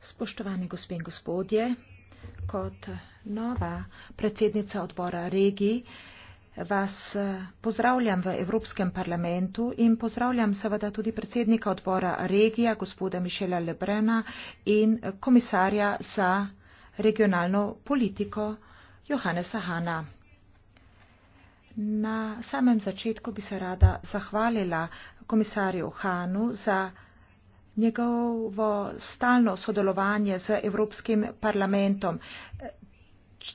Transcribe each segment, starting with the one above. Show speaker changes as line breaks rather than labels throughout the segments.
Spoštovani gospe in gospodje, kot nova predsednica odbora regij vas eh, pozdravljam v Evropskem parlamentu in pozdravljam seveda tudi predsednika odbora regija, gospoda Mišela Lebrena in komisarja za regionalno politiko Johannesa Hanna. Na samem začetku bi se rada zahvalila komisarju Hanu za njegovo stalno sodelovanje z Evropskim parlamentom.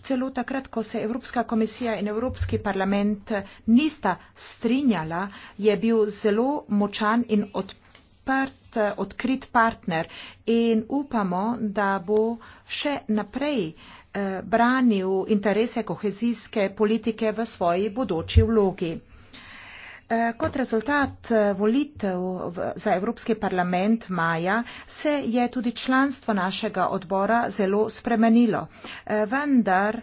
Celo takrat, ko se Evropska komisija in Evropski parlament nista strinjala, je bil zelo močan in odprt, odkrit partner in upamo, da bo še naprej eh, branil interese kohezijske politike v svoji bodoči vlogi. Eh, kot rezultat eh, volitev za Evropski parlament maja se je tudi članstvo našega odbora zelo spremenilo. Eh, vendar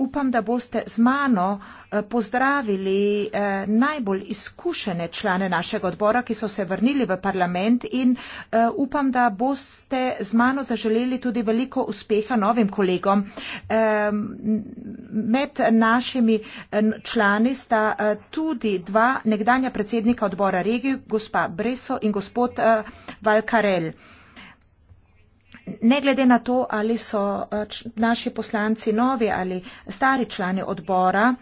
Upam, da boste z mano eh, pozdravili eh, najbolj izkušene člane našega odbora, ki so se vrnili v parlament in eh, upam, da boste z mano zaželeli tudi veliko uspeha novim kolegom. Med našimi člani sta tudi dva nekdanja predsednika odbora regij, gospa Breso in gospod Valkarel ne glede na to, ali so eh, naši poslanci novi ali stari člani odbora,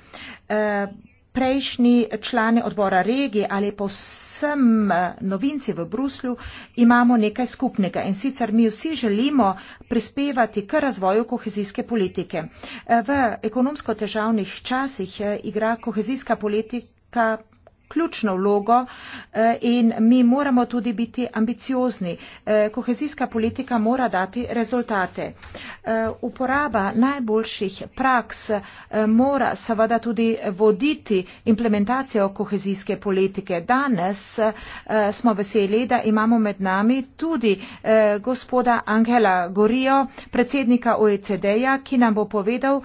eh, prejšnji člani odbora regije ali pa vsem eh, novinci v Bruslju, imamo nekaj skupnega. In sicer mi vsi želimo prispevati k razvoju kohezijske politike. V ekonomsko težavnih časih igra kohezijska politika ključno vlogo eh, in mi moramo tudi biti ambiciozni. Eh, kohezijska politika mora dati rezultate. Eh, uporaba najboljših praks mora seveda tudi voditi implementacijo kohezijske politike. Danes smo veseli, da imamo med nami tudi gospoda Angela Gorijo, predsednika OECD-ja, ki nam bo povedal,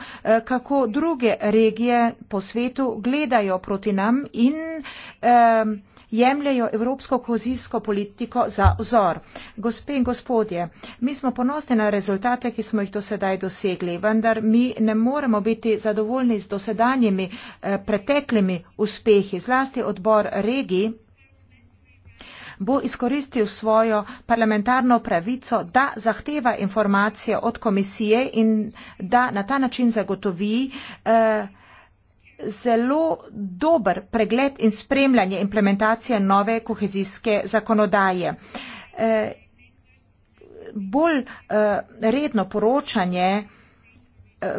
kako druge regije po svetu gledajo proti nam in um, jemljajo evropsko kozijsko politiko za vzor. Gospe in gospodje, mi smo ponosni na rezultate, ki smo jih do sedaj dosegli, vendar mi ne moremo biti zadovoljni z dosedanjimi eh, preteklimi uspehi. Zlasti odbor regij bo izkoristil svojo parlamentarno pravico, da zahteva informacije od komisije in da na ta način zagotovi. Eh, zelo dober pregled in spremljanje implementacije nove kohezijske zakonodaje. Eh, bolj eh, redno poročanje eh,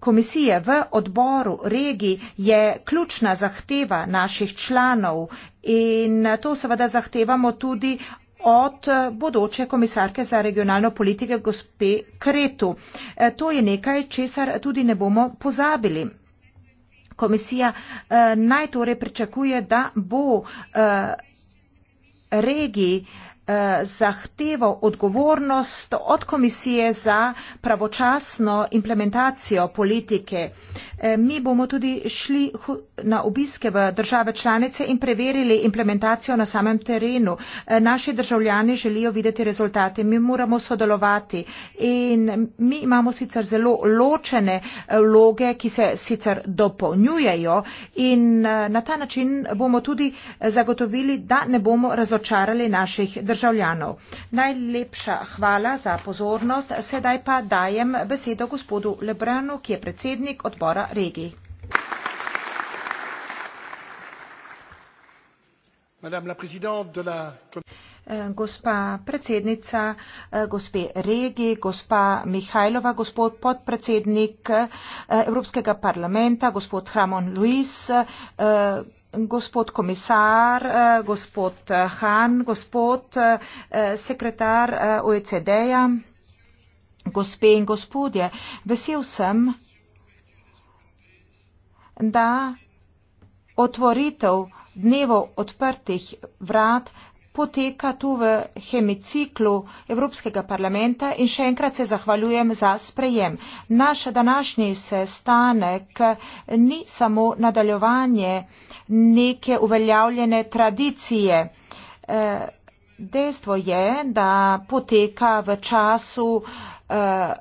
komisije v odboru regij je ključna zahteva naših članov in to seveda zahtevamo tudi od bodoče komisarke za regionalno politike gospe Kretu. To je nekaj, česar tudi ne bomo pozabili komisija eh, naj torej pričakuje, da bo eh, regiji eh, zahtevo odgovornost od komisije za pravočasno implementacijo politike. Eh, mi bomo tudi šli na obiske v države članice in preverili implementacijo na samem terenu. E, naši državljani želijo videti rezultate, mi moramo sodelovati in mi imamo sicer zelo ločene vloge, e, ki se sicer dopolnjujejo in e, na ta način bomo tudi zagotovili, da ne bomo razočarali naših državljanov. Najlepša hvala za pozornost, sedaj pa dajem besedo gospodu Lebranu, ki je predsednik odbora regij. Thank you. Eh, gospa predsednica eh, gospe regi gospa mihajlova gospod podpredsednik eh, evropskega parlamenta gospod hramon luis gospod komisar gospod han gospod sekretar oecd ja gospe in gospodje vesel sem da otvoritev dnevov odprtih vrat poteka tu v hemiciklu Evropskega parlamenta in še enkrat se zahvaljujem za sprejem. Naš današnji sestanek ni samo nadaljevanje neke uveljavljene tradicije. Eh, dejstvo je, da poteka v času eh,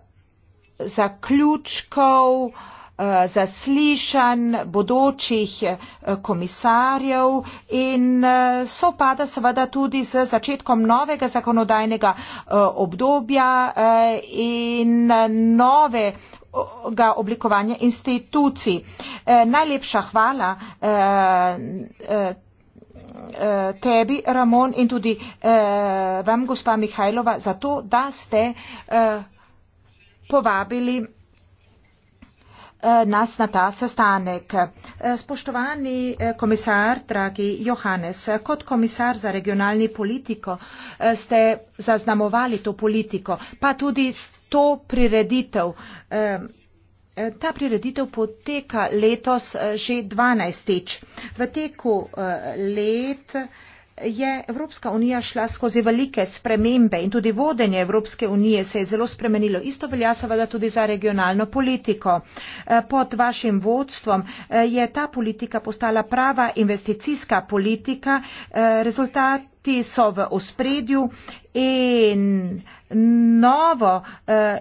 zaključkov zaslišanj bodočih eh, komisarjev in eh, sopada seveda tudi z začetkom novega zakonodajnega eh, obdobja in novega oblikovanja institucij. Najlepša hvala tebi, Ramon, in tudi vam, gospa Mihajlova, za to, da ste povabili Eh, nas na ta sestanek. Eh, spoštovani eh, komisar, dragi Johannes, kot komisar za regionalni politiko ste zaznamovali to politiko, pa tudi to prireditev. Ta prireditev poteka letos že 12 tič. V teku let je Evropska unija šla skozi velike spremembe in tudi vodenje Evropske unije se je zelo spremenilo. Isto velja seveda tudi za regionalno politiko. Eh, pod vašim vodstvom eh, je ta politika postala prava investicijska politika. Eh, rezultati so v ospredju in novo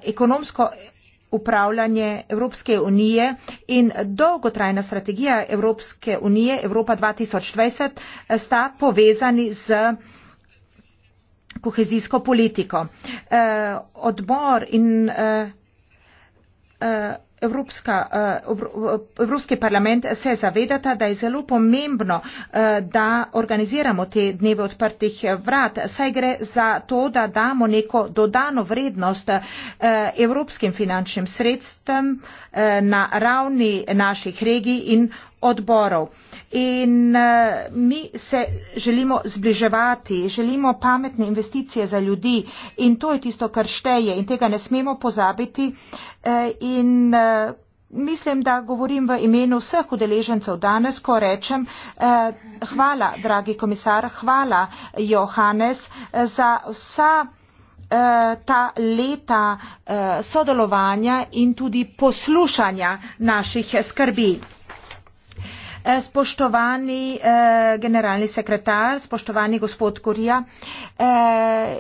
ekonomsko upravljanje Evropske unije in dolgotrajna strategija Evropske unije Evropa 2020 sta povezani z kohezijsko politiko. Eh, odbor in eh, eh, Evropska, eh, eh, Evropski parlament se zavedata, da je zelo pomembno, eh, da organiziramo te dneve odprtih vrat. Saj gre za to, da damo neko dodano vrednost evropskim finančnim sredstvom na ravni naših regij in odborov. In eh, mi se želimo zbliževati, želimo pametne investicije za ljudi in to je tisto, kar šteje in tega ne smemo pozabiti. Eh, in eh, mislim, da govorim v imenu vseh udeležencev danes, ko rečem hvala, dragi komisar, hvala, Johannes, za vsa ta leta sodelovanja in tudi poslušanja naših skrbi. Eh, spoštovani eh, generalni sekretar, spoštovani gospod Kurija, eh,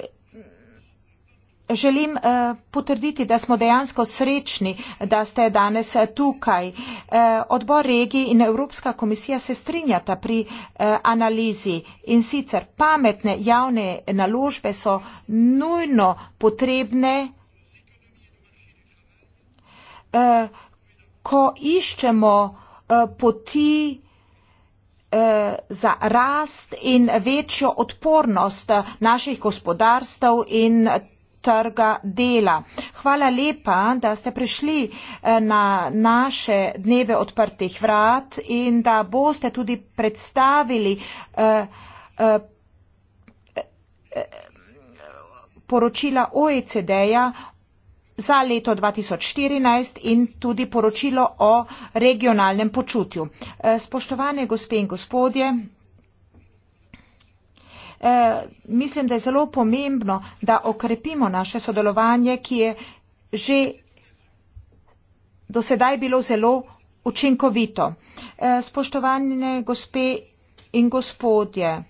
želim eh, potrditi, da smo dejansko srečni, da ste danes eh, tukaj. Eh, odbor regij in Evropska komisija se strinjata pri eh, analizi in sicer pametne javne naložbe so nujno potrebne. Eh, ko iščemo Eh, poti eh, za rast in večjo odpornost naših gospodarstv in trga dela. Hvala lepa, da ste prišli eh, na naše dneve odprtih vrat in da boste tudi predstavili poročila OECD-ja za leto 2014 in tudi poročilo o regionalnem počutju. Eh, spoštovane gospe in gospodje, eh, mislim, da je zelo pomembno, da okrepimo naše sodelovanje, ki je že dosedaj bilo zelo učinkovito. Eh, spoštovane gospe in gospodje,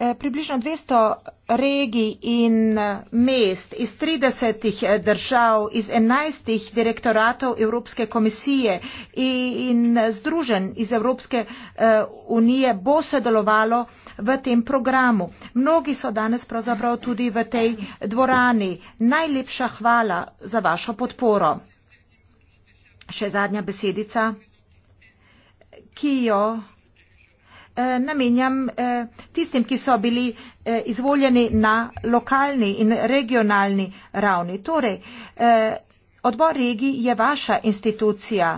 Eh, približno 200 regij in eh, mest iz 30 eh, držav, iz 11 direktoratov Evropske komisije in združen iz Evropske unije bo sodelovalo v tem programu. Mnogi so danes pravzaprav tudi v tej dvorani. Najlepša hvala za vašo podporo. Še zadnja besedica, ki jo Eh, namenjam eh, tistim, ki so bili eh, izvoljeni na lokalni in regionalni ravni. Torej, odbor regij je vaša institucija.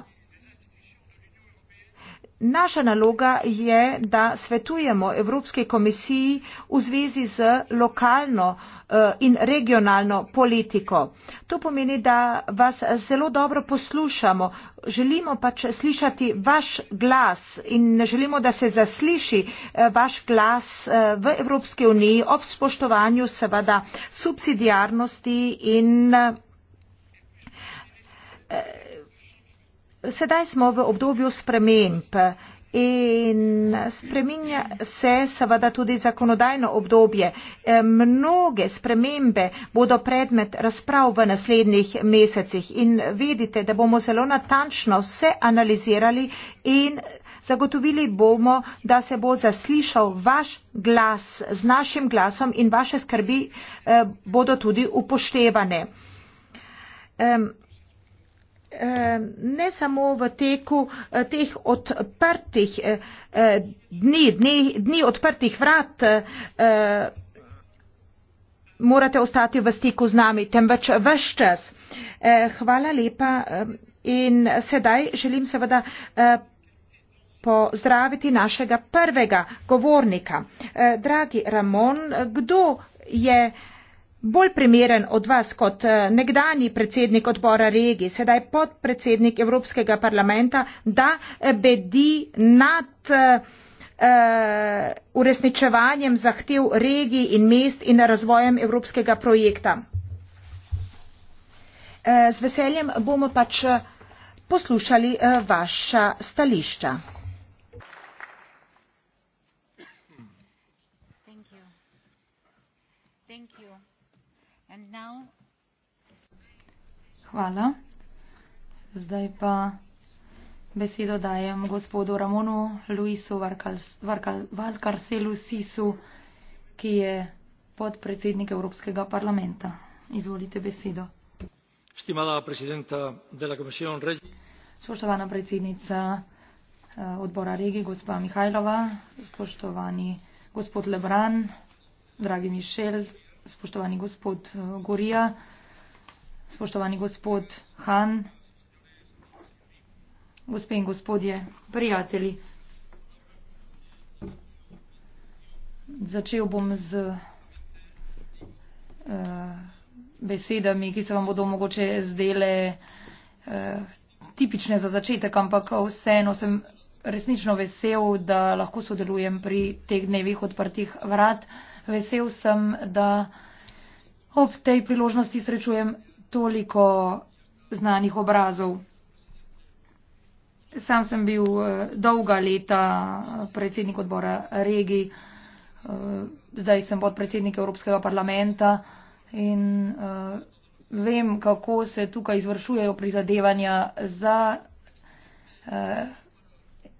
Naša naloga je, da svetujemo Evropske komisiji v zvezi z lokalno eh, in regionalno politiko. To pomeni, da vas zelo dobro poslušamo. Želimo pač slišati vaš glas in želimo, da se zasliši eh, vaš glas eh, v Evropske uniji ob spoštovanju seveda subsidijarnosti in Sedaj smo v obdobju sprememb in spreminja se seveda tudi zakonodajno obdobje. E, mnoge spremembe bodo predmet razprav v naslednjih mesecih in vedite, da bomo zelo natančno vse analizirali in zagotovili bomo, da se bo zaslišal vaš glas z našim glasom in vaše skrbi e, bodo tudi upoštevane. E, ne samo v teku eh, teh odprtih eh, eh, dni, dni, dni odprtih vrat, morate ostati v stiku z nami, temveč vaš čas. Hvala lepa in sedaj želim seveda pozdraviti našega prvega govornika. Dragi Ramon, kdo je bolj primeren od vas kot eh, nekdani predsednik odbora regij, sedaj podpredsednik Evropskega parlamenta, da eh, bedi nad eh, eh, uresničevanjem zahtev regij in mest in razvojem Evropskega projekta. Eh, z veseljem bomo pač poslušali eh, vaša stališča.
Hvala. Zdaj pa besedo dajem gospodu Ramonu Luisu Valkarselu Sisu, ki je podpredsednik Evropskega parlamenta. Izvolite besedo. Spoštovana predsednica eh, odbora regije, gospa Mihajlova, spoštovani gospod Lebran, dragi Mišel, spoštovani gospod eh, Gorija. Spoštovani gospod Han, gospe in gospodje, prijatelji. Začel bom z uh, besedami, ki se vam bodo mogoče zdele uh, tipične za začetek, ampak vseeno sem resnično vesel, da lahko sodelujem pri teh dnevih odprtih vrat. Vesel sem, da ob tej priložnosti srečujem toliko znanih obrazov. Sam sem bil eh, dolga leta eh, predsednik odbora regij, eh, zdaj sem podpredsednik Evropskega parlamenta in vem, kako se tukaj izvršujejo prizadevanja za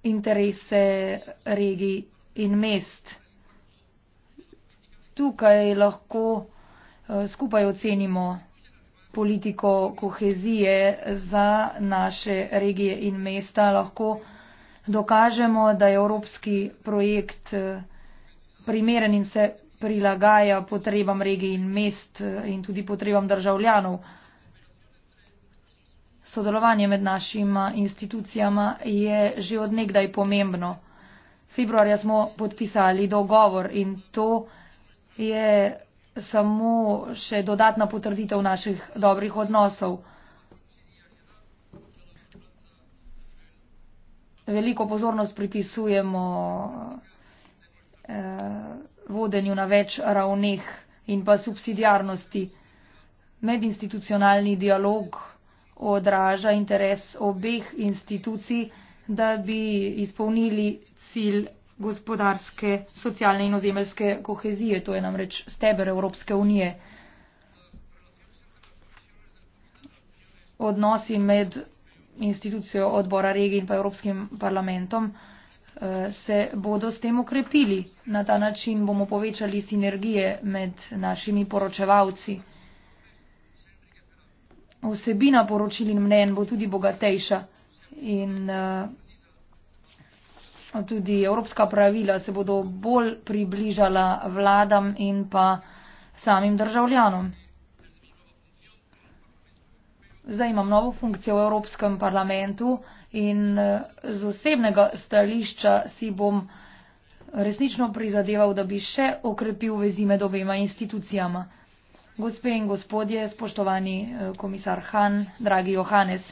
interese regij in mest. Tukaj lahko skupaj ocenimo, politiko kohezije za naše regije in mesta, lahko dokažemo, da je evropski projekt eh, primeren in se prilagaja potrebam regij in mest eh, in tudi potrebam državljanov. Sodelovanje med našima institucijama je že odnegdaj pomembno. Februarja smo podpisali dogovor in to je samo še dodatna potrditev naših dobrih odnosov. Veliko pozornost pripisujemo eh, vodenju na več ravneh in pa subsidijarnosti. Medinstitucionalni dialog odraža interes obeh institucij, da bi izpolnili cilj gospodarske, socialne in ozemeljske kohezije, to je namreč steber Evropske unije. Odnosi med institucijo odbora regij in pa Evropskim parlamentom eh, se bodo s tem okrepili. Na ta način bomo povečali sinergije med našimi poročevalci. Vsebina poročil in mnen bo tudi bogatejša in uh, tudi evropska pravila se bodo bolj približala vladam in pa samim državljanom. Zdaj imam novo funkcijo v Evropskem parlamentu in eh, z osebnega stališča si bom resnično prizadeval, da bi še okrepil vezi med obema institucijama. Gospe in gospodje, spoštovani eh, komisar Han, dragi Johannes,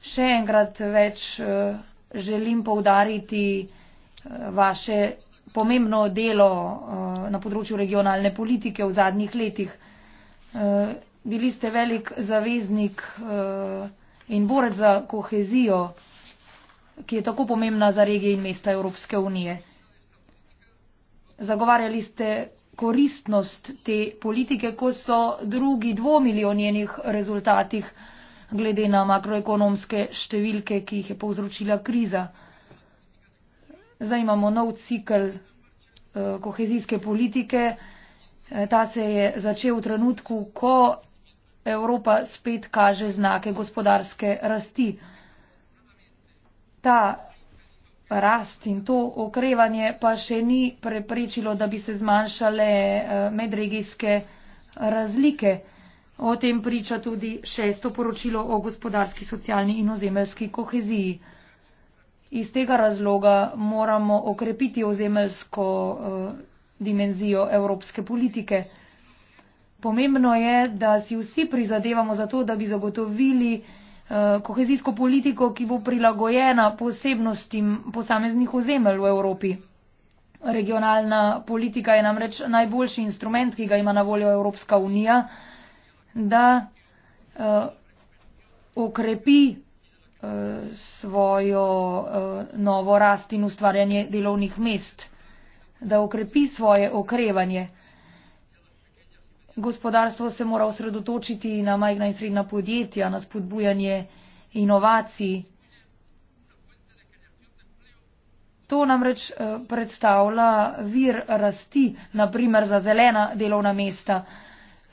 še enkrat več. Eh, želim povdariti eh, vaše pomembno delo eh, na področju regionalne politike v zadnjih letih. Eh, bili ste velik zaveznik in borec za kohezijo, ki je tako pomembna za regije in mesta Evropske unije. Zagovarjali ste koristnost te politike, ko so drugi dvomili o njenih rezultatih glede na makroekonomske številke, ki jih je povzročila kriza. Zdaj imamo nov cikl eh, kohezijske politike. Eh, ta se je začel v trenutku, ko Evropa spet kaže znake gospodarske rasti. Ta rast in to okrevanje pa še ni preprečilo, da bi se zmanjšale eh, medregijske razlike. O tem priča tudi šesto poročilo o gospodarski, socialni in ozemeljski koheziji. Iz tega razloga moramo okrepiti ozemeljsko uh, dimenzijo evropske politike. Pomembno je, da si vsi prizadevamo za to, da bi zagotovili uh, kohezijsko politiko, ki bo prilagojena posebnostim posameznih ozemelj v Evropi. Regionalna politika je namreč najboljši instrument, ki ga ima na voljo Evropska unija da uh, okrepi uh, svojo uh, novo rast in ustvarjanje delovnih mest, da okrepi svoje okrevanje. Gospodarstvo se mora osredotočiti na majhna in srednja podjetja, na spodbujanje inovacij. To namreč predstavlja vir rasti, naprimer za zelena delovna mesta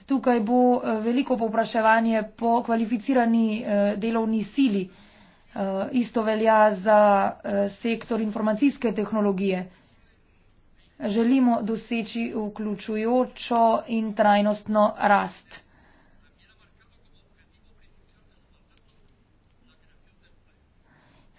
tukaj bo eh, veliko povpraševanje po kvalificirani eh, delovni sili. Eh, isto velja za sektor informacijske tehnologije. Želimo doseči vključujočo in trajnostno rast.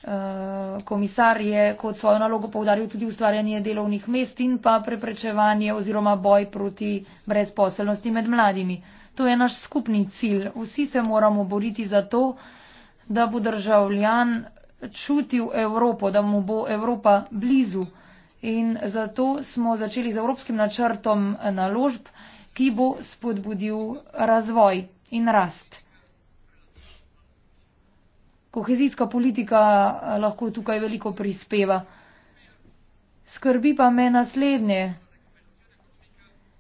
Eh, komisar je kot svojo nalogo povdaril tudi ustvarjanje delovnih mest in pa preprečevanje oziroma boj proti brezposelnosti med mladimi. To je naš skupni cilj. Vsi se moramo boriti za to, da bo državljan čutil Evropo, da mu bo Evropa blizu. In zato smo začeli z evropskim načrtom naložb, ki bo spodbudil razvoj in rast kohezijska politika eh, lahko tukaj veliko prispeva. Skrbi pa me naslednje.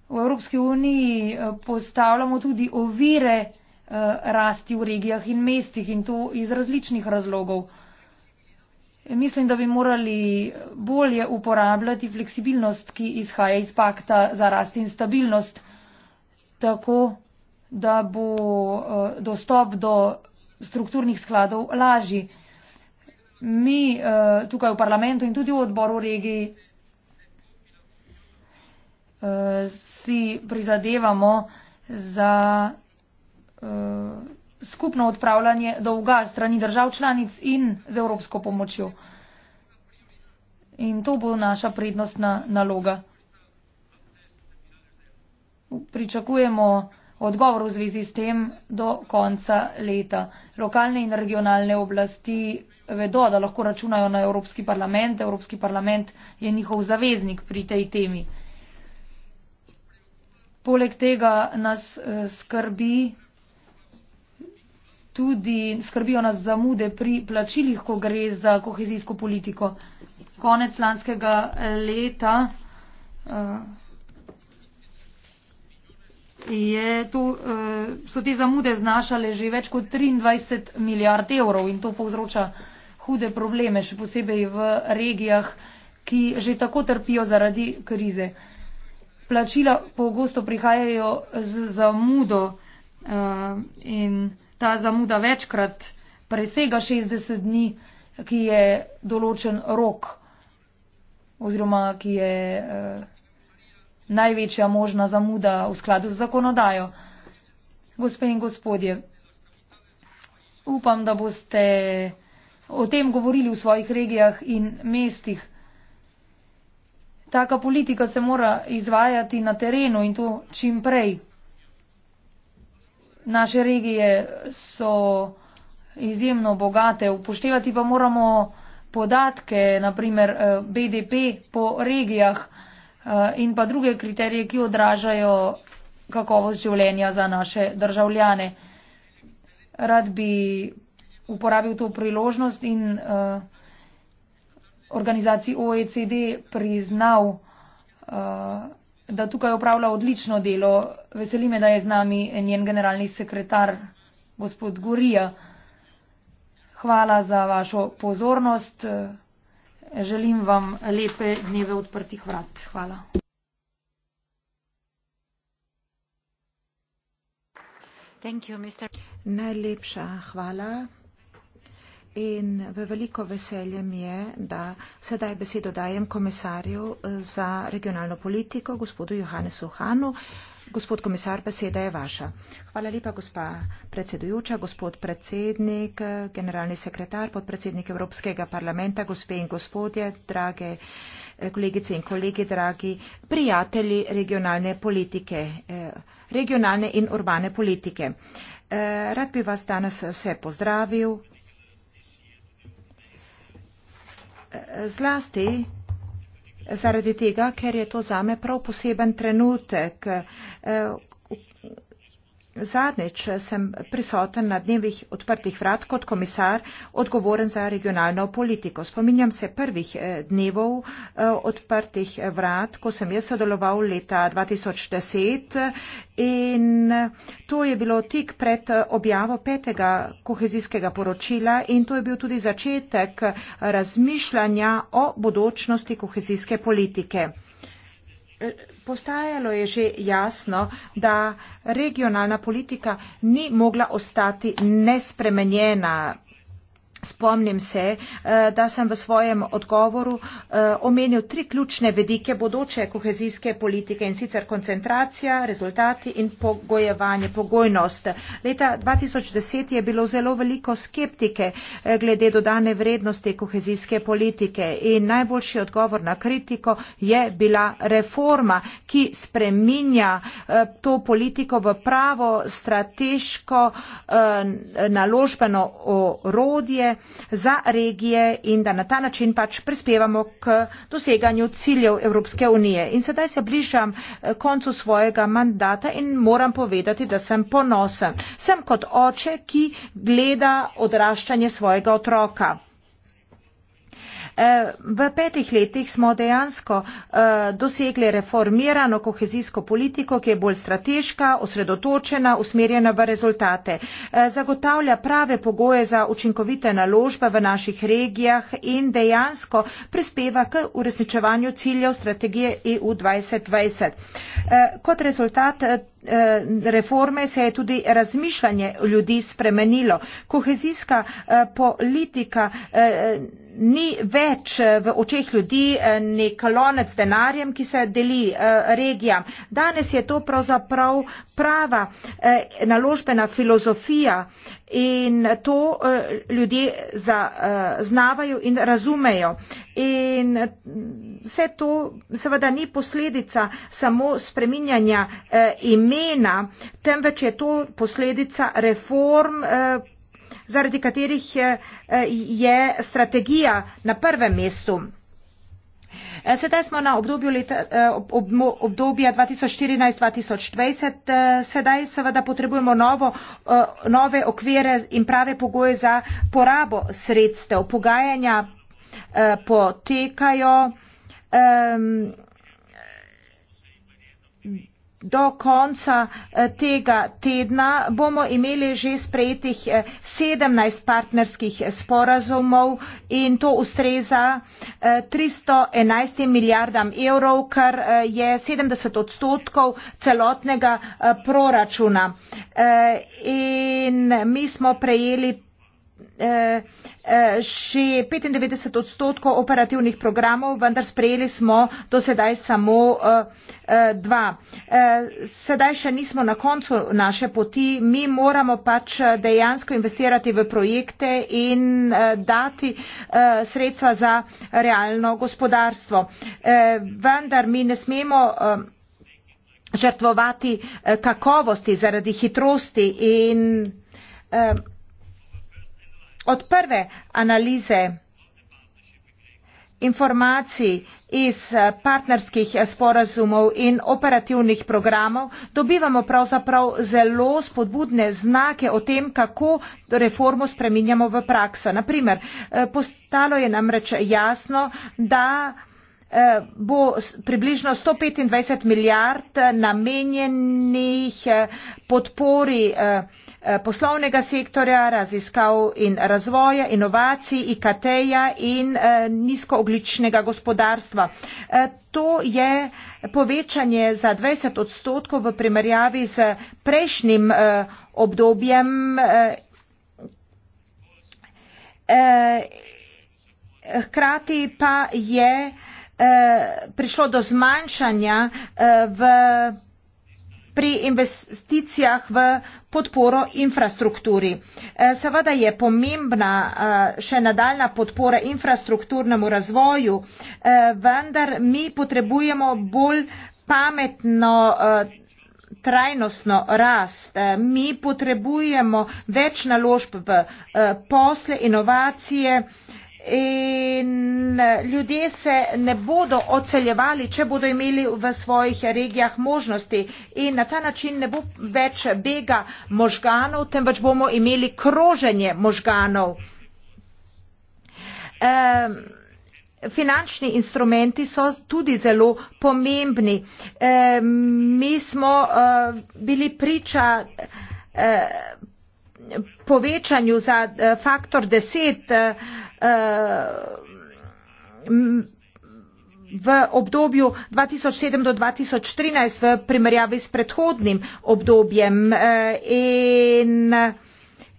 V Evropski uniji eh, postavljamo tudi ovire eh, rasti v regijah in mestih in to iz različnih razlogov. Mislim, da bi morali bolje uporabljati fleksibilnost, ki izhaja iz pakta za rast in stabilnost, tako da bo dostop do strukturnih skladov lažji. Mi eh, tukaj v parlamentu in tudi v odboru regiji eh, si prizadevamo za eh, skupno odpravljanje dolga strani držav članic in z evropsko pomočjo. In to bo naša prednostna naloga. Pričakujemo odgovor v zvezi s tem do konca leta. Lokalne in regionalne oblasti vedo, da lahko računajo na Evropski parlament. Evropski parlament je njihov zaveznik pri tej temi. Poleg tega nas eh, skrbi tudi, skrbijo nas zamude pri plačilih, ko gre za kohezijsko politiko. Konec lanskega leta. Uh, to, eh, so te zamude znašale že več kot 23 milijard evrov in to povzroča hude probleme, še posebej v regijah, ki že tako trpijo zaradi krize. Plačila pogosto prihajajo z zamudo eh, in ta zamuda večkrat presega 60 dni, ki je določen rok oziroma ki je. Eh, največja možna zamuda v skladu z zakonodajo. Gospe in gospodje, upam, da boste o tem govorili v svojih regijah in mestih. Taka politika se mora izvajati na terenu in to čim prej. Naše regije so izjemno bogate, upoštevati pa moramo podatke, naprimer eh, BDP po regijah. Eh, in pa druge kriterije, ki odražajo kakovost življenja za naše državljane. Rad bi uporabil to priložnost in eh, organizaciji OECD priznal, eh, da tukaj upravlja odlično delo. Veseli me, da je z nami njen generalni sekretar, gospod Gorija. Hvala za vašo pozornost. Želim vam lepe dneve odprtih vrat. Hvala.
You, Mr... Najlepša hvala in v veliko veselje mi je, da sedaj besedo dajem komisarju za regionalno politiko, gospodu Johannesu Hanu. Gospod komisar, beseda je vaša. Hvala lepa, gospa predsedujoča, gospod predsednik, generalni sekretar, podpredsednik Evropskega parlamenta, gospe in gospodje, drage eh, kolegice in kolegi, dragi prijatelji regionalne politike, eh, regionalne in urbane politike. Eh, rad bi vas danes vse pozdravil. Zlasti zaradi tega, ker je to zame prav poseben trenutek. Eh, Zadnjič sem prisoten na dnevih odprtih vrat kot komisar odgovoren za regionalno politiko. Spominjam se prvih eh, dnevov eh, odprtih vrat, ko sem jaz sodeloval leta 2010 in eh, to je bilo tik pred objavo petega kohezijskega poročila in to je bil tudi začetek razmišljanja o bodočnosti kohezijske politike. Postajalo je že jasno, da regionalna politika ni mogla ostati nespremenjena Spomnim se, eh, da sem v svojem odgovoru eh, omenil tri ključne vedike bodoče kohezijske politike in sicer koncentracija, rezultati in pogojevanje, pogojnost. Leta 2010 je bilo zelo veliko skeptike eh, glede dodane vrednosti kohezijske politike in najboljši odgovor na kritiko je bila reforma, ki spreminja to politiko v pravo strateško naložbeno orodje, za regije in da na ta način pač prispevamo k doseganju ciljev Evropske unije. In sedaj se bližam eh, koncu svojega mandata in moram povedati, da sem ponosen. Sem kot oče, ki gleda odraščanje svojega otroka v petih letih smo dejansko eh, dosegli reformirano kohezijsko politiko ki je bolj strateška osredotočena usmerjena v rezultate eh, zagotavlja prave pogoje za učinkovite naložbe v naših regijah in dejansko prispeva k uresničevanju ciljev strategije eu dvajset dvajset eh, kot rezultat reforme se je tudi razmišljanje ljudi spremenilo kohezijska politika ni več eh, v očeh ljudi eh, nek lonec denarjem, ki se deli eh, regijam. Danes je to pravzaprav prava naložbena filozofija in to ljudje zaznavajo in razumejo. In mm, vse to seveda ni posledica samo spreminjanja imena, temveč je to posledica reform zaradi katerih eh, je strategija na prvem mestu. Eh, sedaj smo na obdobju leta, eh, obdobja 2014-2020, sedaj seveda potrebujemo novo, nove okvire in prave pogoje za porabo sredstev. Pogajanja potekajo. Ehm, Do konca eh, tega tedna bomo imeli že sprejetih 17 eh, partnerskih sporazumov in to ustreza 311 eh, milijardam evrov, kar je 70 odstotkov celotnega proračuna. In mi smo prejeli še eh, eh, 95 odstotkov operativnih programov, vendar sprejeli smo do sedaj samo eh, dva. Sedaj še nismo na koncu naše poti, mi moramo pač dejansko investirati v projekte in dati sredstva za realno gospodarstvo. Vendar mi ne smemo žrtvovati kakovosti zaradi hitrosti in od prve analize informacij iz eh, partnerskih eh, sporazumov in operativnih programov dobivamo pravzaprav zelo spodbudne znake o tem, kako reformo spreminjamo v prakso. Naprimer, eh, postalo je namreč jasno, da bo približno 125 milijard namenjenih podpori Eh, poslovnega sektorja, raziskav in razvoja, inovacij, IKT-ja in eh, nizkoogličnega gospodarstva. Eh, to je povečanje za 20 odstotkov v primerjavi z prejšnjim obdobjem. Hkrati pa je prišlo do zmanjšanja v pri investicijah v podporo infrastrukturi. E, seveda je pomembna e, še nadaljna podpora infrastrukturnemu razvoju, e, vendar mi potrebujemo bolj pametno trajnostno rast. Mi potrebujemo več naložb v posle, inovacije, in ljudje se ne bodo oceljevali, če bodo imeli v svojih regijah možnosti. In na ta način ne bo več bega možganov, temveč bomo imeli kroženje možganov. Um, Finančni instrumenti so tudi zelo pomembni. E, mi smo e, bili priča e, povečanju za eh, faktor deset eh, eh, v obdobju 2007 do 2013 v primerjavi s predhodnim obdobjem in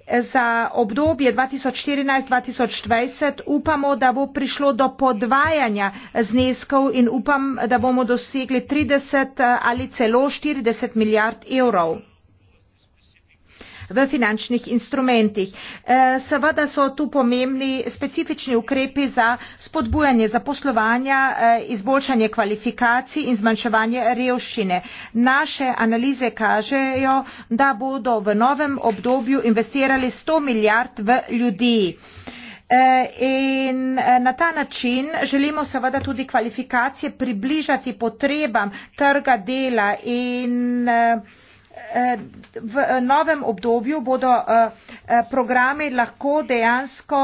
za obdobje 2014-2020 upamo, da bo prišlo do podvajanja zneskov in upam, da bomo dosegli 30 ali celo 40 milijard evrov v finančnih instrumentih. E, seveda so tu pomembni specifični ukrepi za spodbujanje zaposlovanja, e, izboljšanje kvalifikacij in zmanjševanje revščine. Naše analize kažejo, da bodo v novem obdobju investirali 100 milijard v ljudi. E, in na ta način želimo seveda tudi kvalifikacije približati potrebam trga dela in uh, Eh, v eh, novem obdobju bodo eh, programi lahko dejansko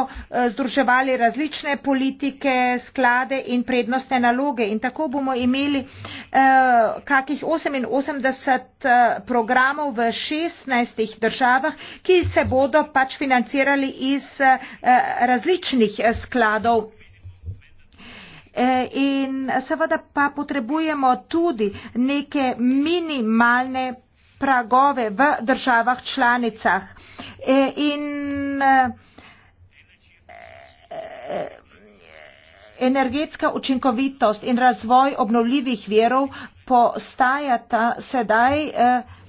združevali različne politike, sklade in prednostne naloge. In tako bomo imeli kakih 88 programov v 16 državah, ki se bodo pač financirali iz različnih skladov. In seveda pa potrebujemo tudi neke minimalne pragove v državah članicah. E, in e, e, energetska učinkovitost in razvoj obnovljivih verov postajata sedaj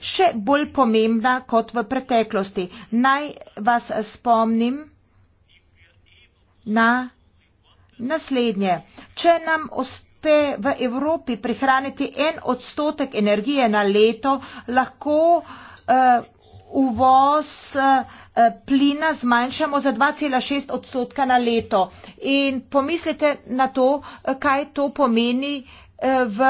še bolj pomembna kot v preteklosti. Naj vas spomnim na naslednje. Če nam ostane uspe v Evropi prihraniti en odstotek energije na leto, lahko uh, uvoz uh, plina zmanjšamo za 2,6 odstotka na leto. In pomislite na to, kaj to pomeni eh, v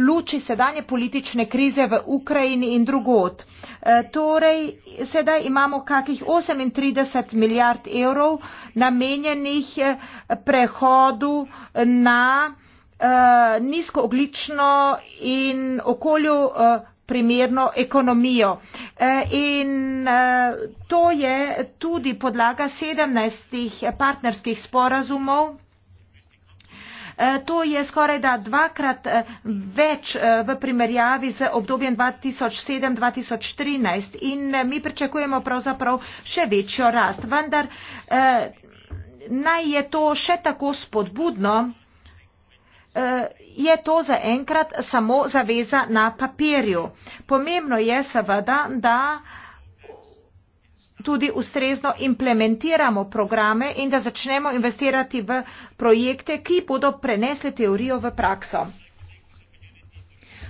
luči sedanje politične krize v Ukrajini in drugod. Torej, sedaj imamo kakih 38 milijard evrov namenjenih prehodu na uh, nizkooglično in okolju uh, primerno ekonomijo. Eh, in to je tudi podlaga sedemnajstih partnerskih sporazumov. To je skoraj da dvakrat več v primerjavi z obdobjem 2007-2013 in mi pričakujemo pravzaprav še večjo rast. Vendar naj je to še tako spodbudno, Eh, je to zaenkrat samo zaveza na papirju. Pomembno je seveda, da tudi ustrezno implementiramo programe in da začnemo investirati v projekte, ki bodo prenesli teorijo v prakso.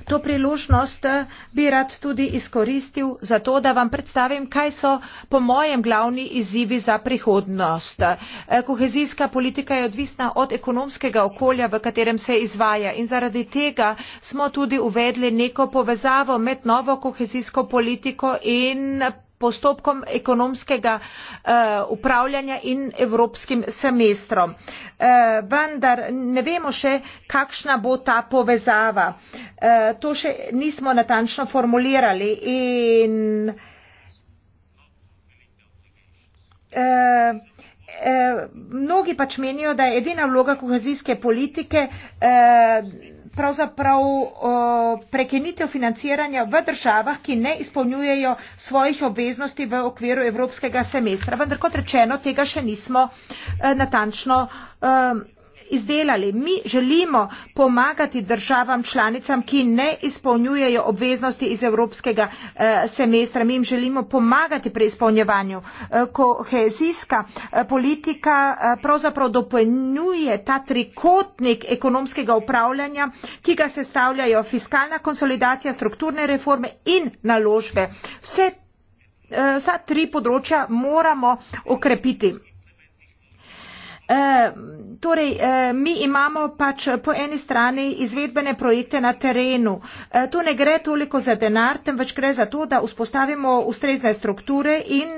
To priložnost eh, bi rad tudi izkoristil za to, da vam predstavim, kaj so po mojem glavni izzivi za prihodnost. Eh, kohezijska politika je odvisna od ekonomskega okolja, v katerem se izvaja in zaradi tega smo tudi uvedli neko povezavo med novo kohezijsko politiko in postopkom ekonomskega eh, upravljanja in evropskim semestrom. Eh, vendar ne vemo še, kakšna bo ta povezava. Eh, to še nismo natančno formulirali in eh, eh Mnogi pač menijo, da je edina vloga kohezijske politike, eh, pravzaprav o, prekenitev financiranja v državah, ki ne izpolnjujejo svojih obveznosti v okviru evropskega semestra. Vendar kot rečeno, tega še nismo e, natančno e, izdelali. Mi želimo pomagati državam članicam, ki ne izpolnjujejo obveznosti iz evropskega eh, semestra. Mi jim želimo pomagati pri izpolnjevanju. Eh, kohezijska eh, politika pravzaprav dopolnjuje ta trikotnik ekonomskega upravljanja, ki ga sestavljajo fiskalna konsolidacija, strukturne reforme in naložbe. Vse, vsa tri področja moramo okrepiti. Eh, torej, eh, mi imamo pač po eni strani izvedbene projekte na terenu. Eh, to ne gre toliko za denar, temveč gre za to, da vzpostavimo ustrezne strukture in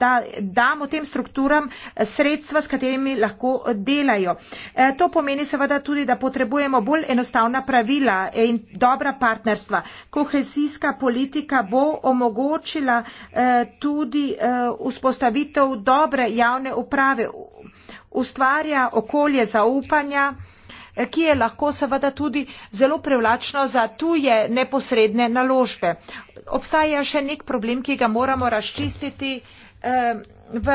da damo tem strukturam sredstva, s katerimi lahko delajo. To pomeni seveda tudi, da potrebujemo bolj enostavna pravila in dobra partnerstva. Kohezijska politika bo omogočila tudi vzpostavitev dobre javne uprave ustvarja okolje zaupanja, eh, ki je lahko seveda tudi zelo prevlačno za tuje neposredne naložbe. Obstaja še nek problem, ki ga moramo razčistiti eh, v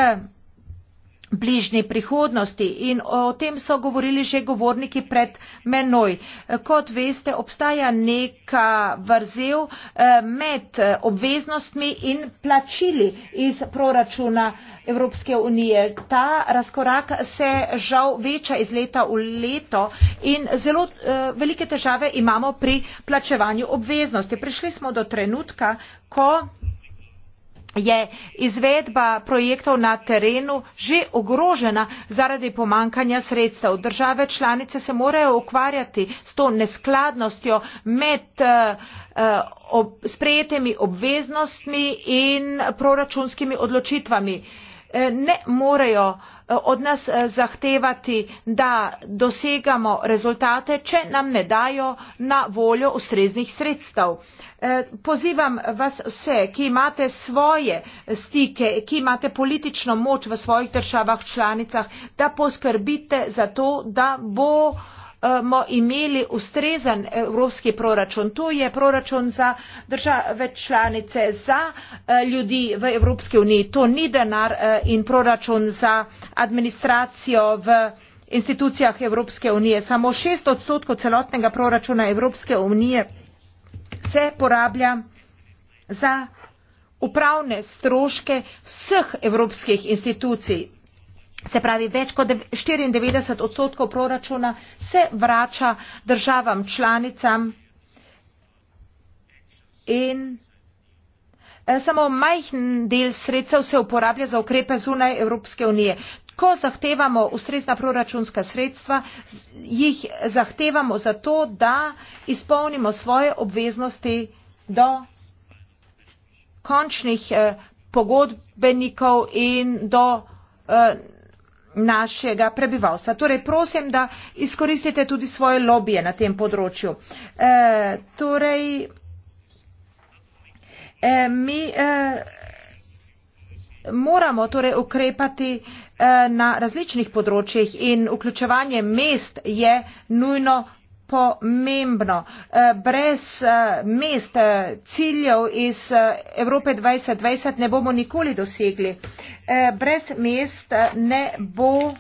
bližnji prihodnosti in o tem so govorili že govorniki pred menoj. Kot veste, obstaja neka vrzel eh, med obveznostmi in plačili iz proračuna Evropske unije. Ta razkorak se žal veča iz leta v leto in zelo eh, velike težave imamo pri plačevanju obveznosti. Prišli smo do trenutka, ko je izvedba projektov na terenu že ogrožena zaradi pomankanja sredstev. Države članice se morajo ukvarjati s to neskladnostjo med eh, eh, ob, sprejetimi obveznostmi in proračunskimi odločitvami. Eh, ne morejo Eh, od nas eh, zahtevati da dosegamo rezultate če nam ne dajo na voljo ustreznih sredstev eh, pozivam vas vse ki imate svoje stike ki imate politično moč v svojih državah članicah da poskrbite za to da bo bomo imeli ustrezan evropski proračun. To je proračun za države članice, za eh, ljudi v Evropski uniji. To ni denar eh, in proračun za administracijo v institucijah Evropske unije. Samo šest odstotkov celotnega proračuna Evropske unije se porablja za upravne stroške vseh evropskih institucij. Se pravi, več kot 94 odstotkov proračuna se vrača državam članicam in eh, samo majhen del sredstev se uporablja za ukrepe zunaj Evropske unije. Ko zahtevamo ustrezna proračunska sredstva, jih zahtevamo zato, da izpolnimo svoje obveznosti do končnih eh, pogodbenikov in do eh, našega prebivalstva. Torej, prosim, da izkoristite tudi svoje lobije na tem področju. E, torej, e, mi e, moramo torej ukrepati e, na različnih področjih in vključevanje mest je nujno pomembno. Eh, brez eh, mest, eh, ciljev iz Evrope 2020 ne bomo nikoli dosegli. Brez mest ne bo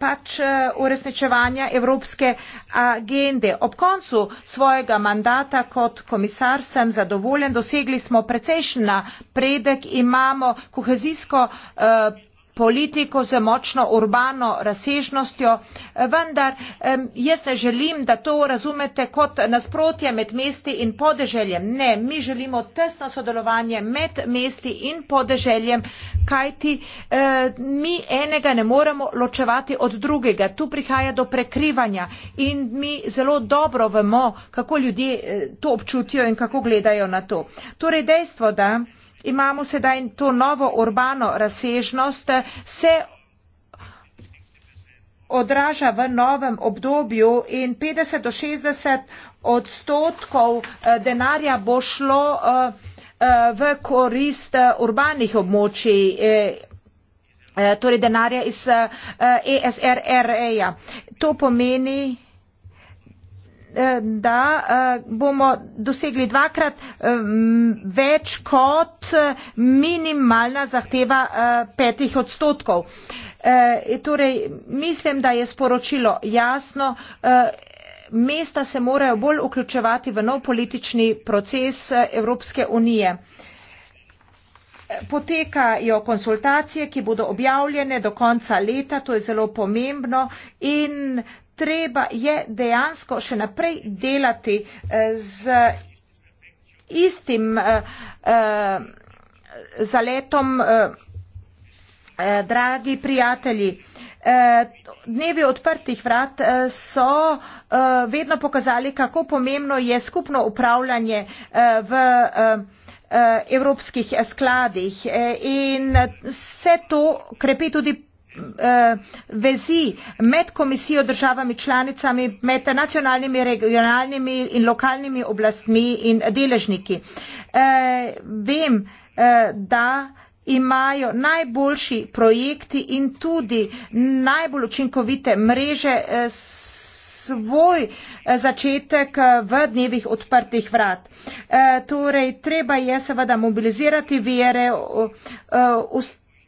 pač uresničevanja evropske agende. Ob koncu svojega mandata kot komisar sem zadovoljen, dosegli smo precejšen napredek, imamo kohezijsko politiko z močno urbano razsežnostjo, eh, vendar jaz ne želim, da to razumete kot nasprotje med mesti in podeželjem. Ne, mi želimo tesno sodelovanje med mesti in podeželjem, kajti eh, mi enega ne moremo ločevati od drugega. Tu prihaja do prekrivanja in mi zelo dobro vemo, kako ljudje eh, to občutijo in kako gledajo na to. Torej dejstvo, da imamo sedaj to novo urbano razsežnost, se odraža v novem obdobju in 50 do 60 odstotkov eh, denarja bo šlo eh, eh, v korist urbanih območij, torej denarja iz ESRR-ja. E to pomeni, Eh, da eh, bomo dosegli dvakrat eh, več kot minimalna zahteva petih odstotkov. Torej, mislim, da je sporočilo jasno, mesta se morajo bolj vključevati v nov politični proces Evropske unije. Potekajo konsultacije, ki bodo objavljene do konca leta, to je zelo pomembno in eh, treba je dejansko še naprej delati eh, z istim eh, eh, zaletom, dragi prijatelji. Dnevi odprtih vrat so vedno pokazali, kako pomembno je skupno upravljanje v evropskih skladih in vse to krepi tudi Eh, vezi med komisijo državami članicami, med nacionalnimi, regionalnimi in lokalnimi oblastmi in deležniki. Eh, vem, eh, da imajo najboljši projekti in tudi najbolj učinkovite mreže svoj začetek v dnevih odprtih vrat. Torej, treba je seveda mobilizirati vere,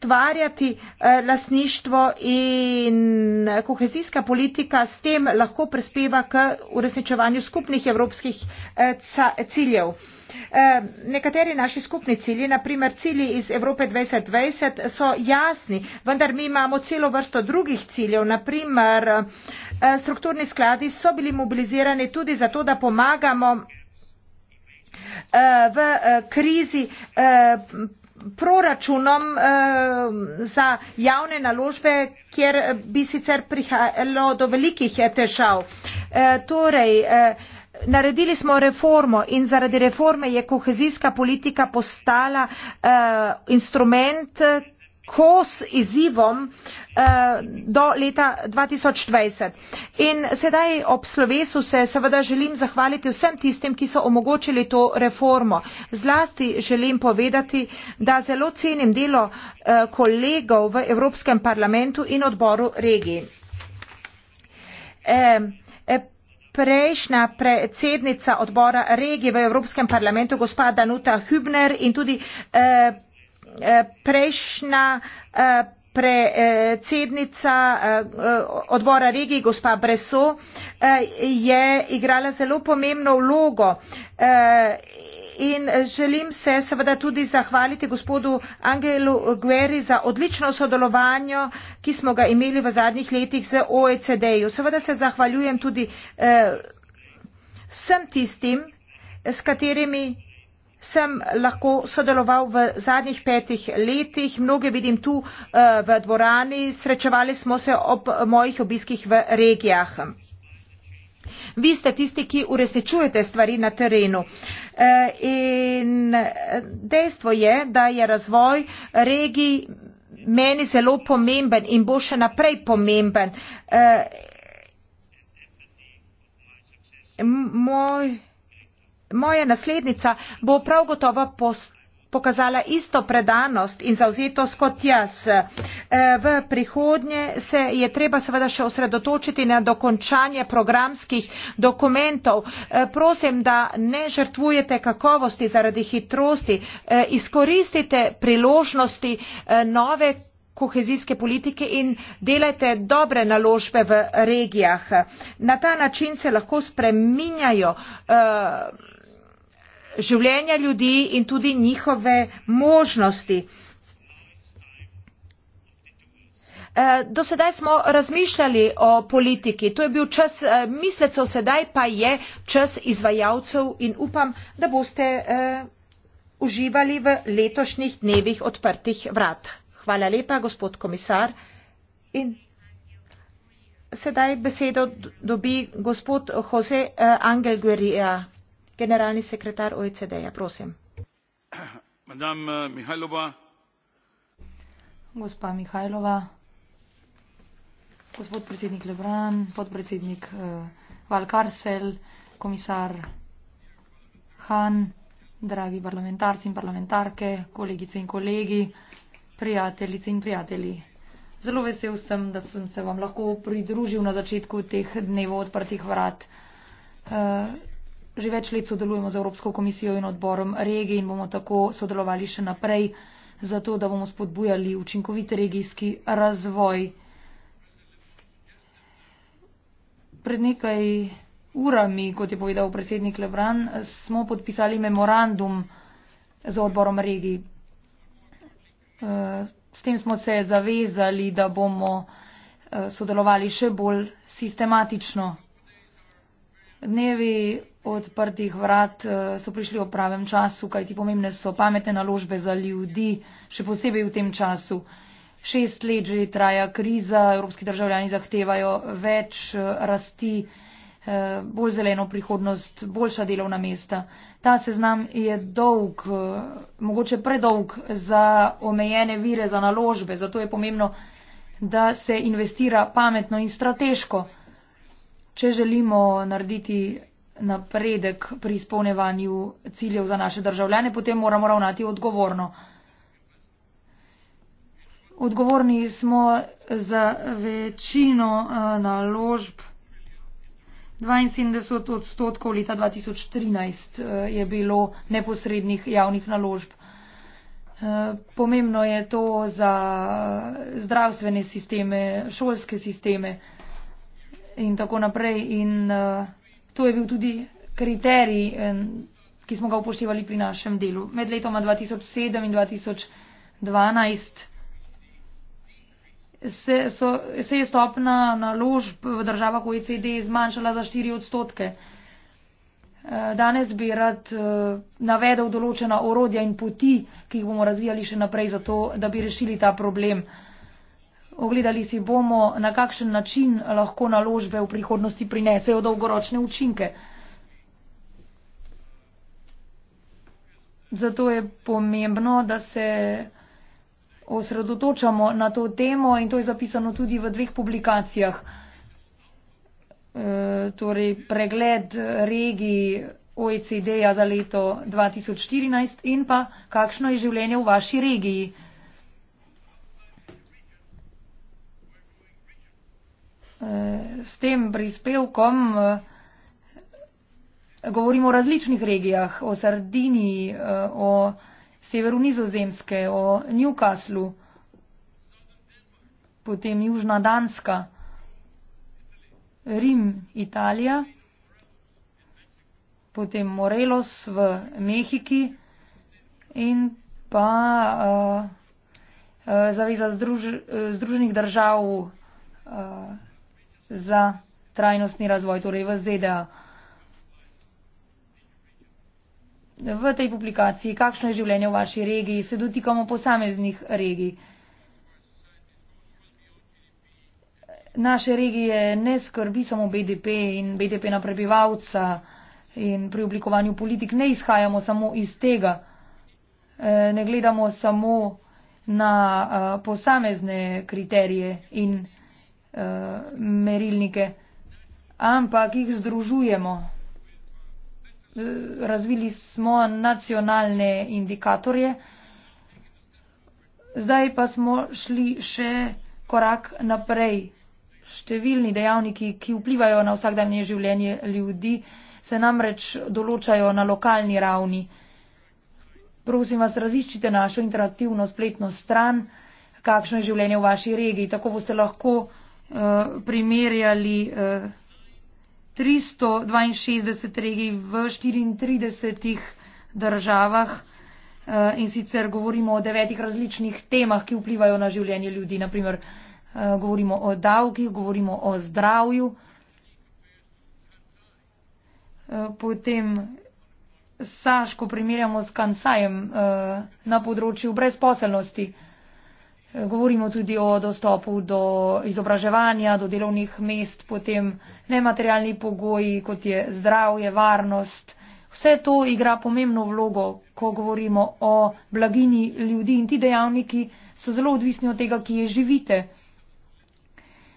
ustvarjati eh, lasništvo in kohezijska politika s tem lahko prispeva k uresničevanju skupnih evropskih eh, ciljev. Eh, nekateri naši skupni cilji, naprimer cilji iz Evrope 2020, so jasni, vendar mi imamo celo vrsto drugih ciljev, naprimer strukturni skladi so bili mobilizirani tudi zato, da pomagamo v krizi proračunom eh, za javne naložbe, kjer bi sicer prihajalo do velikih eh, težav. Eh, torej, naredili smo reformo in zaradi reforme je kohezijska politika postala instrument, ko s izzivom eh, do leta 2020. In sedaj ob slovesu se seveda želim zahvaliti vsem tistim, ki so omogočili to reformo. Zlasti želim povedati, da zelo cenim delo eh, kolegov v Evropskem parlamentu in odboru regij. Eh, eh Prejšnja predsednica odbora regije v Evropskem parlamentu, gospa Danuta Hübner in tudi eh, Eh, prejšnja eh, predsednica eh, odbora regij, gospa Breso, je igrala zelo pomembno vlogo. In želim se seveda tudi zahvaliti gospodu Angelu Gueri za odlično sodelovanje, ki smo ga imeli v zadnjih letih z OECD-ju. Seveda se zahvaljujem tudi vsem tistim, s katerimi sem lahko sodeloval v zadnjih petih letih, mnoge vidim tu eh, v dvorani, srečevali smo se ob mojih obiskih v regijah. Vi ste tisti, ki uresničujete stvari na terenu. Eh, in dejstvo je, da je razvoj regij meni zelo pomemben in bo še naprej pomemben. Eh, moj moja naslednica bo prav gotovo pokazala isto predanost in zauzetost kot jaz. E, v prihodnje se je treba seveda še osredotočiti na dokončanje programskih dokumentov. E, prosim, da ne žrtvujete kakovosti zaradi hitrosti, e, izkoristite priložnosti nove kohezijske politike in delajte dobre naložbe v regijah. Na ta način se lahko spreminjajo uh, življenja ljudi in tudi njihove možnosti. E, do sedaj smo razmišljali o politiki, to je bil čas e, mislecev, sedaj pa je čas izvajalcev in upam, da boste e, uživali v letošnjih dnevih odprtih vrat. Hvala lepa, gospod komisar. In sedaj besedo dobi gospod Jose Angel Guerrero generalni sekretar oecd ja prosim
eh,
gospa mihajlova
gospod predsednik lebran podpredsednik eh, valcarcel komisar hahn dragi parlamentarci in parlamentarke kolegice in kolegi prijateljice in prijatelji zelo vesel sem da sem se vam lahko pridružil na začetku teh dnevov odprtih vrat eh, že več let sodelujemo z Evropsko komisijo in odborom regij in bomo tako sodelovali še naprej, zato da bomo spodbujali učinkovit regijski razvoj. Pred nekaj urami, kot je povedal predsednik Lebran, smo podpisali memorandum z odborom regij. Eh, s tem smo se zavezali, da bomo eh, sodelovali še bolj sistematično. Dnevi odprtih vrat eh, so prišli v pravem času, kajti pomembne so pametne naložbe za ljudi, še posebej v tem času. Šest let že traja kriza, evropski državljani zahtevajo več eh, rasti, eh, bolj zeleno prihodnost, boljša delovna mesta. Ta seznam je dolg, mogoče predolg za omejene vire za naložbe, zato je pomembno, da se investira pametno in strateško. Če želimo narediti napredek pri izpolnevanju ciljev za naše državljane, potem moramo ravnati odgovorno. Odgovorni smo za večino eh, naložb. 72 odstotkov leta 2013 eh, je bilo neposrednih javnih naložb. Eh, pomembno je to za zdravstvene sisteme, šolske sisteme in tako naprej. In, uh, To je bil tudi kriterij, eh, ki smo ga upoštevali pri našem delu. Med letoma 2007 in 2012 se, so, se je stopna naložb v državah OECD zmanjšala za 4 odstotke. Eh, danes bi rad eh, navedel določena orodja in poti, ki jih bomo razvijali še naprej, zato da bi rešili ta problem. Ogledali si bomo, na kakšen način lahko naložbe v prihodnosti prinesejo dolgoročne učinke. Zato je pomembno, da se osredotočamo na to temo in to je zapisano tudi v dveh publikacijah. E, torej pregled regij OECD-ja za leto 2014 in pa kakšno je življenje v vaši regiji. Eh, s tem prispevkom eh, govorimo o različnih regijah, o Sardiniji, eh, o severu Nizozemske, o Newcastlu, potem Južna Danska, Rim, Italija, potem Morelos v Mehiki in pa uh, uh, Zaveza združ, uh, Združenih držav. Uh, za trajnostni razvoj, torej v ZDA. V tej publikaciji, kakšno je življenje v vaši regiji, se dotikamo posameznih regij. Naše regije ne skrbi samo BDP in BDP na prebivalca in pri oblikovanju politik ne izhajamo samo iz tega. E, ne gledamo samo na e, posamezne kriterije in merilnike, ampak jih združujemo. Razvili smo nacionalne indikatorje, zdaj pa smo šli še korak naprej. Številni dejavniki, ki vplivajo na vsakdanje življenje ljudi, se namreč določajo na lokalni ravni. Prosim vas, raziščite našo interaktivno spletno stran, kakšno je življenje v vaši regiji. Tako boste lahko. Eh, primerjali uh, eh, 362 regij v 34 državah uh, in sicer govorimo o devetih različnih temah, ki vplivajo na življenje ljudi. Naprimer, uh, govorimo o davkih, govorimo o zdravju. Potem Saško primerjamo s Kansajem na področju brezposelnosti. Govorimo tudi o dostopu do izobraževanja, do delovnih mest, potem nematerialni pogoji, kot je zdravje, varnost. Vse to igra pomembno vlogo, ko govorimo o blagini ljudi in ti dejavniki so zelo odvisni od tega, ki je živite.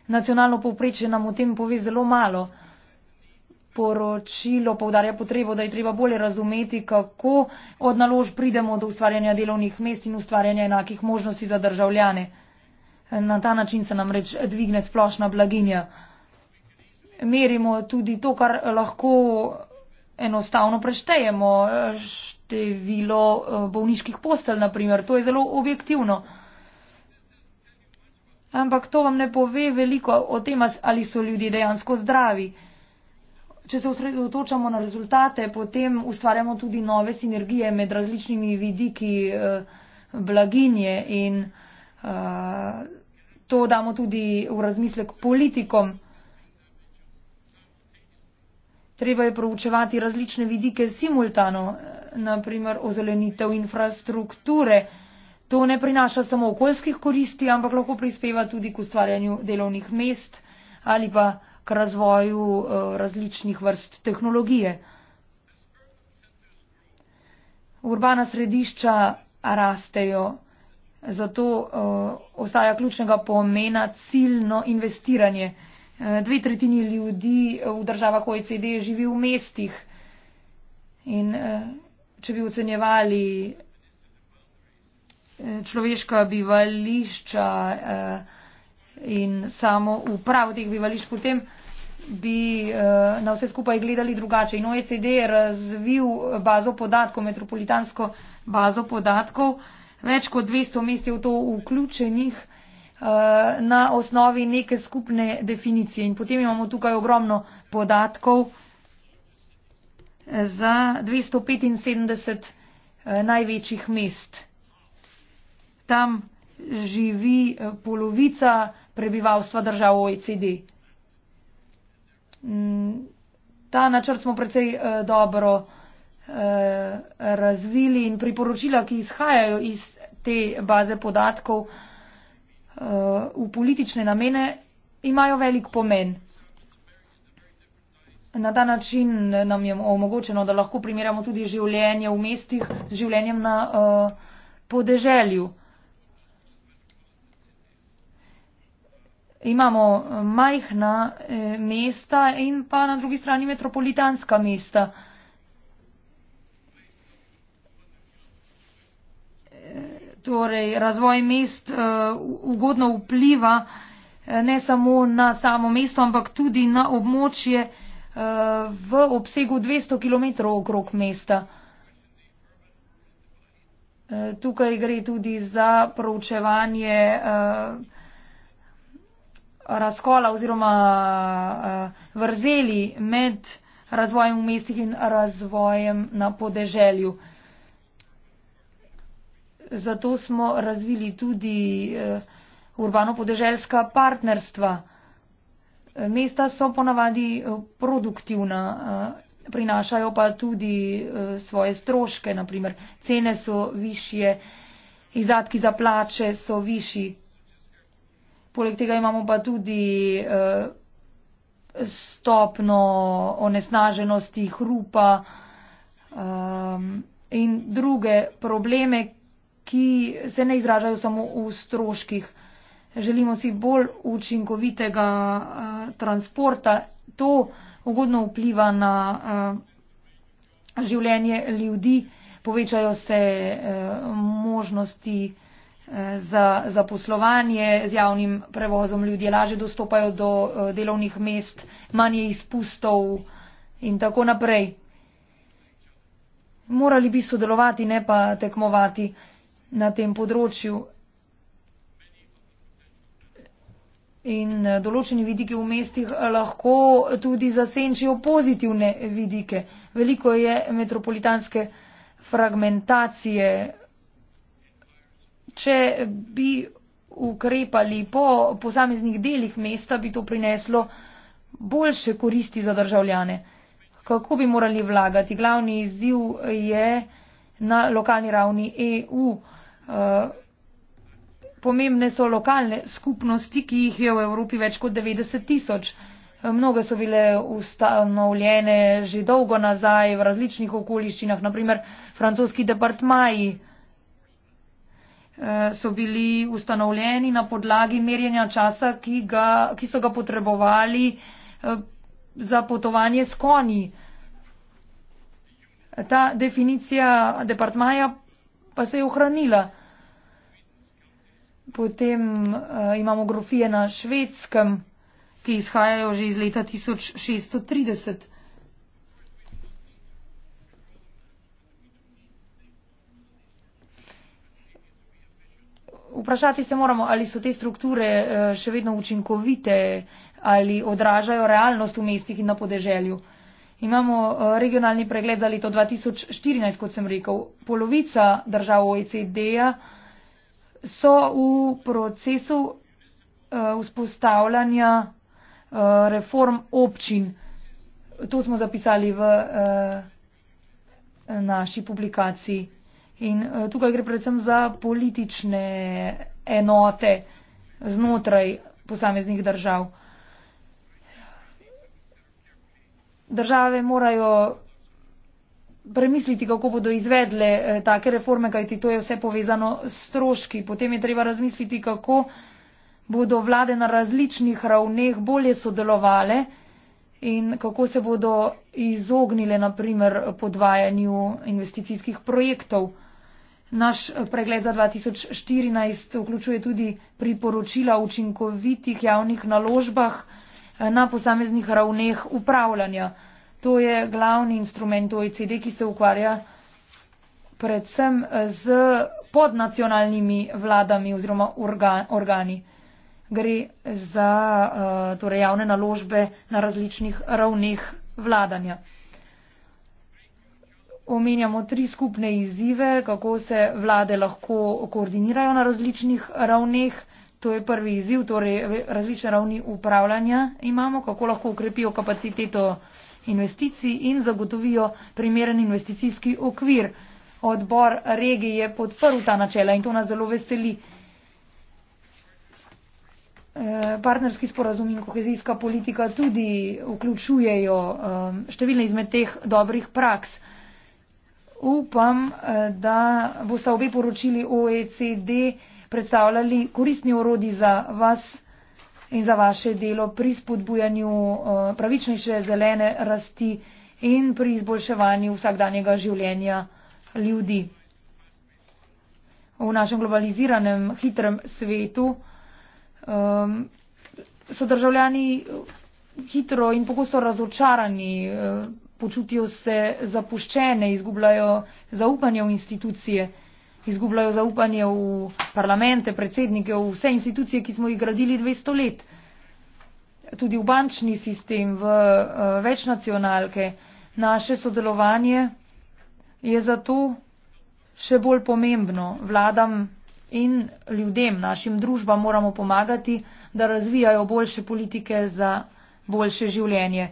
Nacionalno povprečje nam o tem pove zelo malo poročilo povdarja potrebo, da je treba bolje razumeti, kako od nalož pridemo do ustvarjanja delovnih mest in ustvarjanja enakih možnosti za državljane. Na ta način se nam reč dvigne splošna blaginja. Merimo tudi to, kar lahko enostavno preštejemo, število eh, bolniških postelj, naprimer. To je zelo objektivno. Ampak to vam ne pove veliko o tem, ali so ljudje dejansko zdravi. Če se osredotočamo na rezultate, potem ustvarjamo tudi nove sinergije med različnimi vidiki eh, blaginje in eh, to damo tudi v razmislek politikom. Treba je proučevati različne vidike simultano, eh, naprimer ozelenitev infrastrukture. To ne prinaša samo okoljskih koristi, ampak lahko prispeva tudi k ustvarjanju delovnih mest ali pa k razvoju eh, različnih vrst tehnologije. Urbana središča rastejo, zato eh, ostaja ključnega pomena ciljno investiranje. Eh, dve tretjini ljudi v državah OECD živi v mestih in če bi ocenjevali človeška bivališča, in samo v prav teh bivališč, potem bi eh, na vse skupaj gledali drugače. In OECD je razvil bazo podatkov, metropolitansko bazo podatkov, več kot 200 mest je v to vključenih eh, na osnovi neke skupne definicije. In potem imamo tukaj ogromno podatkov eh, za 275 največjih mest. Tam živi polovica prebivalstva držav OECD. Mm, ta načrt smo precej eh, dobro eh, razvili in priporočila, ki izhajajo iz te baze podatkov eh, v politične namene, imajo velik pomen. Na ta način nam je omogočeno, da lahko primerjamo tudi življenje v mestih z življenjem na podeželju. imamo eh, majhna eh, mesta in pa na drugi strani metropolitanska mesta. Eh, torej, razvoj mest ugodno vpliva ne samo na samo mesto, ampak tudi na območje v obsegu 200 km okrog mesta. Tukaj gre tudi za proučevanje uh, razkola oziroma eh, vrzeli med razvojem v mestih in razvojem na podeželju. Zato smo razvili tudi eh, urbano-podeželska partnerstva. Mesta so ponavadi eh, produktivna, prinašajo pa tudi svoje stroške, naprimer cene so višje, izdatki za plače so višji. Poleg tega imamo pa tudi uh, stopno onesnaženosti hrupa um, in druge probleme, ki se ne izražajo samo v stroških. Želimo si bolj učinkovitega uh, transporta. To ugodno vpliva na uh, življenje ljudi, povečajo se uh, možnosti za zaposlovanje, z javnim prevozom ljudje lažje dostopajo do eh, delovnih mest, manje izpustov in tako naprej. Morali bi sodelovati, ne pa tekmovati na tem področju. In eh, določeni vidiki v mestih lahko tudi zasenčijo pozitivne vidike. Veliko je metropolitanske fragmentacije če bi ukrepali po posameznih delih mesta, bi to prineslo boljše koristi za državljane. Kako bi morali vlagati? Glavni izziv je na lokalni ravni EU. Eh, pomembne so lokalne skupnosti, ki jih je v Evropi več kot 90 tisoč. Eh, mnoge so bile ustanovljene že dolgo nazaj v različnih okoliščinah, naprimer francoski departmaji. Eh, so bili ustanovljeni na podlagi merjenja časa, ki, ga, ki so ga potrebovali eh, za potovanje s konji. Ta definicija departmaja pa se je ohranila. Potem uh, imamo grofije na švedskem, ki izhajajo že iz leta 1630. vprašati se moramo, ali so te strukture eh, še vedno učinkovite, ali odražajo realnost v mestih in na podeželju. Imamo eh, regionalni pregled za leto 2014, kot sem rekel. Polovica držav OECD-ja so v procesu eh, vzpostavljanja reform občin. To smo zapisali v naši publikaciji. In eh, tukaj gre predvsem za politične enote znotraj posameznih držav. Države morajo premisliti, kako bodo izvedle eh, take reforme, kajti to je vse povezano s stroški. Potem je treba razmisliti, kako bodo vlade na različnih ravneh bolje sodelovale in kako se bodo izognile, naprimer, podvajanju investicijskih projektov. Naš eh, pregled za 2014 vključuje tudi priporočila o učinkovitih javnih naložbah eh, na posameznih ravneh upravljanja. To je glavni instrument OECD, ki se ukvarja predvsem eh, z podnacionalnimi vladami oziroma organi. Gre za torej, javne naložbe na različnih ravneh vladanja omenjamo tri skupne izzive, kako se vlade lahko koordinirajo na različnih ravneh. To je prvi izziv, torej eh, različne ravni upravljanja imamo, kako lahko ukrepijo kapaciteto investicij in zagotovijo primeren investicijski okvir. Odbor regije je podprl ta načela in to nas zelo veseli. Eh, partnerski sporazum in kohezijska politika tudi vključujejo eh, številne izmed teh dobrih praks. Upam, eh, da boste obe poročili OECD predstavljali koristni urodi za vas in za vaše delo pri spodbujanju eh, pravičnejše zelene rasti in pri izboljševanju vsakdanjega življenja ljudi. V našem globaliziranem, hitrem svetu um, so državljani eh, hitro in pogosto razočarani. Uh, počutijo se zapuščene, izgubljajo zaupanje v institucije, izgubljajo zaupanje v parlamente, predsednike, v vse institucije, ki smo jih gradili 200 let. Tudi v bančni sistem, v eh, večnacionalke. Naše sodelovanje je zato še bolj pomembno. Vladam in ljudem, našim družbam moramo pomagati, da razvijajo boljše politike za boljše življenje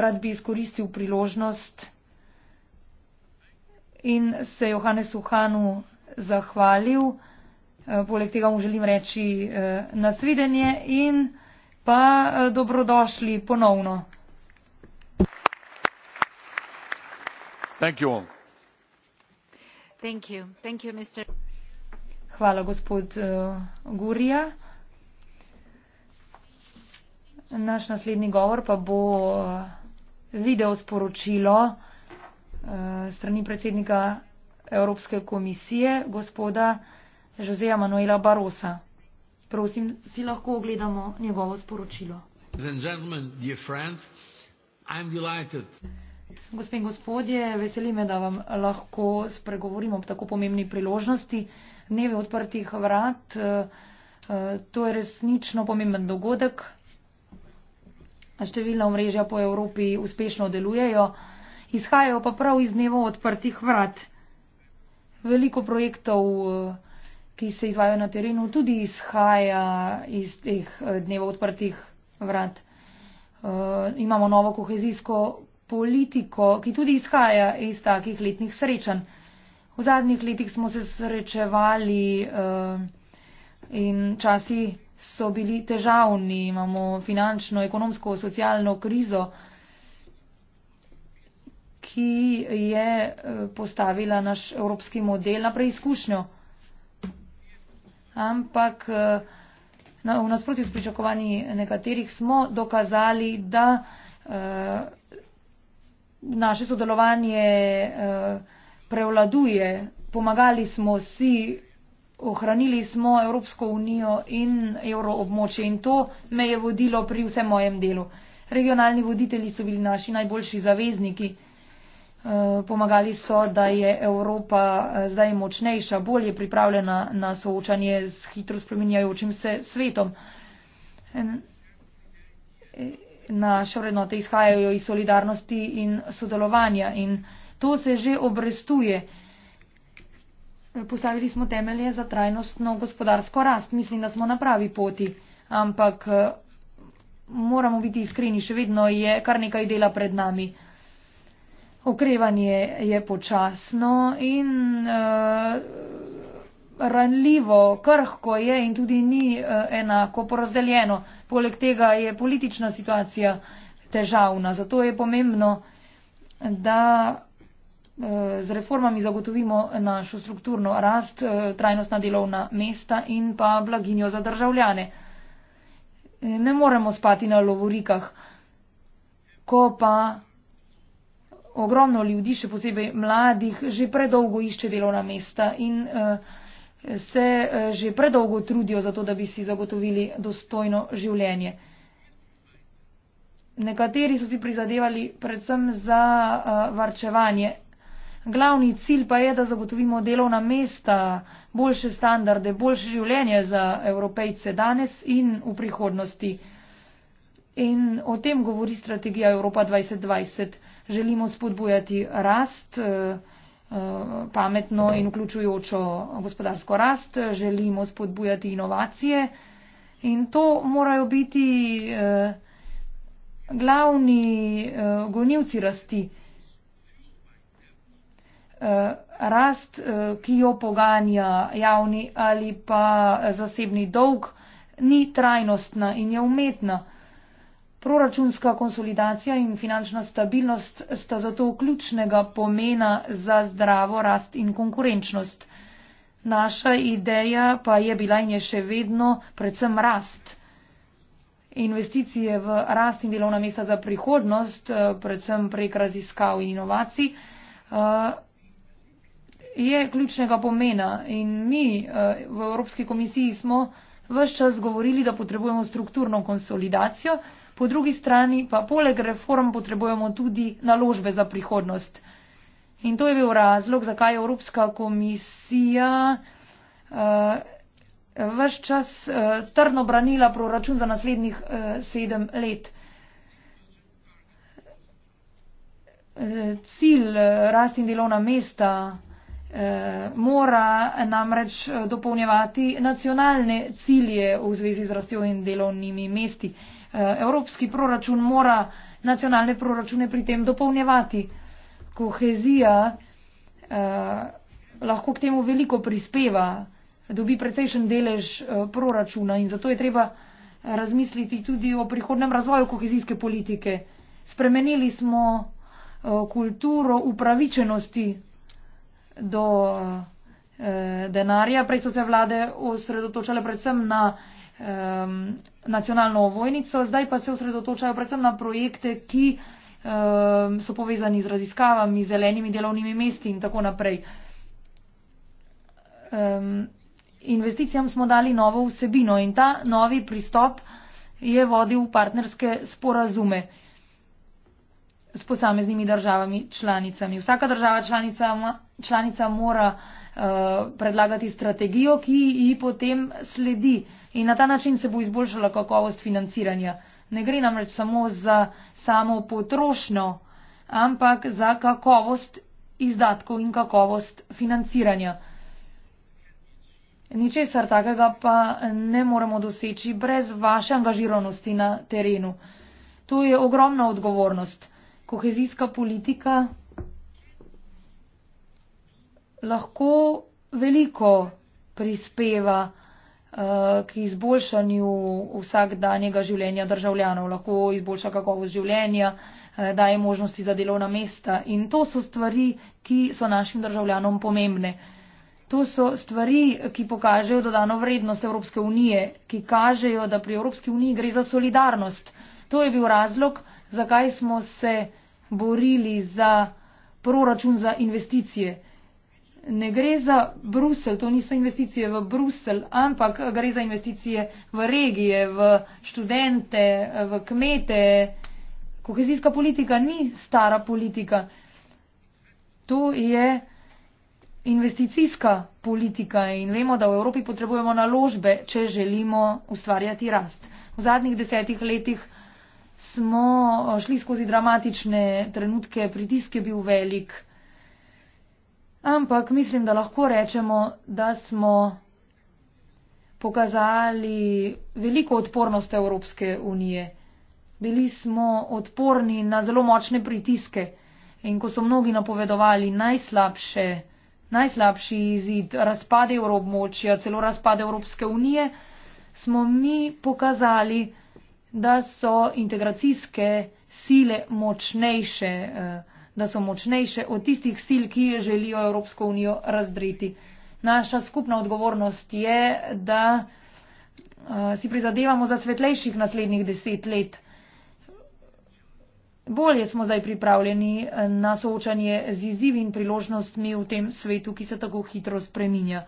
rad bi izkoristil priložnost in se Johannesu Hanu zahvalil. Eh, poleg tega mu želim reči eh, nasvidenje in pa eh, dobrodošli ponovno.
Thank you all. Thank you. Thank you, Mr. Hvala,
gospod uh, Gurija. Naš naslednji govor pa bo. Uh, video sporočilo uh, strani predsednika Evropske komisije, gospoda Josea Manuela Barosa. Prosim, si lahko ogledamo njegovo sporočilo. Gospe in gospodje, veseli me, da vam lahko spregovorim ob tako pomembni priložnosti. Dneve odprtih vrat, eh, eh, to je resnično pomemben dogodek, Številna omrežja po Evropi uspešno delujejo, izhajajo pa prav iz dnevo odprtih vrat. Veliko projektov, ki se izvajo na terenu, tudi izhaja iz teh eh, dnevo odprtih vrat. Eh, imamo novo kohezijsko politiko, ki tudi izhaja iz takih letnih srečanj. V zadnjih letih smo se srečevali eh, in časi so bili težavni, imamo finančno, ekonomsko, socialno krizo, ki je eh, postavila naš evropski model na preizkušnjo. Ampak eh, na, v nasprotju s pričakovanji nekaterih smo dokazali, da uh, naše sodelovanje uh, prevladuje. Pomagali smo si Ohranili smo Evropsko unijo in evroobmočje in to me je vodilo pri vsem mojem delu. Regionalni voditelji so bili naši najboljši zavezniki. Eh, pomagali so, da je Evropa eh, zdaj močnejša, bolje pripravljena na soočanje s hitro spreminjajočim se svetom. Eh, naše vrednote izhajajo iz solidarnosti in sodelovanja in to se že obrestuje postavili smo temelje za trajnostno gospodarsko rast. Mislim, da smo na pravi poti, ampak moramo biti iskreni, še vedno je kar nekaj dela pred nami. Okrevanje je počasno in uh, ranljivo, krhko je in tudi ni uh, enako porazdeljeno. Poleg tega je politična situacija težavna. Zato je pomembno, da Eh, z reformami zagotovimo našo strukturno rast, eh, trajnostna delovna mesta in pa blaginjo za državljane. Eh, ne moremo spati na lovorikah, ko pa ogromno ljudi, še posebej mladih, že predolgo išče delovna mesta in se že predolgo trudijo za to, da bi si zagotovili dostojno življenje. Nekateri so si prizadevali predvsem za varčevanje Glavni cilj pa je, da zagotovimo delovna mesta, boljše standarde, boljše življenje za evropejce danes in v prihodnosti. In o tem govori strategija Evropa 2020. Želimo spodbujati rast, eh, eh, pametno in vključujočo gospodarsko rast, želimo spodbujati inovacije in to morajo biti eh, glavni gonilci rasti. Eh, rast, eh, ki jo poganja javni ali pa zasebni dolg, ni trajnostna in je umetna. Proračunska konsolidacija in finančna stabilnost sta zato ključnega pomena za zdravo rast in konkurenčnost. Naša ideja pa je bila in je še vedno predvsem rast. Investicije v rast in delovna mesta za prihodnost, eh, predvsem prek raziskav in inovacij, je ključnega pomena in mi eh, v Evropski komisiji smo vse čas govorili, da potrebujemo strukturno konsolidacijo, po drugi strani pa poleg reform potrebujemo tudi naložbe za prihodnost. In to je bil razlog, zakaj je Evropska komisija uh, eh, vse čas uh, trdno branila proračun za naslednjih uh, sedem let. Cilj rasti in delovna mesta Eh, mora namreč eh, dopolnjevati nacionalne cilje v zvezi z rastjo in delovnimi mesti. Eh, evropski proračun mora nacionalne proračune pri tem dopolnjevati. Kohezija lahko k temu veliko prispeva, dobi precejšen delež proračuna in zato je treba razmisliti tudi o prihodnem razvoju kohezijske politike. Spremenili smo kulturo upravičenosti do eh, denarja. Prej so se vlade osredotočale predvsem na nacionalno ovojnico, zdaj pa se osredotočajo predvsem na projekte, ki so povezani z raziskavami, zelenimi delovnimi mesti in tako naprej. Investicijam smo dali novo vsebino in ta novi pristop je vodil partnerske sporazume s posameznimi državami članicami. Vsaka država članica članica mora uh, predlagati strategijo, ki ji potem sledi. In na ta način se bo izboljšala kakovost financiranja. Ne gre namreč samo za samo potrošnjo, ampak za kakovost izdatkov in kakovost financiranja. Ničesar takega pa ne moremo doseči brez vaše angažiranosti na terenu. To je ogromna odgovornost. Kohezijska politika lahko veliko prispeva eh, k izboljšanju vsakdanjega življenja državljanov, lahko izboljša kakovost življenja, eh, daje možnosti za delovna mesta. In to so stvari, ki so našim državljanom pomembne. To so stvari, ki pokažejo dodano vrednost Evropske unije, ki kažejo, da pri Evropski uniji gre za solidarnost. To je bil razlog, zakaj smo se borili za proračun za investicije ne gre za Brusel, to niso investicije v Brusel, ampak gre za investicije v regije, v študente, v kmete. Kohezijska politika ni stara politika. To je investicijska politika in vemo, da v Evropi potrebujemo naložbe, če želimo ustvarjati rast. V zadnjih desetih letih smo šli skozi dramatične trenutke, pritisk je bil velik ampak mislim, da lahko rečemo, da smo pokazali veliko odpornost Evropske unije. Bili smo odporni na zelo močne pritiske in ko so mnogi napovedovali najslabše, najslabši izid, razpade Evropmočja, celo razpade Evropske unije, smo mi pokazali, da so integracijske sile močnejše. Eh, da so močnejše od tistih sil, ki želijo Evropsko unijo razdriti. Naša skupna odgovornost je, da eh, si prizadevamo za svetlejših naslednjih deset let. Bolje smo zdaj pripravljeni eh, na soočanje z izzivi in priložnostmi v tem svetu, ki se tako hitro spreminja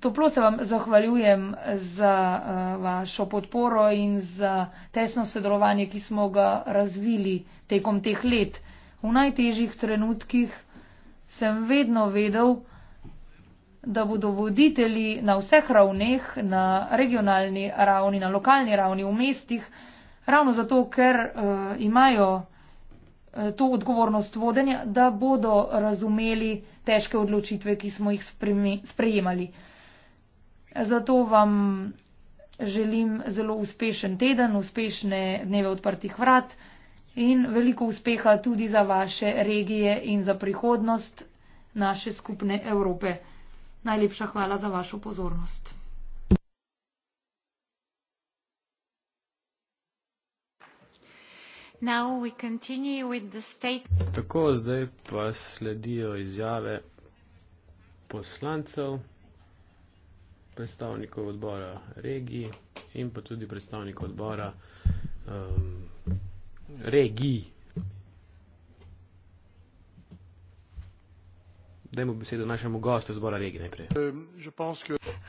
toplo se vam zahvaljujem za uh, vašo podporo in za tesno sodelovanje, ki smo ga razvili tekom teh let. V najtežjih trenutkih sem vedno vedel, da bodo voditelji na vseh ravneh, na regionalni ravni, na lokalni ravni, v mestih, ravno zato, ker uh, imajo eh, to odgovornost vodenja, da bodo razumeli težke odločitve, ki smo jih sprejemali. Zato vam želim zelo uspešen teden, uspešne dneve odprtih vrat in veliko uspeha tudi za vaše regije in za prihodnost naše skupne Evrope. Najlepša hvala za vašo pozornost.
Tako zdaj pa sledijo izjave poslancev predstavnikov odbora regij in pa tudi predstavnikov odbora um, regij. Dajmo besedo našemu gostu zbora regij najprej.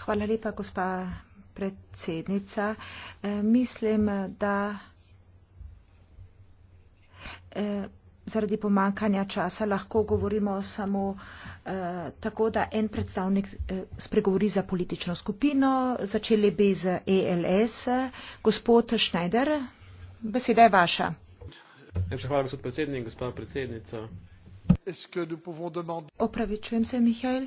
Hvala lepa, gospa predsednica. E, mislim, da. E, zaradi pomankanja časa lahko govorimo samo eh, tako, da en predstavnik eh, spregovori za politično skupino. Začeli bi z ELS. Gospod Schneider, beseda je vaša.
Najlepša hvala, gospod predsednik, gospod predsednica.
Opravičujem se, Mihajl.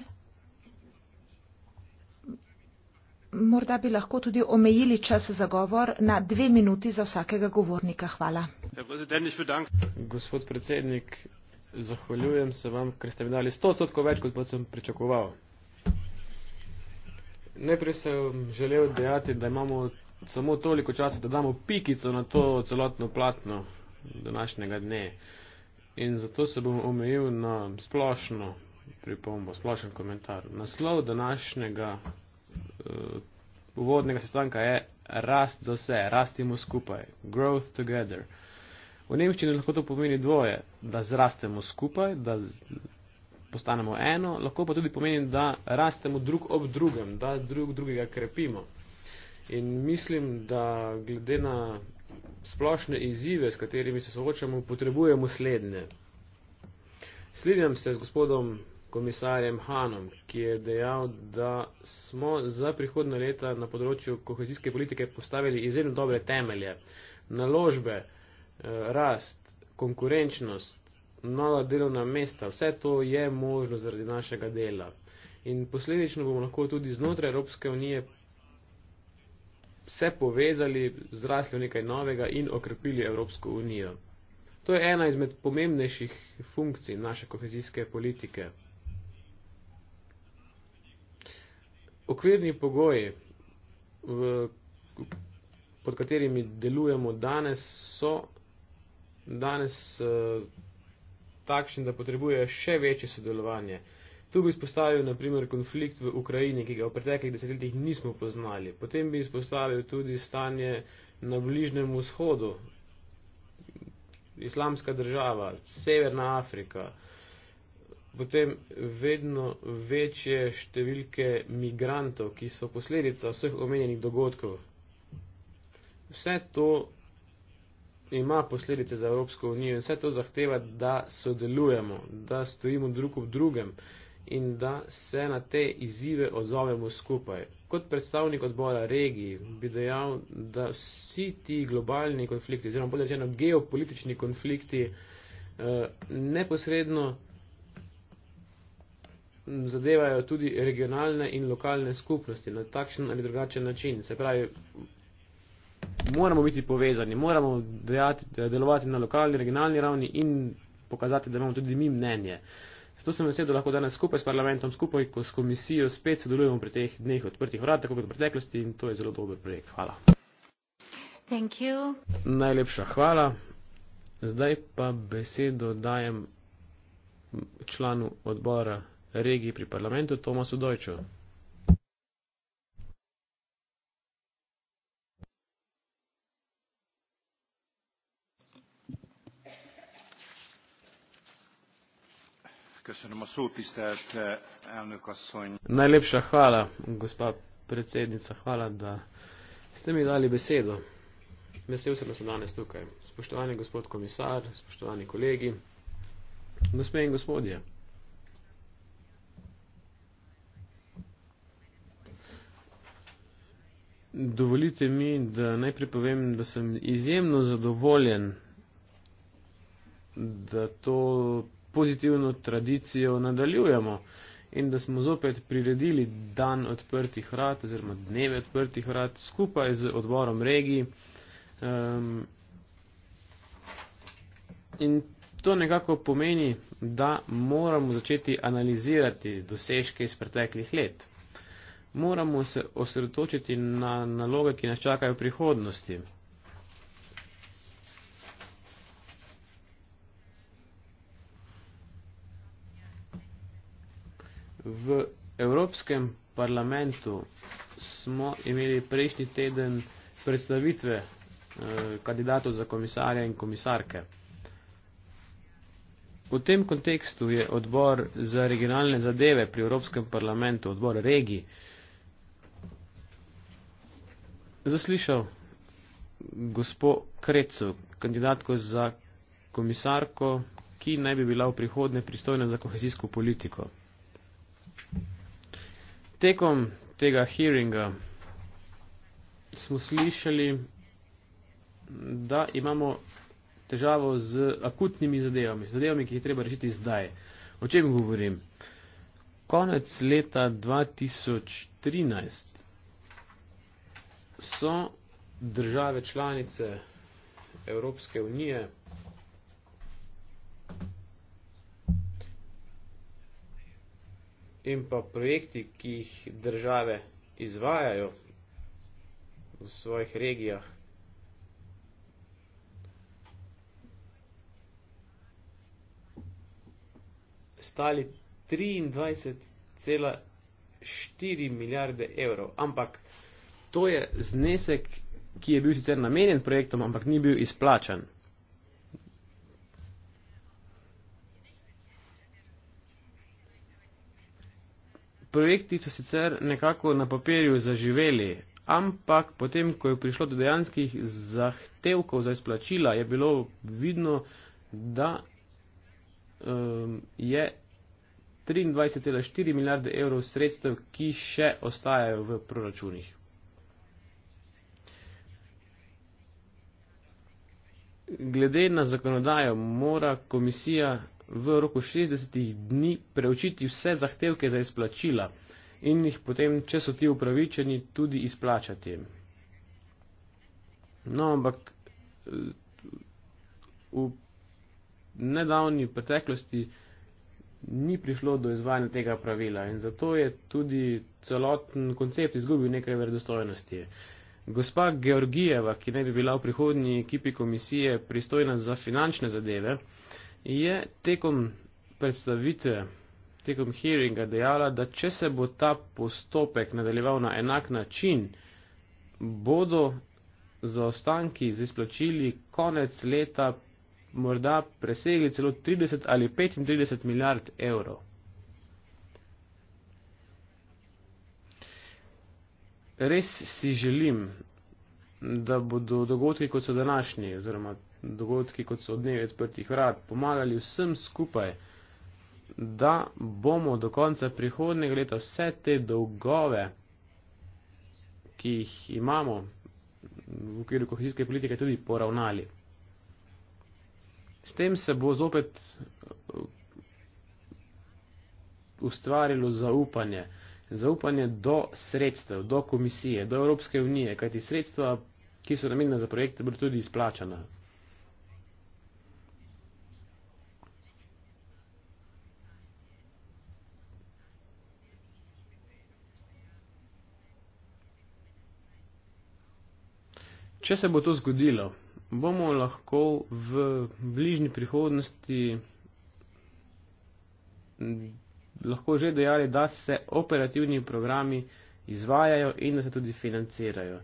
Morda bi lahko tudi omejili čas za govor na dve minuti za vsakega govornika. Hvala.
Gospod predsednik, zahvaljujem se vam, ker ste mi dali 100 odstotkov več, kot pa sem pričakoval. Najprej sem želel dejati, da imamo samo toliko časa, da damo pikico na to celotno platno današnjega dne. In zato se bom omejil na splošno pripombo, splošen komentar. Naslov današnjega uh, uvodnega sestanka je rast za vse, rastimo skupaj, growth together. V nemščini lahko to pomeni dvoje, da zrastemo skupaj, da postanemo eno, lahko pa tudi pomeni, da rastemo drug ob drugem, da drug drugega krepimo. In mislim, da glede na splošne izzive, s katerimi se soočamo, potrebujemo slednje. Slednjem se z gospodom komisarjem Hanom, ki je dejal, da smo za prihodne leta na področju kohezijske politike postavili izjemno dobre temelje. Naložbe, eh, rast, konkurenčnost, nova delovna mesta, vse to je možno zaradi našega dela. In posledično bomo lahko tudi znotraj Evropske unije vse povezali, zrasli v nekaj novega in okrepili Evropsko unijo. To je ena izmed pomembnejših funkcij naše kohezijske politike. okvirni pogoji, v, pod katerimi delujemo danes, so danes uh, takšni, da potrebujejo še večje sodelovanje. Tu bi izpostavil naprimer konflikt v Ukrajini, ki ga v preteklih desetletjih nismo poznali. Potem bi izpostavil tudi stanje na Bližnem vzhodu, Islamska država, Severna Afrika. Uh, potem vedno večje številke migrantov, ki so posledica vseh omenjenih dogodkov. Vse to ima posledice za Evropsko unijo in vse to zahteva, da sodelujemo, da stojimo drug ob drugem in da se na te izzive odzovemo skupaj. Kot predstavnik odbora regiji bi dejal, da vsi ti globalni konflikti, oziroma bolje rečeno geopolitični konflikti, eh, neposredno zadevajo tudi regionalne in lokalne skupnosti na takšen ali drugačen način. Se pravi, moramo biti povezani, moramo dejati, delovati na lokalni, regionalni ravni in pokazati, da imamo tudi mi mnenje. Zato sem vesel, da lahko danes skupaj s parlamentom, skupaj ko s komisijo spet sodelujemo pri teh dneh odprtih vrat, tako kot v preteklosti in to je zelo dober projekt. Hvala. Najlepša hvala. Zdaj pa besedo dajem članu odbora regiji pri parlamentu Tomasu Dojču.
Köszönöm a szót, tisztelt eh, elnök asszony. Najlepša
hvala, gospa predsednica, hvala, da ste mi dali besedo. Vesel sem, da sem danes tukaj. Spoštovani gospod komisar, spoštovani kolegi, gospe in gospodje. Dovolite mi, da najprej povem, da sem izjemno zadovoljen, da to pozitivno tradicijo nadaljujemo in da smo zopet priredili dan odprtih vrat oziroma dneve odprtih vrat skupaj z odborom regij. Um, in to nekako pomeni, da moramo začeti analizirati dosežke iz preteklih let moramo se osredotočiti na naloge, ki nas čakajo v prihodnosti. V Evropskem parlamentu smo imeli prejšnji teden predstavitve eh, kandidatov za komisarja in komisarke. V tem kontekstu je odbor za regionalne zadeve pri Evropskem parlamentu, odbor regij, eh, zaslišal gospo Krecu, kandidatko za komisarko, ki naj bi bila v prihodnje pristojna za kohezijsko politiko. Tekom tega hearinga smo slišali, da imamo težavo z akutnimi zadevami, zadevami, ki jih treba rešiti zdaj. O čem govorim? Konec leta 2013 so države članice Evropske unije in pa projekti, ki jih države izvajajo v svojih regijah, stali 23,4 milijarde evrov. Ampak To je znesek, ki je bil sicer namenjen projektom, ampak ni bil izplačan. Projekti so sicer nekako na papirju zaživeli, ampak potem, ko je prišlo do dejanskih zahtevkov za izplačila, je bilo vidno, da um, je 23,4 milijarde evrov sredstev, ki še ostajajo v proračunih. Glede na zakonodajo mora komisija v roku 60 dni preučiti vse zahtevke za izplačila in jih potem, če so ti upravičeni, tudi izplačati. No, ampak eh, v nedavni preteklosti ni prišlo do izvajanja tega pravila in zato je tudi celoten koncept izgubil nekaj verodostojnosti. Uh, Gospa Georgijeva, ki naj bi bila v prihodnji ekipi komisije pristojna za finančne zadeve, je tekom predstavitve, tekom hearinga dejala, da če se bo ta postopek nadaljeval na enak način, bodo zaostanki z izplačili konec leta morda presegli celo 30 ali 35 milijard evrov. res si želim, da bodo dogodki, kot so današnji, oziroma dogodki, kot so dnevi odprtih vrat, pomagali vsem skupaj, da bomo do konca prihodnega leta vse te dolgove, ki jih imamo v okviru kohezijske politike, tudi poravnali. S tem se bo zopet ustvarilo zaupanje zaupanje do sredstev, do komisije, do Evropske unije, kajti sredstva, ki so namenjena za projekte, bodo tudi izplačana. Če se bo to zgodilo, bomo lahko v bližnji prihodnosti lahko že dejali, da se operativni programi izvajajo in da se tudi financirajo.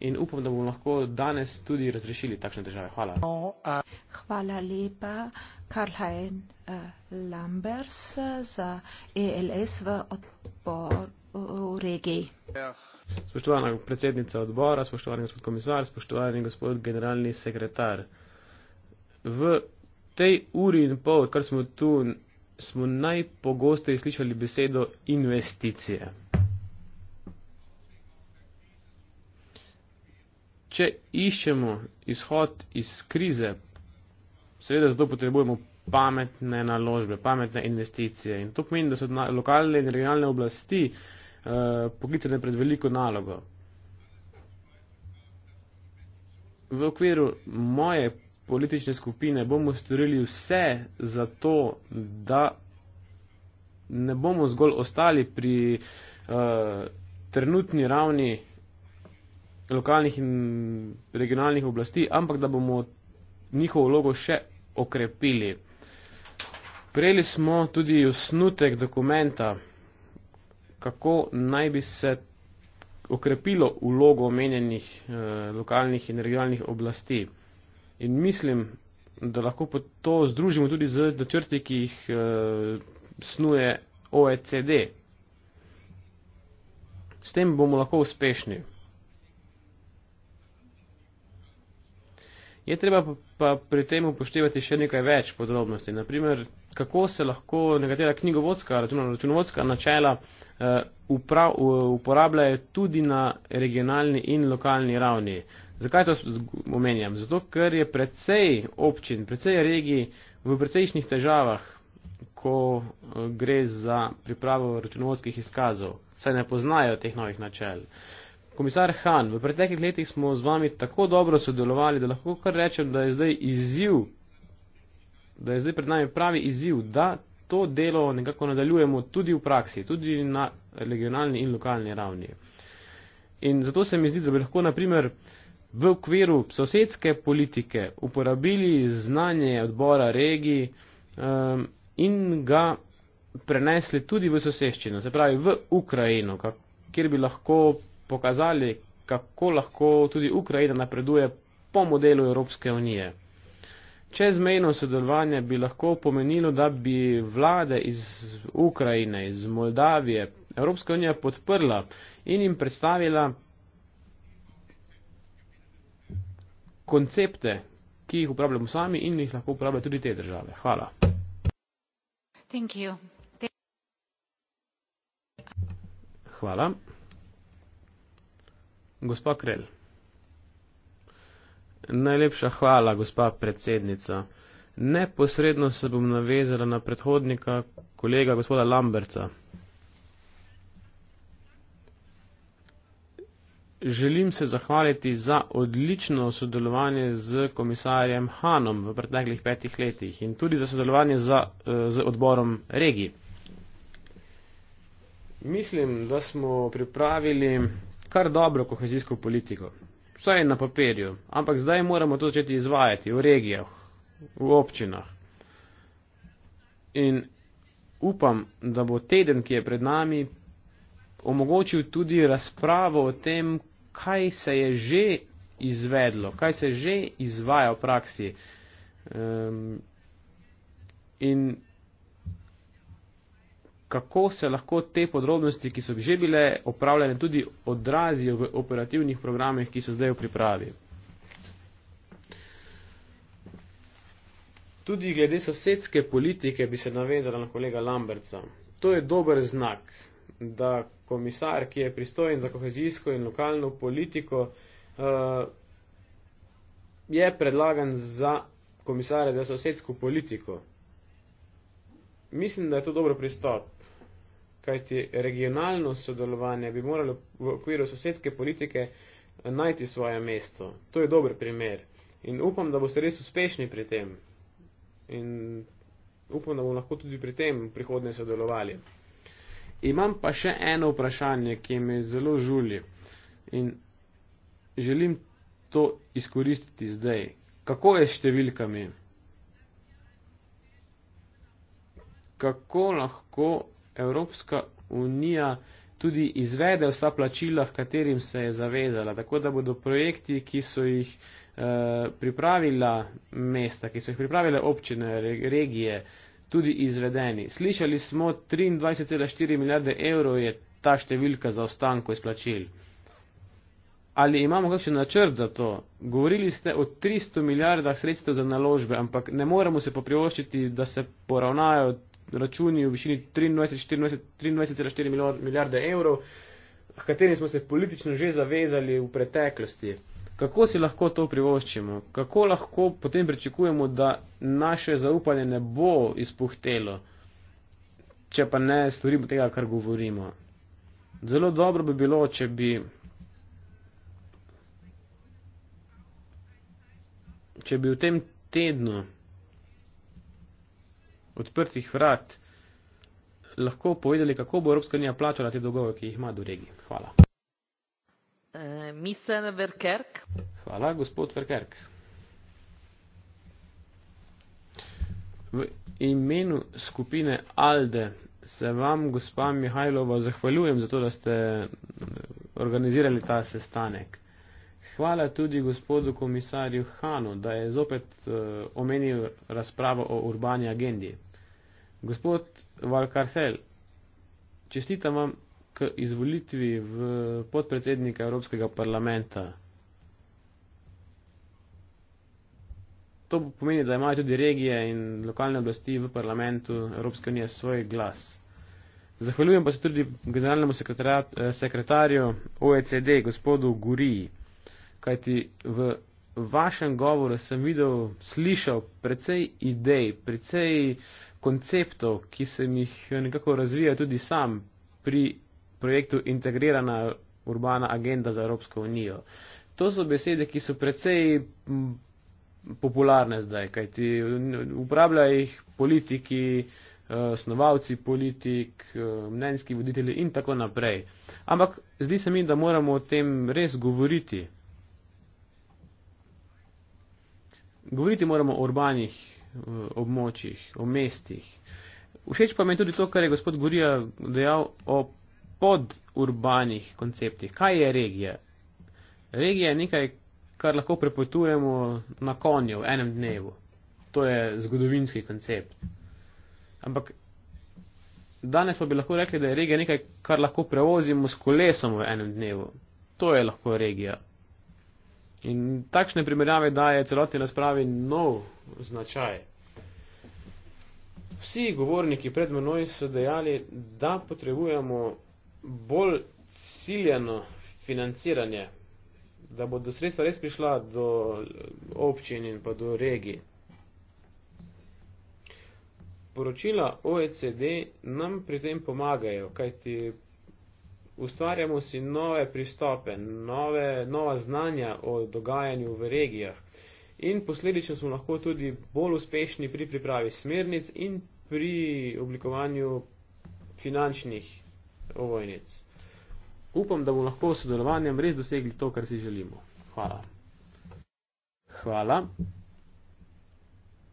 In upam, da bomo lahko danes tudi razrešili takšne države. Hvala.
Hvala lepa, Karl-Hein eh, Lambers eh, za ELS v odboru regiji.
Spoštovana predsednica odbora, spoštovani gospod komisar, spoštovani gospod generalni sekretar. V tej uri in pol, kar smo tu smo najpogosteje slišali besedo investicije. Če iščemo izhod iz krize, seveda zato potrebujemo pametne naložbe, pametne investicije. In to pomeni, da so lokalne in regionalne oblasti eh, poklicane pred veliko nalogo. V okviru moje politične skupine bomo storili vse za to, da ne bomo zgolj ostali pri uh, trenutni ravni lokalnih in regionalnih oblasti, ampak da bomo njihovo vlogo še okrepili. Prejeli smo tudi osnutek dokumenta, kako naj bi se okrepilo vlogo omenjenih eh, lokalnih in regionalnih oblasti. In mislim, da lahko to združimo tudi z načrti, ki jih eh, e, snuje OECD. S tem bomo lahko uspešni. Je treba pa, pa pri tem upoštevati še nekaj več podrobnosti. Naprimer, kako se lahko nekatera knjigovodska, računovodska načela uh, eh, uprav, uporabljajo tudi na regionalni in lokalni ravni. Uh, Zakaj to omenjam? Zato, ker je precej občin, precej regij v precejšnjih težavah, ko eh, gre za pripravo računovodskih izkazov, saj ne poznajo teh novih načel. Komisar Han, v preteklih letih smo z vami tako dobro sodelovali, da lahko kar rečem, da je zdaj izziv, da je zdaj pred nami pravi izziv, da to delo nekako nadaljujemo tudi v praksi, tudi na regionalni in lokalni ravni. In zato se mi zdi, da bi lahko, naprimer, v okviru sosedske politike uporabili znanje odbora regij um, in ga prenesli tudi v soseščino, se pravi v Ukrajino, kjer bi lahko pokazali, kako lahko tudi Ukrajina napreduje po modelu Evropske unije. Čezmejno sodelovanje bi lahko pomenilo, da bi vlade iz Ukrajine, iz Moldavije, Evropska unija podprla in jim predstavila koncepte, ki jih uporabljamo sami in jih lahko uporabljajo tudi te države. Hvala.
Thank you. Thank you.
Hvala. Gospa Krel. Najlepša hvala, gospa predsednica. Neposredno se bom navezala na predhodnika, kolega gospoda Lamberca. Želim se zahvaliti za odlično sodelovanje z komisarjem Hanom v preteklih petih letih in tudi za sodelovanje za, eh, z odborom regij. Mislim, da smo pripravili kar dobro kohezijsko politiko. Vsaj na papirju, ampak zdaj moramo to začeti izvajati v regijah, v občinah. In upam, da bo teden, ki je pred nami, omogočil tudi razpravo o tem, kaj se je že izvedlo, kaj se že izvaja v praksi. Um, in kako se lahko te podrobnosti, ki so že bile opravljene, tudi odrazijo v operativnih programih, ki so zdaj v pripravi. Tudi glede sosedske politike bi se navezala na kolega Lamberca. To je dober znak da komisar, ki je pristojen za kohezijsko in lokalno politiko, uh, je predlagan za komisare za sosedsko politiko. Mislim, da je to dobro pristop, kajti regionalno sodelovanje bi moralo v okviru sosedske politike eh, najti svoje mesto. To je dober primer in upam, da boste res uspešni pri tem. In upam, da bomo lahko tudi pri tem prihodnje sodelovali. Imam pa še eno vprašanje, ki me zelo žuli in želim to izkoristiti zdaj. Kako je s številkami? Kako lahko Evropska unija tudi izvede vsa plačila, katerim se je zavezala, tako da bodo projekti, ki so jih eh, pripravila mesta, ki so jih pripravile občine, regije, eh, tudi izvedeni. Slišali smo, 23,4 milijarde evrov je ta številka za ostanko izplačil. Ali imamo kakšen načrt za to? Govorili ste o 300 milijardah sredstev za naložbe, ampak ne moremo se poprivoščiti, da se poravnajo računi v višini 23,4 milijarde evrov, katerim smo se politično že zavezali v preteklosti. Kako si lahko to privoščimo? Kako lahko potem pričakujemo, da naše zaupanje ne bo izpuhtelo, če pa ne storimo tega, kar govorimo? Zelo dobro bi bilo, če bi, če bi v tem tednu odprtih vrat lahko povedali, kako bo Evropska unija plačala te dolgove, ki jih ima do regije. Hvala.
Eh, Verkerk.
Hvala, gospod Verkerk. V imenu skupine ALDE se vam, gospa Mihajlova, zahvaljujem za to, da ste eh, organizirali ta sestanek. Hvala tudi gospodu komisarju Hanu, da je zopet uh, omenil razpravo o urbani agendi. Gospod Valkarsel, čestitam vam izvolitvi v podpredsednika Evropskega parlamenta. To pomeni, da imajo tudi regije in lokalne oblasti v parlamentu Evropske unije svoj glas. Zahvaljujem pa se tudi generalnemu eh, sekretarju OECD, gospodu Guriji, kajti v vašem govoru sem videl, slišal precej idej, precej konceptov, ki sem jih nekako razvijal tudi sam pri projektu Integrirana urbana agenda za Evropsko unijo. To so besede, ki so precej popularne zdaj, kajti uporabljajo jih politiki, eh, snovalci politik, eh, mnenjski voditelji in tako naprej. Ampak zdi se mi, da moramo o tem res govoriti. Govoriti moramo o urbanih eh, območjih, o mestih. Všeč pa mi je tudi to, kar je gospod Gorija dejal o podurbanih konceptih. Kaj je regija? Regija je nekaj, kar lahko prepotujemo na konju v enem dnevu. To je zgodovinski koncept. Ampak danes pa bi lahko rekli, da je regija nekaj, kar lahko prevozimo s kolesom v enem dnevu. To je lahko regija. In takšne primerjave daje celotni razpravi nov značaj. Vsi govorniki pred menoj so dejali, da potrebujemo bolj ciljeno financiranje, da bodo sredstva res prišla do eh, občin in pa do regij. Poročila OECD nam pri tem pomagajo, kajti ustvarjamo si nove pristope, nove, nova znanja o dogajanju v regijah in posledično smo lahko tudi bolj uspešni pri pripravi smernic in pri oblikovanju finančnih ovojnic. Upam, da bomo lahko s sodelovanjem res dosegli to, kar si želimo. Hvala. Hvala.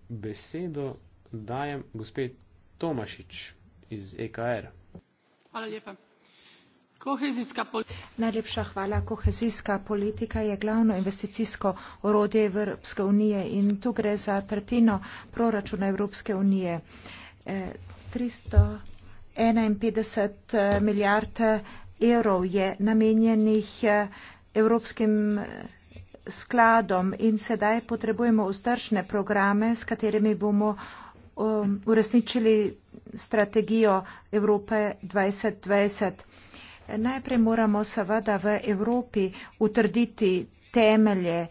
Besedo dajem gospod Tomašič iz EKR.
Hvala lepa.
Kohezijska politika. Najlepša hvala. Kohezijska politika je glavno investicijsko orodje Evropske unije in tu gre za tretjino proračuna Evropske unije. E, eh, 300. 51 eh, milijard eh, evrov je namenjenih eh, evropskim skladom in sedaj potrebujemo vzdržne programe, s katerimi bomo um, uresničili strategijo Evrope 2020. Najprej moramo seveda v Evropi utrditi temelje,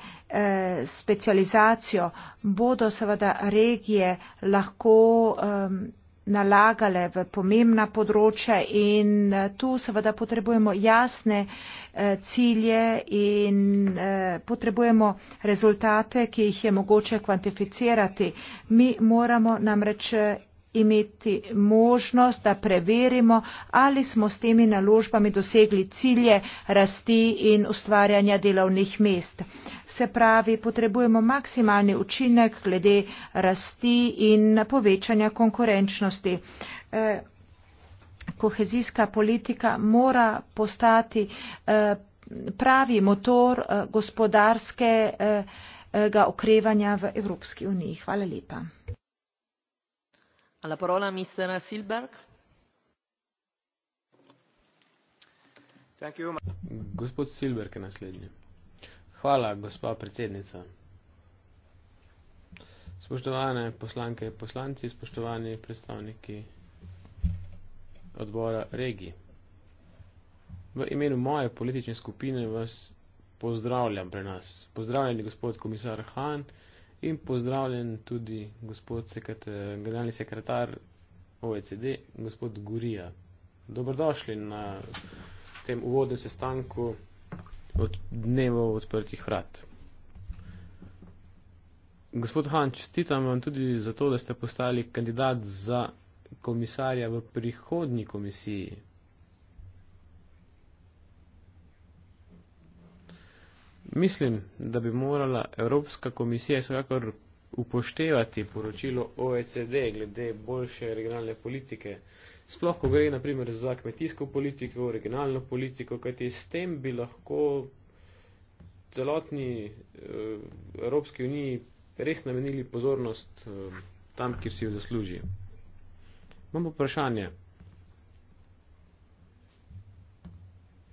specializacijo. Bodo seveda regije lahko um, nalagale v pomembna področja in eh, tu seveda potrebujemo jasne eh, cilje in eh, potrebujemo rezultate, ki jih je mogoče kvantificirati. Mi moramo namreč imeti možnost, da preverimo, ali smo s temi naložbami dosegli cilje rasti in ustvarjanja delovnih mest. Se pravi, potrebujemo maksimalni učinek glede rasti in povečanja konkurenčnosti. Eh, kohezijska politika mora postati eh, pravi motor eh, gospodarskega okrevanja v Evropski uniji. Hvala lepa
signora presidente onorevoli
colleghi gospod silberg je naslednji. hvala gospa predsednica. spoštovane poslanke in poslanci, spoštovani predstavniki odbora regij. V imenu moje politične skupine vas pozdravljam pri nas. Pozdravljeni gospod komisar Han, In pozdravljen tudi gospod sekret, generalni sekretar OECD, gospod Gurija. Dobrodošli na tem uvodnem sestanku od dneva odprtih vrat. Gospod Han, čestitam vam tudi za to, da ste postali kandidat za komisarja v prihodnji komisiji. Mislim, da bi morala Evropska komisija vsekakor upoštevati poročilo OECD glede boljše regionalne politike, sploh ko gre naprimer za kmetijsko politiko, regionalno politiko, kajti s tem bi lahko celotni eh, Evropski uniji res namenili pozornost eh, tam, kjer si jo zasluži. Imamo vprašanje.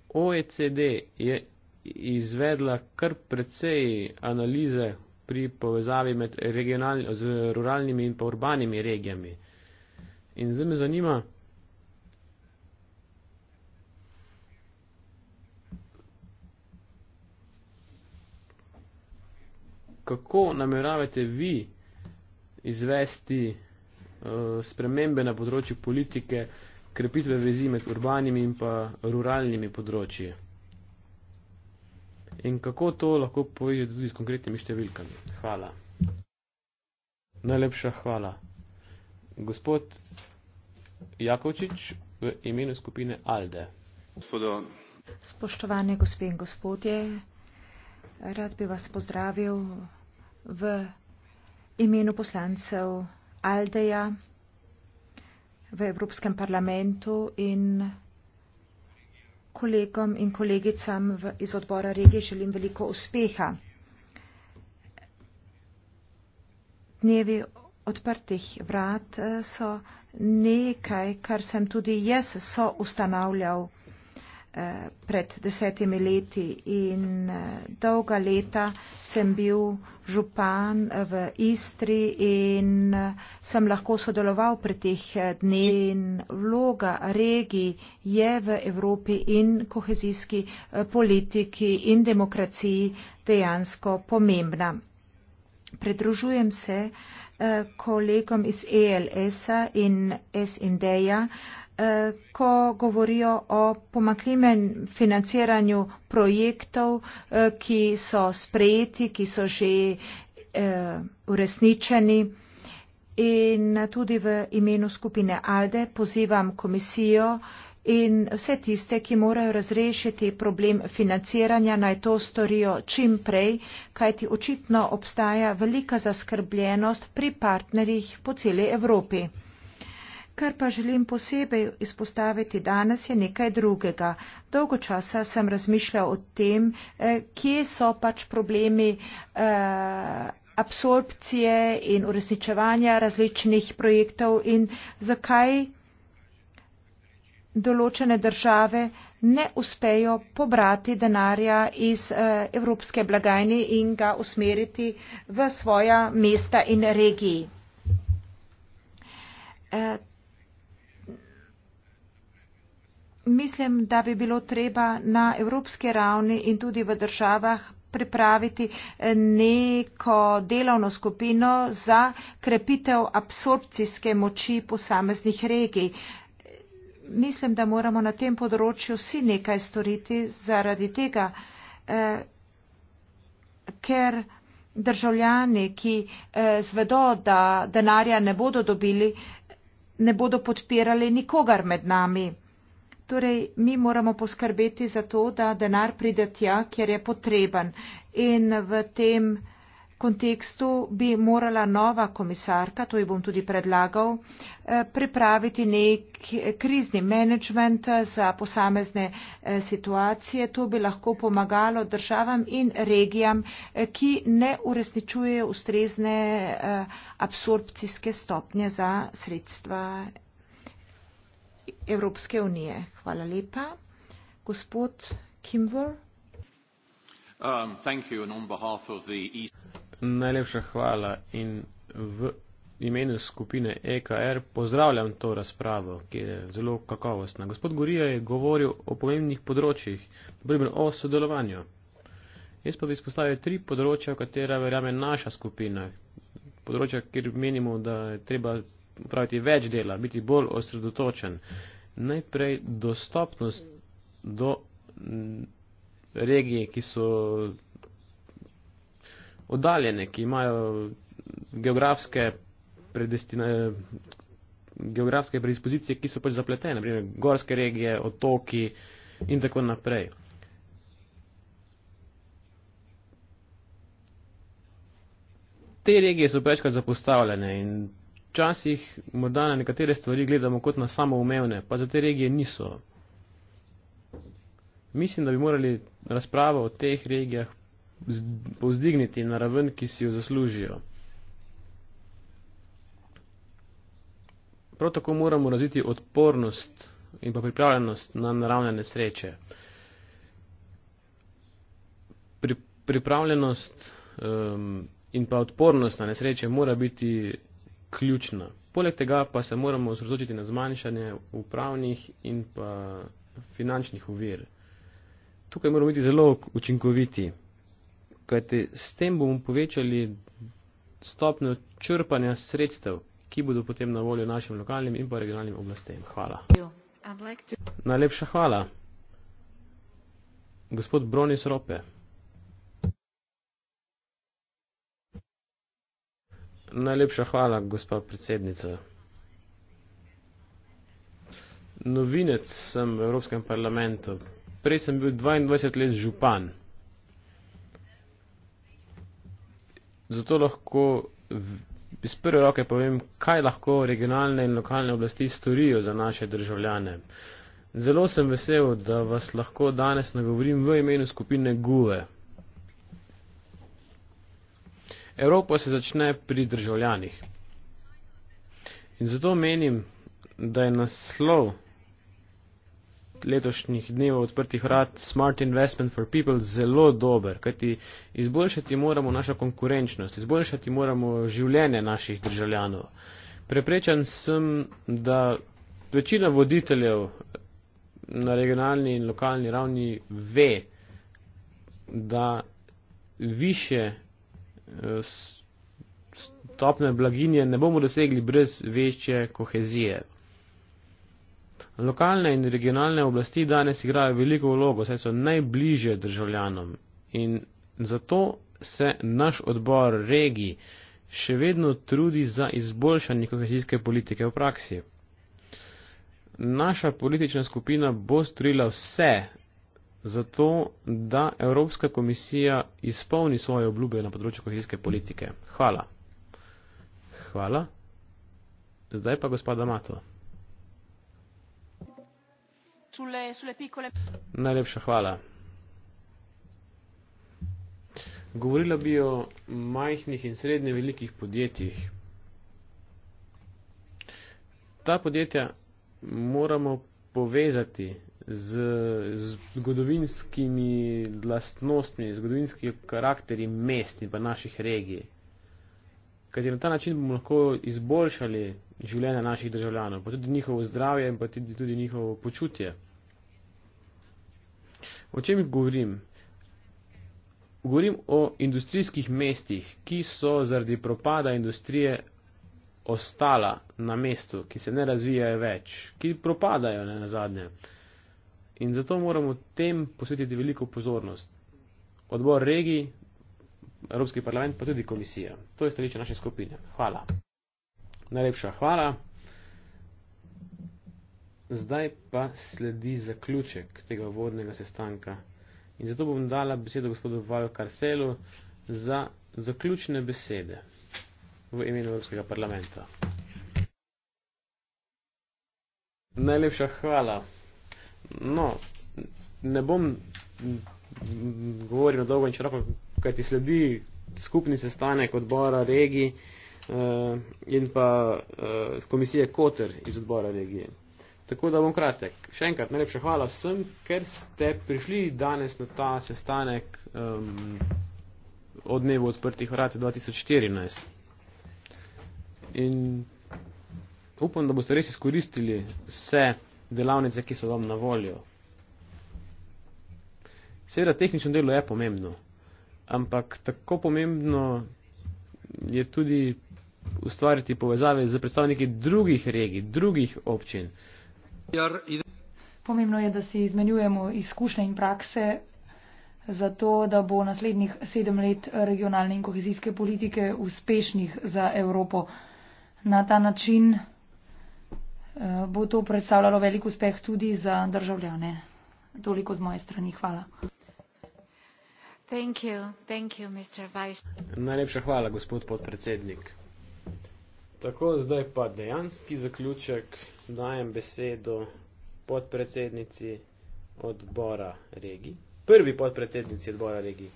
OECD je izvedla kar precej analize pri povezavi med ruralnimi in pa urbanimi regijami. In zdaj me zanima, kako nameravate vi izvesti uh, spremembe na področju politike, krepitve vezi med urbanimi in pa ruralnimi področji in kako to lahko poveže tudi s konkretnimi številkami. Hvala. Najlepša hvala. Gospod Jakovčič v imenu skupine Alde. Gospodo.
Spoštovane gospe in gospodje, rad bi vas pozdravil v imenu poslancev Aldeja v Evropskem parlamentu in kolegom in kolegicam iz odbora regije želim veliko uspeha. Dnevi odprtih vrat eh, so nekaj, kar sem tudi jaz so ustanavljal. Eh, pred desetimi leti in eh, dolga leta sem bil župan eh, v Istri in sem lahko sodeloval pri teh dneh. In vloga regij je v Evropi in kohezijski politiki in demokraciji dejansko pomembna. Pridružujem se kolegom iz ELS-a in SND-ja, ko govorijo o pomakljivem financiranju projektov, eh, ki so sprejeti, ki so že eh, uresničeni. In tudi v imenu skupine ALDE pozivam komisijo in vse tiste, ki morajo razrešiti problem financiranja, naj to storijo čim prej, kajti očitno obstaja velika zaskrbljenost pri partnerjih po celi Evropi. Kar pa želim posebej izpostaviti danes je nekaj drugega. Dolgo časa sem razmišljal o tem, eh, kje so pač problemi eh, absorpcije in uresničevanja različnih projektov in zakaj določene države ne uspejo pobrati denarja iz eh, evropske blagajne in ga usmeriti v svoja mesta in regiji. mislim, da bi bilo treba na evropski ravni in tudi v državah pripraviti eh, neko delovno skupino za krepitev absorpcijske moči posameznih regij. Mislim, da moramo na tem področju vsi nekaj storiti zaradi tega, eh, ker državljani, ki eh, zvedo, da denarja ne bodo dobili, ne bodo podpirali nikogar med nami. Torej, mi moramo poskrbeti za to, da denar pride tja, kjer je potreben. In v tem kontekstu bi morala nova komisarka, to ji bom tudi predlagal, eh, pripraviti nek krizni menedžment eh, za posamezne eh, situacije. To bi lahko pomagalo državam in regijam, ki ne uresničujejo ustrezne absorpcijske stopnje za sredstva Evropske unije. Hvala lepa. Gospod Kimver.
Um, East... Najlepša hvala in v imenu skupine EKR pozdravljam to razpravo, ki je zelo kakovostna. Gospod Gurija je govoril o pomembnih področjih, primer o sodelovanju. Jaz pa bi izpostavil tri področja, v katera verjame naša skupina. Področja, kjer menimo, da je treba praviti več dela, biti bolj osredotočen. Najprej dostopnost do mm, regije, ki so oddaljene, ki imajo geografske predestine. Geografske predispozicije, ki so pač zapletene, naprimer gorske regije, otoki in tako naprej. Te regije so prečkrat zapostavljene in včasih morda na nekatere stvari gledamo kot na samoumevne, pa za te regije niso. Mislim, da bi morali razpravo o teh regijah povzdigniti na raven, ki si jo zaslužijo. Prav tako moramo razviti odpornost in pa pripravljenost na naravne nesreče. Pri, pripravljenost um, in pa odpornost na nesreče mora biti ključna. Poleg tega pa se moramo osredotočiti na zmanjšanje upravnih in pa finančnih uvir. Tukaj moramo biti zelo učinkoviti, kajte s tem bomo povečali stopnjo črpanja sredstev, ki bodo potem na voljo našim lokalnim in pa regionalnim oblastem. Hvala. Like to... Najlepša hvala. Gospod Bronis Rope. Najlepša hvala, gospa predsednica. Novinec sem v Evropskem parlamentu. Prej sem bil 22 let župan. Zato lahko iz prve roke povem, kaj lahko regionalne in lokalne oblasti storijo za naše državljane. Zelo sem vesel, da vas lahko danes nagovorim v imenu skupine GUE. Evropa se začne pri državljanih. In zato menim, da je naslov letošnjih dnev odprtih vrat Smart Investment for People zelo dober, kajti izboljšati moramo našo konkurenčnost, izboljšati moramo življenje naših državljanov. Preprečan sem, da večina voditeljev na regionalni in lokalni ravni ve, da više stopne blaginje ne bomo dosegli brez večje kohezije. Lokalne in regionalne oblasti danes igrajo veliko vlogo, saj so najbliže državljanom in zato se naš odbor regij še vedno trudi za izboljšanje kohezijske politike v praksi. Naša politična skupina bo storila vse, zato, da Evropska komisija izpolni svoje obljube na področju kohezijske politike. Hvala. Hvala. Zdaj pa gospod Damato. Najlepša hvala. Govorila bi o majhnih in srednje velikih podjetjih. Ta podjetja moramo povezati z zgodovinskimi lastnostmi, zgodovinskimi karakteri mest in pa naših regij. Kajti na ta način bomo lahko izboljšali življenje naših državljanov, pa tudi njihovo zdravje in pa tudi, tudi njihovo počutje. O čem govorim? Govorim o industrijskih mestih, ki so zaradi propada industrije ostala na mestu, ki se ne razvijajo več, ki propadajo ne, na zadnje in zato moramo tem posvetiti veliko pozornost. Odbor regij, Evropski parlament, pa tudi komisija. To je stališče naše skupine. Hvala. Najlepša hvala. Zdaj pa sledi zaključek tega vodnega sestanka. In zato bom dala besedo gospodu Valju Karselu za zaključne besede v imenu Evropskega parlamenta. Najlepša hvala. No, ne bom govoril na dolgo in široko, kaj ti sledi skupni sestanek odbora regije eh, in pa eh, komisije Koter iz odbora regije. Tako da bom kratek. Še enkrat najlepša hvala vsem, ker ste prišli danes na ta sestanek eh, od dnevu odprtih vrat 2014. In upam, da boste res izkoristili vse delavnice, ki so vam na voljo. Seveda, tehnično delo je pomembno, ampak tako pomembno je tudi ustvariti povezave z predstavniki drugih regij, drugih občin.
Pomembno je, da si izmenjujemo izkušnje in prakse za to, da bo naslednjih sedem let regionalne in kohezijske politike uspešnih za Evropo. Na ta način Eh, bo to predstavljalo velik uspeh tudi za državljane. Toliko z moje strani. Hvala.
Thank you. Thank you,
Najlepša hvala, gospod podpredsednik. Tako, zdaj pa dejanski zaključek. Dajem besedo podpredsednici odbora regij. Prvi podpredsednici odbora regij,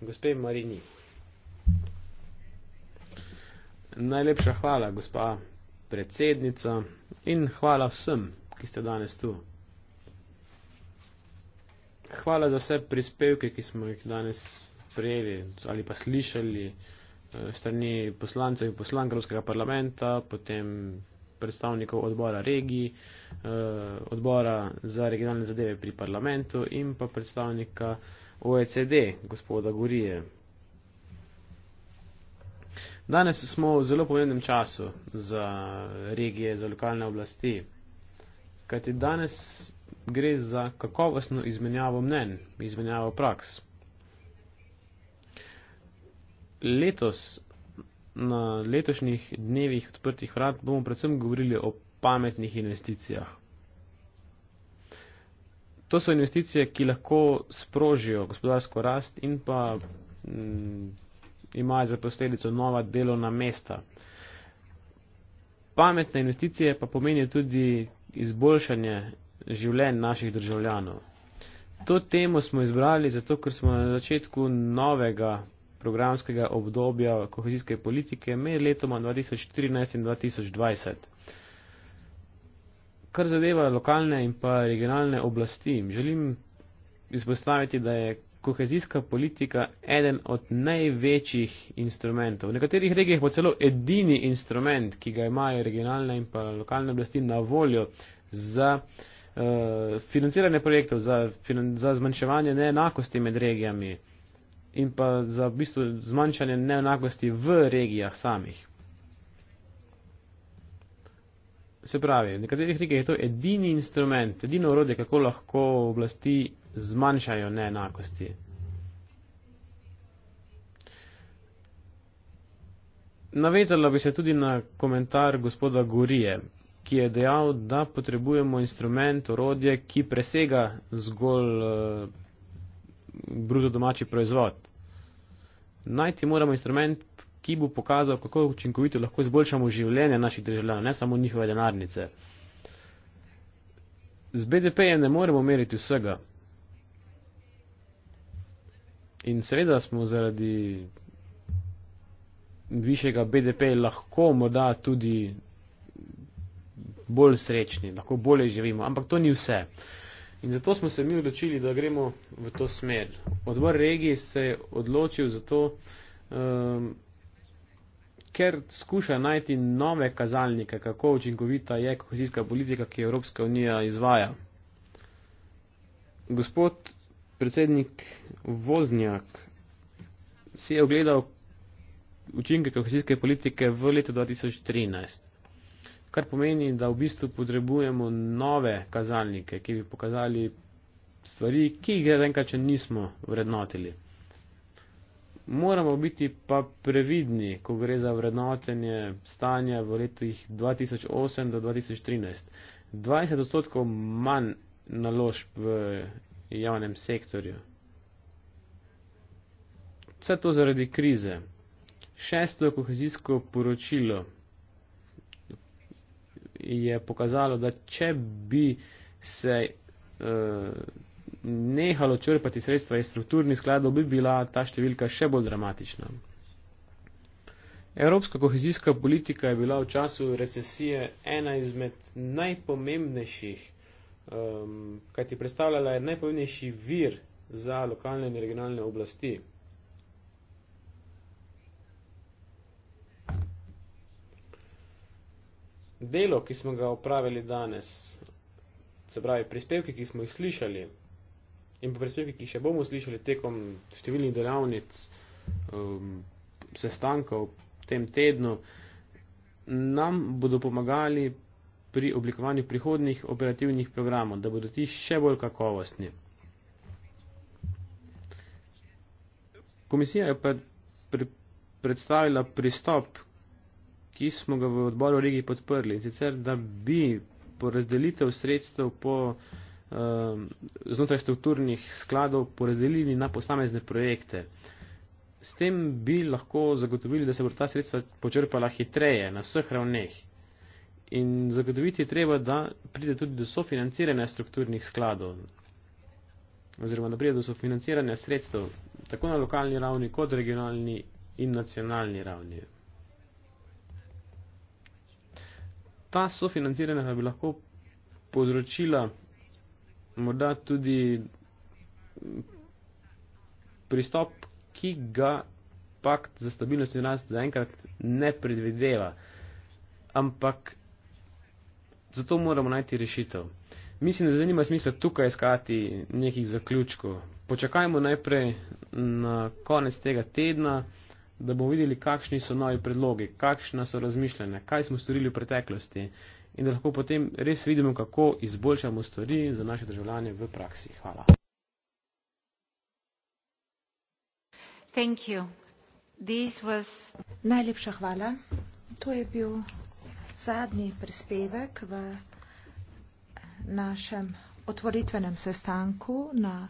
gospe Marini. Najlepša hvala, gospa predsednica in hvala vsem, ki ste danes tu. Hvala za vse prispevke, ki smo jih danes prejeli ali pa slišali eh, strani poslancev in poslank Ruskega parlamenta, potem predstavnikov odbora regij, eh, odbora za regionalne zadeve pri parlamentu in pa predstavnika OECD, gospoda Gurije, Danes smo v zelo pomembnem času za regije, za lokalne oblasti, kajti danes gre za kakovostno izmenjavo mnen, izmenjavo praks. Letos, na letošnjih dnevih odprtih vrat, bomo predvsem govorili o pametnih investicijah. To so investicije, ki lahko sprožijo gospodarsko rast in pa. Mm, imajo za posledico nova delovna mesta. Pametne investicije pa pomenijo tudi izboljšanje življenj naših državljanov. To temo smo izbrali zato, ker smo na začetku novega programskega obdobja kohezijske politike med letoma 2014 in 2020. Kar zadeva lokalne in pa regionalne oblasti, želim izpostaviti, da je kohezijska politika eden od največjih instrumentov. V nekaterih regijah bo celo edini instrument, ki ga imajo regionalne in pa lokalne oblasti na voljo za uh, financiranje projektov, za, finan za zmanjševanje neenakosti med regijami in pa za v bistvu zmanjšanje neenakosti v regijah samih. Se pravi, v nekaterih regijah je to edini instrument, edino orodje, kako lahko oblasti zmanjšajo neenakosti. Navezala bi se tudi na komentar gospoda Gorije, ki je dejal, da potrebujemo instrument, orodje, ki presega zgolj eh, bruto domači proizvod. Najti moramo instrument, ki bo pokazal, kako učinkovito lahko izboljšamo življenje naših državljanov, ne samo njihove denarnice. Z BDP-jem ne moremo meriti vsega. In seveda smo zaradi višjega BDP lahko morda tudi bolj srečni, lahko bolje živimo, ampak to ni vse. In zato smo se mi odločili, da gremo v to smer. Odbor regije se je odločil za to, um, ker skuša najti nove kazalnike, kako učinkovita je kohezijska politika, ki jo Evropska unija izvaja. Gospod predsednik Voznjak, si je ogledal učinke kohezijske politike v letu 2013, kar pomeni, da v bistvu potrebujemo nove kazalnike, ki bi pokazali stvari, ki jih enkrat še nismo vrednotili. Moramo biti pa previdni, ko gre za vrednotenje stanja v letih 2008 do 2013. 20 odstotkov manj naložb v javnem sektorju. Vse to zaradi krize. Šesto kohezijsko poročilo je pokazalo, da če bi se. Uh, nehalo črpati sredstva iz strukturnih skladov, bi bila ta številka še bolj dramatična. Evropska kohezijska politika je bila v času recesije ena izmed najpomembnejših, um, kajti predstavljala je najpomembnejši vir za lokalne in regionalne oblasti. Delo, ki smo ga opravili danes, se pravi prispevki, ki smo jih slišali, in pa prispevki, ki še bomo slišali tekom številnih delavnic, um, sestankov v tem tednu, nam bodo pomagali pri oblikovanju prihodnih operativnih programov, da bodo ti še bolj kakovostni. Komisija je pred, pred, predstavila pristop, ki smo ga v odboru regiji podprli, in sicer, da bi porazdelitev sredstev po razdelitev sredstev po Um, znotraj strukturnih skladov porazdelili na posamezne projekte. S tem bi lahko zagotovili, da se bodo ta sredstva počrpala hitreje na vseh ravneh. In zagotoviti je treba, da pride tudi do sofinanciranja strukturnih skladov, oziroma da pride do sofinanciranja sredstev tako na lokalni ravni, kot regionalni in nacionalni ravni. Ta sofinanciranja bi lahko povzročila morda tudi pristop, ki ga pakt za stabilnost in rast zaenkrat ne predvideva. Ampak zato moramo najti rešitev. Mislim, da nima smisla tukaj iskati nekih zaključkov. Počakajmo najprej na konec tega tedna, da bomo videli, kakšni so novi predlogi, kakšna so razmišljanja, kaj smo storili v preteklosti in da lahko potem res vidimo, kako izboljšamo stvari za naše državljane v praksi. Hvala.
Was... Najlepša hvala. To je bil zadnji prispevek v našem otvoritvenem sestanku na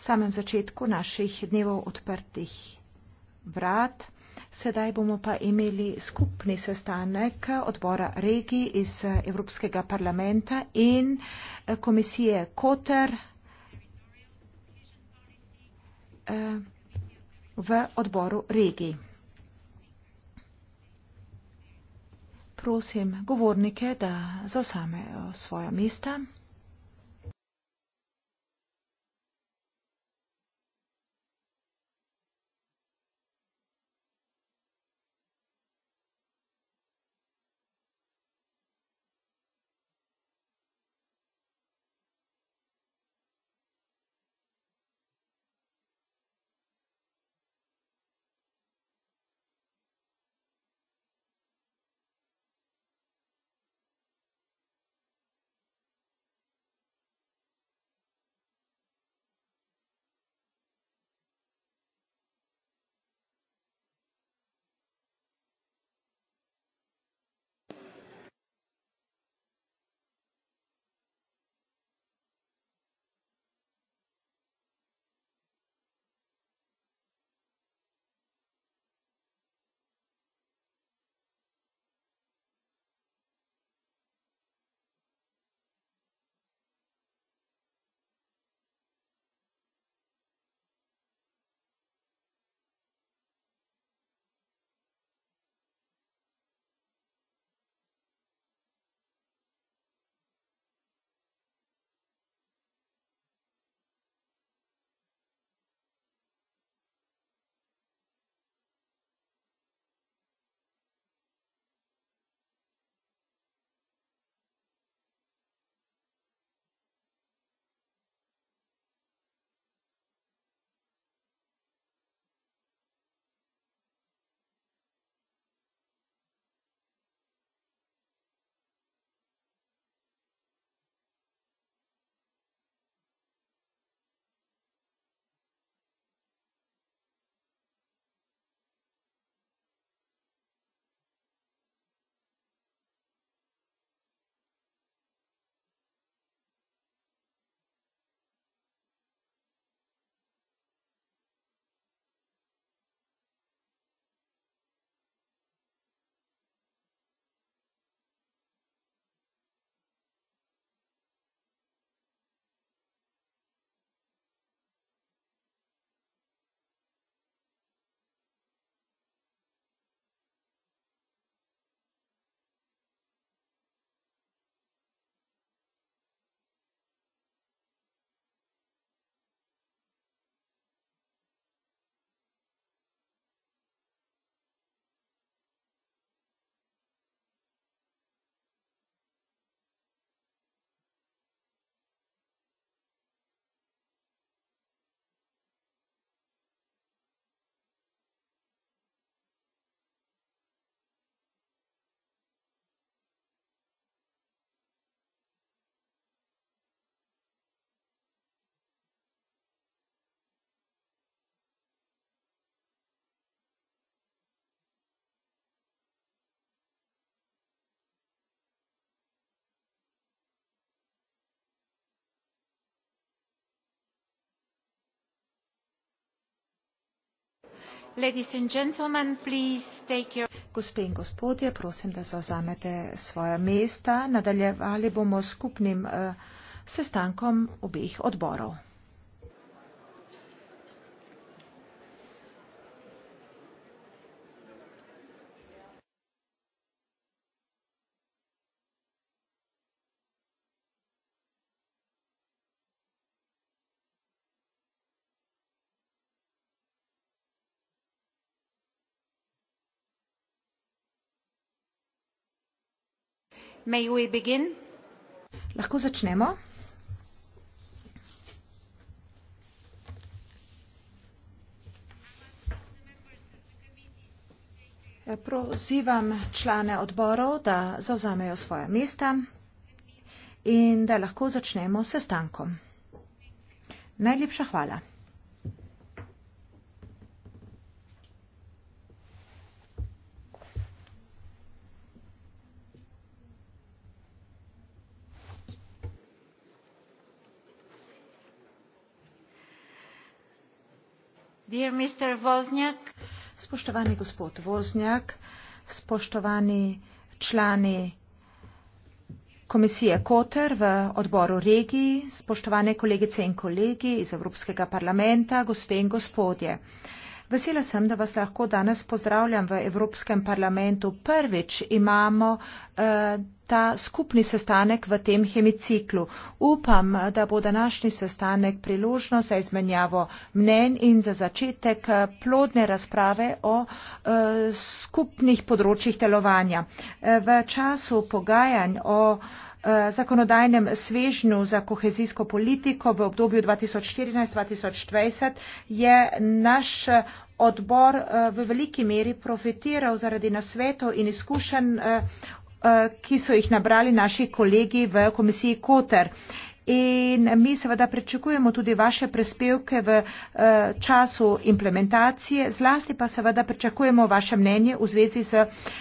samem začetku naših dnevov odprtih vrat. Sedaj bomo pa imeli skupni sestanek odbora regij iz eh, Evropskega parlamenta in eh, komisije Koter eh, v odboru regij. Prosim govornike, da zasamejo svoja mesta. Gospe in gospodje, prosim, da zauzamete svoja mesta. Nadaljevali bomo skupnim eh, sestankom obeh odborov. May we begin? Lahko začnemo. Prozivam člane odborov, da zauzamejo svoje mesta in da lahko začnemo s sestankom. Najlepša hvala. Dear Mr. Vozniak, spoštovani gospod Vozniak, spoštovani člani komisije Koter v odboru regiji, spoštovane kolegice in kolegi iz Evropskega parlamenta, gospe in gospodje. Vesela sem, da vas lahko danes pozdravljam v Evropskem parlamentu. Prvič imamo eh, ta skupni sestanek v tem hemiciklu. Upam, da bo današnji sestanek priložno za izmenjavo mnen in za začetek eh, plodne razprave o eh, skupnih področjih delovanja. V času pogajanj o Eh, zakonodajnem svežnju za kohezijsko politiko v obdobju 2014-2020 je naš odbor eh, v veliki meri profitiral zaradi nasvetov in izkušenj, eh, ki so jih nabrali naši kolegi v komisiji Koter. In mi seveda pričakujemo tudi vaše prispevke v eh, času implementacije, zlasti pa seveda pričakujemo vaše mnenje v zvezi s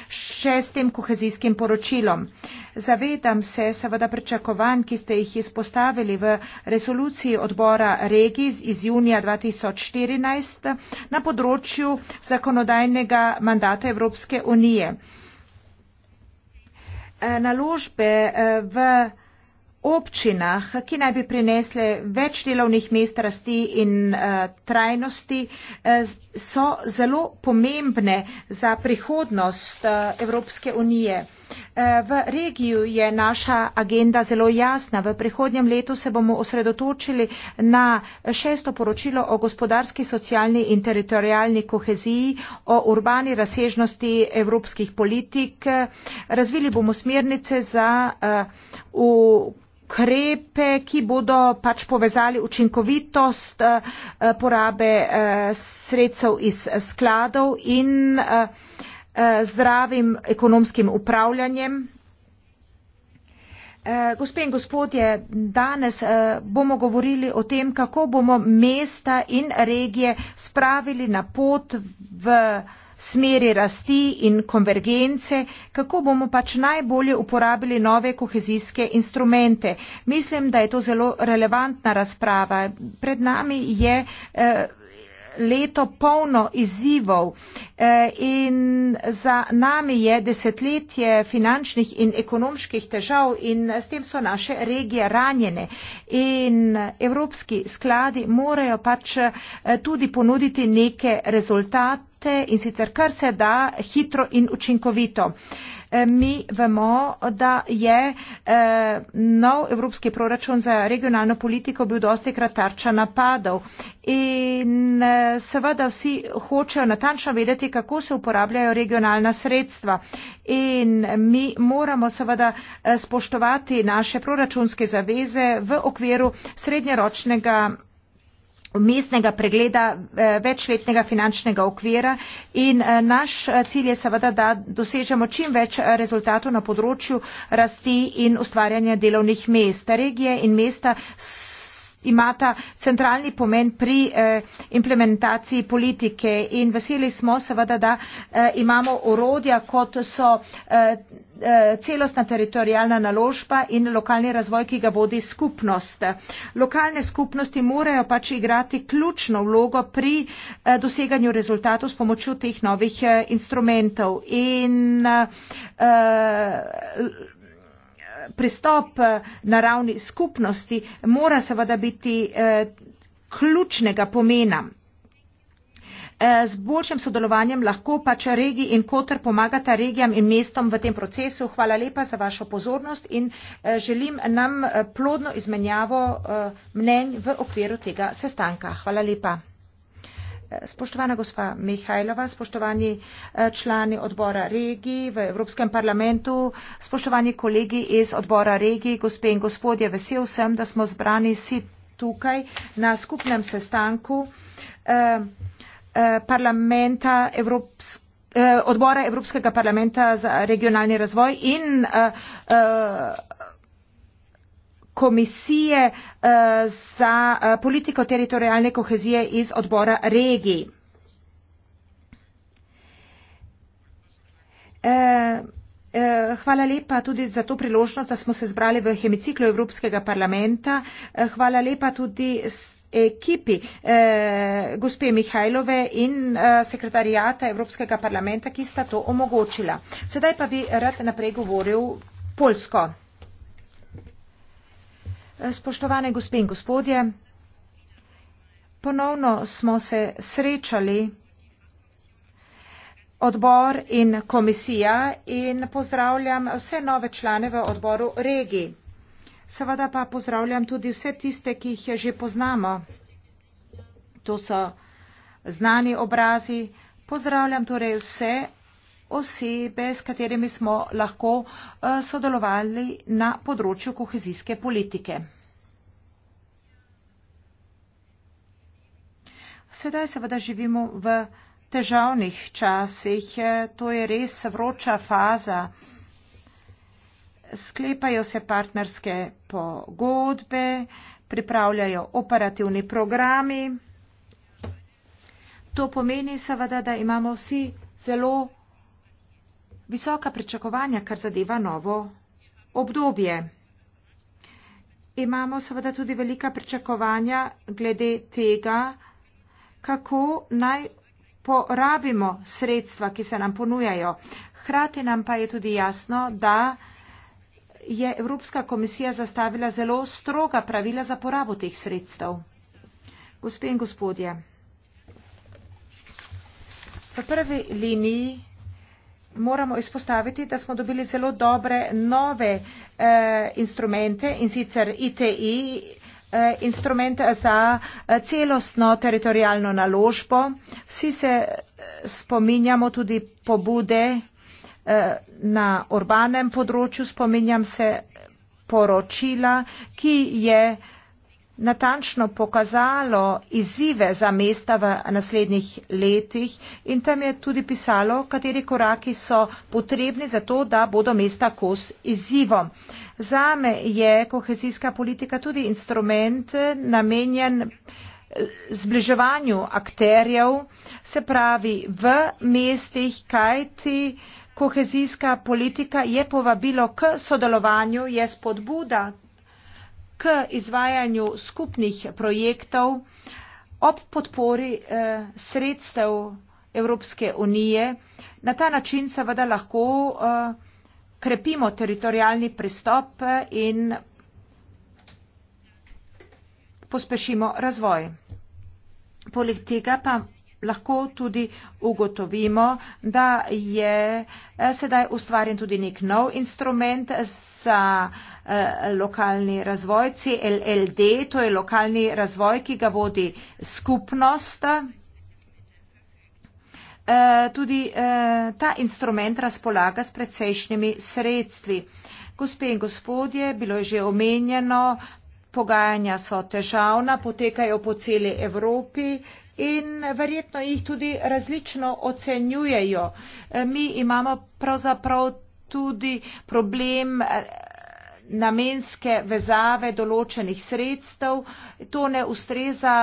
šestim kohezijskim poročilom. Zavedam se seveda pričakovanj, ki ste jih izpostavili v resoluciji odbora regij iz junija 2014 na področju zakonodajnega mandata Evropske unije. Eh, naložbe eh, v občinah, ki naj bi prinesle več delovnih mest rasti in uh, trajnosti, uh, so zelo pomembne za prihodnost uh, Evropske unije. Uh, v regiju je naša agenda zelo jasna. V prihodnjem letu se bomo osredotočili na šesto poročilo o gospodarski, socialni in teritorijalni koheziji, o urbani razsežnosti evropskih politik. Razvili bomo smernice za uh, ukrepe, ki bodo pač povezali učinkovitost eh, eh, porabe eh, sredstev iz skladov in zdravim ekonomskim upravljanjem. Gospe in gospodje, danes bomo govorili o tem, kako bomo mesta in regije spravili na pot v smeri rasti in konvergence, kako bomo pač najbolje uporabili nove kohezijske instrumente. Mislim, da je to zelo relevantna razprava. Pred nami je eh, leto polno izzivov eh, in za nami je desetletje finančnih in ekonomskih težav in s tem so naše regije ranjene in evropski skladi morajo pač eh, tudi ponuditi neke rezultate vrednote in sicer kar se da hitro in učinkovito. E, mi vemo, da je e, nov evropski proračun za regionalno politiko bil dosti krat tarča napadov in e, seveda vsi hočejo natančno vedeti, kako se uporabljajo regionalna sredstva in mi moramo seveda spoštovati naše proračunske zaveze v okviru srednjeročnega mestnega pregleda eh, večletnega finančnega okvira in eh, naš eh, cilj je seveda, da dosežemo čim več rezultatov na področju rasti in ustvarjanja delovnih mest. Regije in mesta imata centralni pomen pri eh, implementaciji politike in veseli smo seveda, da eh, imamo orodja, kot so eh, eh celostna teritorijalna naložba in lokalni razvoj, ki ga vodi skupnost. Lokalne skupnosti morajo pač igrati ključno vlogo pri eh, doseganju rezultatov s pomočjo teh novih eh, instrumentov. In, uh, pristop eh, na ravni skupnosti mora seveda biti eh, ključnega pomena. Eh, z boljšim sodelovanjem lahko pač regij in kotr pomagata regijam in mestom v tem procesu. Hvala lepa za vašo pozornost in želim nam plodno izmenjavo mnenj v okviru tega sestanka. Hvala lepa. Spoštovana gospa Mihajlova, spoštovani eh, člani odbora regij v Evropskem parlamentu, spoštovani kolegi iz odbora regij, gospe in gospodje, vesel sem, da smo zbrani vsi tukaj na skupnem sestanku eh, eh, parlamenta Evropske odbora Evropskega parlamenta za regionalni razvoj in uh, uh, komisije eh, za eh, politiko teritorijalne kohezije iz odbora regij. Eh, hvala lepa tudi za to priložnost, da smo se zbrali v hemiciklu Evropskega parlamenta. Hvala lepa tudi ekipi eh, gospe Mihajlove in eh, sekretarijata Evropskega parlamenta, ki sta to omogočila. Sedaj pa bi rad naprej govoril Polsko. Spoštovane gospe in gospodje, ponovno smo se srečali odbor in komisija in pozdravljam vse nove člane v odboru regij. Seveda pa pozdravljam tudi vse tiste, ki jih je že poznamo. To so znani obrazi. Pozdravljam torej vse osebe, s katerimi smo lahko eh, sodelovali na področju kohezijske politike. Sedaj seveda živimo v težavnih časih, eh, to je res vroča faza. Sklepajo se partnerske pogodbe, pripravljajo operativni programi. To pomeni seveda, da imamo vsi zelo visoka pričakovanja, kar zadeva novo obdobje. Imamo seveda tudi velika pričakovanja glede tega, kako naj porabimo sredstva, ki se nam ponujajo. Hrati nam pa je tudi jasno, da je Evropska komisija zastavila zelo stroga pravila za porabo teh sredstev. Gospe in gospodje, v prvi liniji moramo izpostaviti, da smo dobili zelo dobre nove eh, instrumente in sicer ITI eh, instrument za eh, celostno teritorijalno naložbo. Vsi se eh, spominjamo tudi pobude eh, na urbanem področju, spominjam se poročila, ki je eh, natančno pokazalo izzive za mesta v naslednjih letih in tam je tudi pisalo, kateri koraki so potrebni za to, da bodo mesta kos izzivom. Zame je kohezijska politika tudi instrument namenjen eh, zbliževanju akterjev, se pravi v mestih, kajti kohezijska politika je povabilo k sodelovanju, je spodbuda k izvajanju skupnih projektov ob podpori eh, sredstev Evropske unije. Na ta način seveda lahko eh, krepimo teritorijalni pristop eh, in pospešimo razvoj. Poleg tega pa lahko tudi ugotovimo, da je eh, sedaj ustvarjen tudi nek nov instrument za eh, Eh, lokalni razvoj, CLLD, to je lokalni razvoj, ki ga vodi skupnost. Eh, tudi eh, ta instrument razpolaga s precejšnjimi sredstvi. Gospe in gospodje, bilo je že omenjeno, pogajanja so težavna, potekajo po celi Evropi. In verjetno jih tudi različno ocenjujejo. Mi imamo pravzaprav tudi problem namenske vezave določenih sredstev. To ne ustreza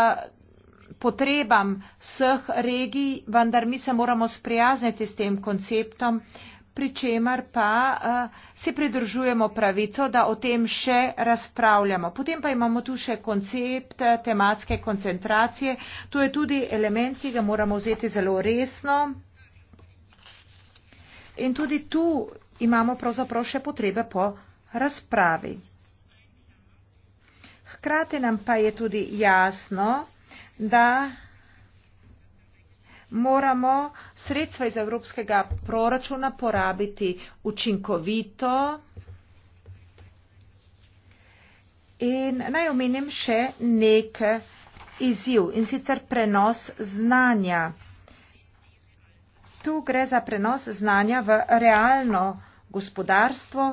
potrebam vseh regij, vendar mi se moramo sprijazniti s tem konceptom, pri čemer pa uh, eh, se pridržujemo pravico, da o tem še razpravljamo. Potem pa imamo tu še koncept eh, tematske koncentracije. To je tudi element, ki ga moramo vzeti zelo resno. In tudi tu imamo pravzaprav še potrebe po razpravi. Hkrati nam pa je tudi jasno, da moramo sredstva iz evropskega proračuna porabiti učinkovito. In naj omenim še nek izziv in sicer prenos znanja. Tu gre za prenos znanja v realno gospodarstvo,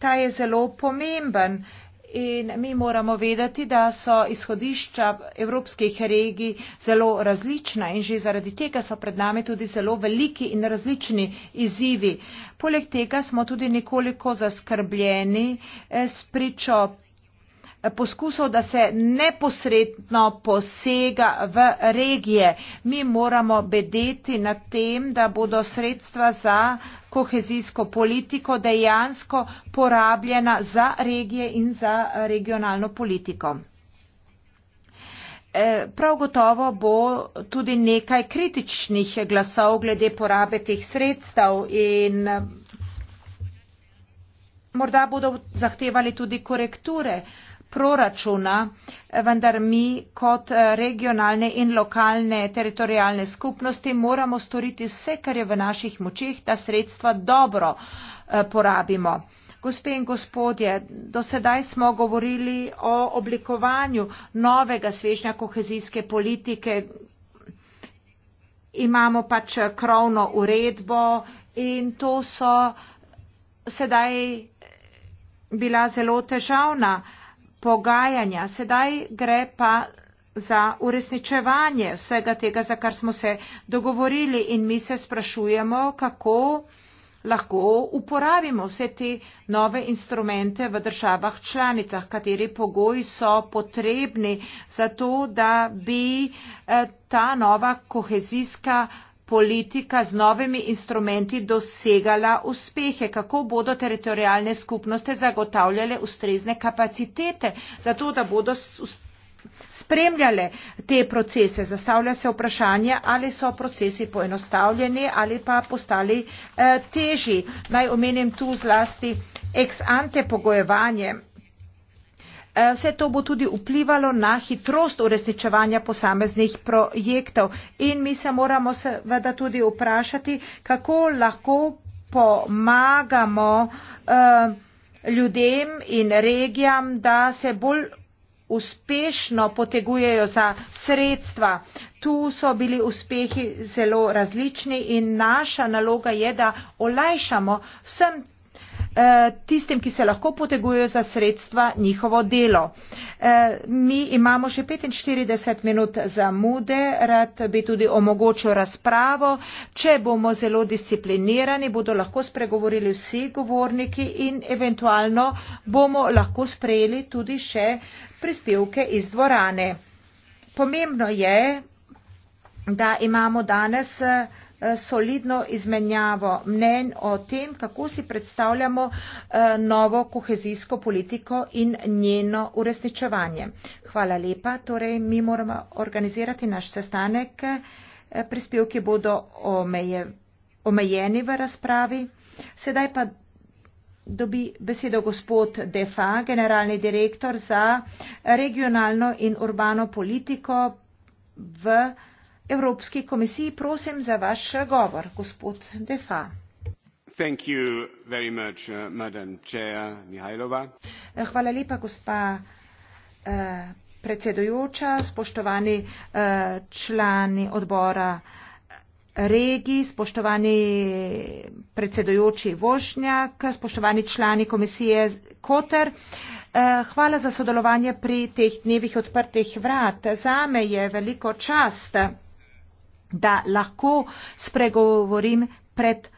ta je zelo pomemben in mi moramo vedeti, da so izhodišča evropskih regij zelo različna in že zaradi tega so pred nami tudi zelo veliki in različni izzivi. Poleg tega smo tudi nekoliko zaskrbljeni s pričo poskusov, da se neposredno posega v regije. Mi moramo bedeti nad tem, da bodo sredstva za kohezijsko politiko dejansko porabljena za regije in za regionalno politiko. E, prav gotovo bo tudi nekaj kritičnih glasov glede porabe teh sredstev in e, morda bodo zahtevali tudi korekture proračuna, vendar mi kot eh, regionalne in lokalne teritorijalne skupnosti moramo storiti vse, kar je v naših močih, da sredstva dobro eh, porabimo. Gospe in gospodje, do sedaj smo govorili o oblikovanju novega svežnja kohezijske politike. Imamo pač eh, krovno uredbo in to so sedaj bila zelo težavna uh, pogajanja, sedaj gre pa za uresničevanje vsega tega, za kar smo se dogovorili in mi se sprašujemo, kako lahko uporabimo vse te nove instrumente v državah članicah, kateri pogoji so potrebni za to, da bi eh, ta nova kohezijska politika z novimi instrumenti dosegala uspehe, kako bodo teritorijalne skupnosti zagotavljale ustrezne kapacitete, zato da bodo spremljale te procese. Zastavlja se vprašanje, ali so procesi poenostavljeni ali pa postali eh, težji. Naj omenim tu zlasti ex ante pogojevanje. Eh, vse to bo tudi vplivalo na hitrost uresničevanja posameznih projektov. In mi se moramo seveda tudi vprašati, kako lahko pomagamo eh, ljudem in regijam, da se bolj uspešno potegujejo za sredstva. Tu so bili uspehi zelo različni in naša naloga je, da olajšamo vsem Eh, tistim, ki se lahko potegujejo za sredstva njihovo delo. Eh, mi imamo še 45 minut za mude, rad bi tudi omogočil razpravo. Če bomo zelo disciplinirani, bodo lahko spregovorili vsi govorniki in eventualno bomo lahko sprejeli tudi še prispevke iz dvorane. Pomembno je, da imamo danes eh, Eh, solidno izmenjavo mnen o tem, kako si predstavljamo eh, novo kohezijsko politiko in njeno uresničevanje. Hvala lepa. Torej, mi moramo organizirati naš sestanek. Eh, prispevki bodo omeje, omejeni v razpravi. Sedaj pa dobi besedo gospod Defa, generalni direktor za regionalno in urbano politiko v Evropski komisiji prosim za vaš govor, gospod Defa.
Thank you very much, uh,
Hvala lepa, gospa uh, predsedujoča, spoštovani uh, člani odbora regij, spoštovani predsedujoči Vošnjak, spoštovani člani komisije Koter. Eh, hvala za sodelovanje pri teh dnevih odprtih vrat. Zame je veliko čast da lahko spregovorim pred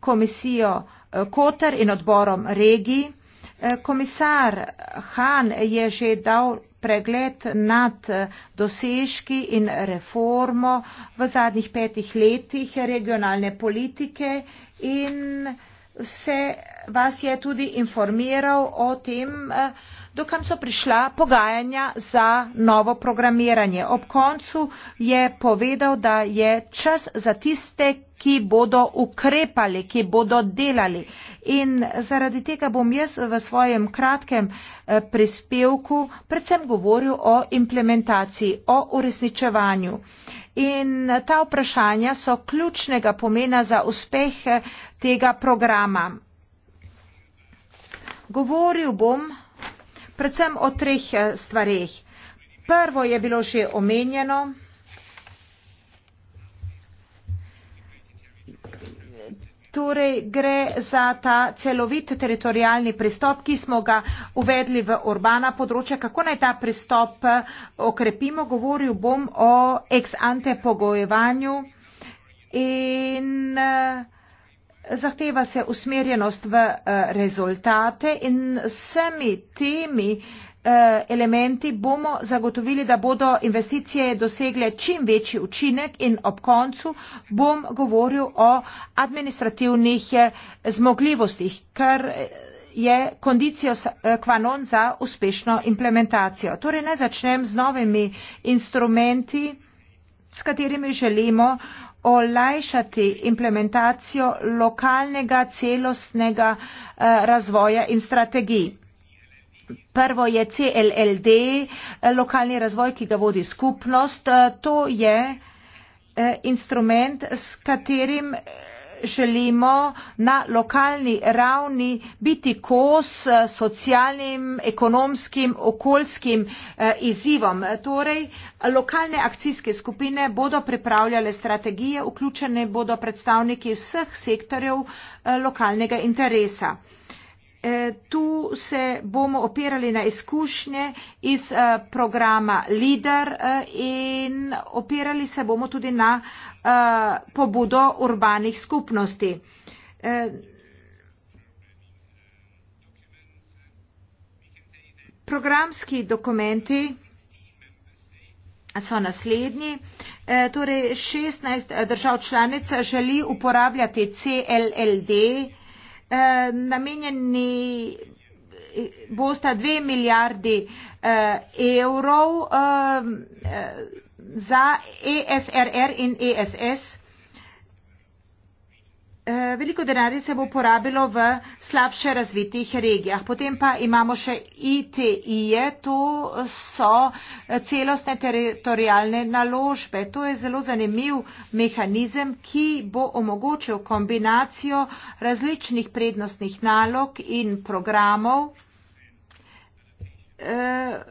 komisijo eh, Koter in odborom regij. Eh, komisar Han je že dal pregled nad eh, dosežki in reformo v zadnjih petih letih regionalne politike in se vas je tudi informiral o tem, do kam so prišla pogajanja za novo programiranje. Ob koncu je povedal, da je čas za tiste, ki bodo ukrepali, ki bodo delali. In zaradi tega bom jaz v svojem kratkem eh, prispevku predvsem govoril o implementaciji, o uresničevanju. In ta vprašanja so ključnega pomena za uspehe eh, tega programa. Govoril bom predvsem o treh eh, stvarih. Prvo je bilo že omenjeno, torej gre za ta celovit teritorijalni pristop, ki smo ga uvedli v urbana področja. Kako naj ta pristop eh, okrepimo? Govoril bom o ex ante pogojevanju in uh, zahteva se usmerjenost v eh, rezultate in vsemi temi eh, elementi bomo zagotovili, da bodo investicije dosegle čim večji učinek in ob koncu bom govoril o administrativnih eh, zmogljivostih, kar je kondicijo kvanon za uspešno implementacijo. Torej ne začnem z novimi instrumenti, s katerimi želimo uh, olajšati implementacijo lokalnega celostnega eh, razvoja in strategij. Prvo je CLLD, eh, lokalni razvoj, ki ga vodi skupnost. Eh, to je instrument, s katerim želimo na lokalni ravni biti kos eh, socialnim, ekonomskim, okoljskim eh, izzivom. Torej, lokalne akcijske skupine bodo pripravljale strategije, vključene bodo predstavniki vseh sektorjev eh, lokalnega interesa. E, tu se bomo opirali na izkušnje iz e, programa LIDER e, in opirali se bomo tudi na pobudo urbanih skupnosti. Programski dokumenti so naslednji. Torej, 16 držav članic želi uporabljati CLLD, Eh, namenjeni bosta dve milijardi eh, evrov eh, za ESRR in ESS. Eh, veliko denarja se bo porabilo v slabše razvitih regijah. Potem pa imamo še ITI-je, to so eh, celostne teritorijalne naložbe. To je zelo zanimiv mehanizem, ki bo omogočil kombinacijo različnih prednostnih nalog in programov eh,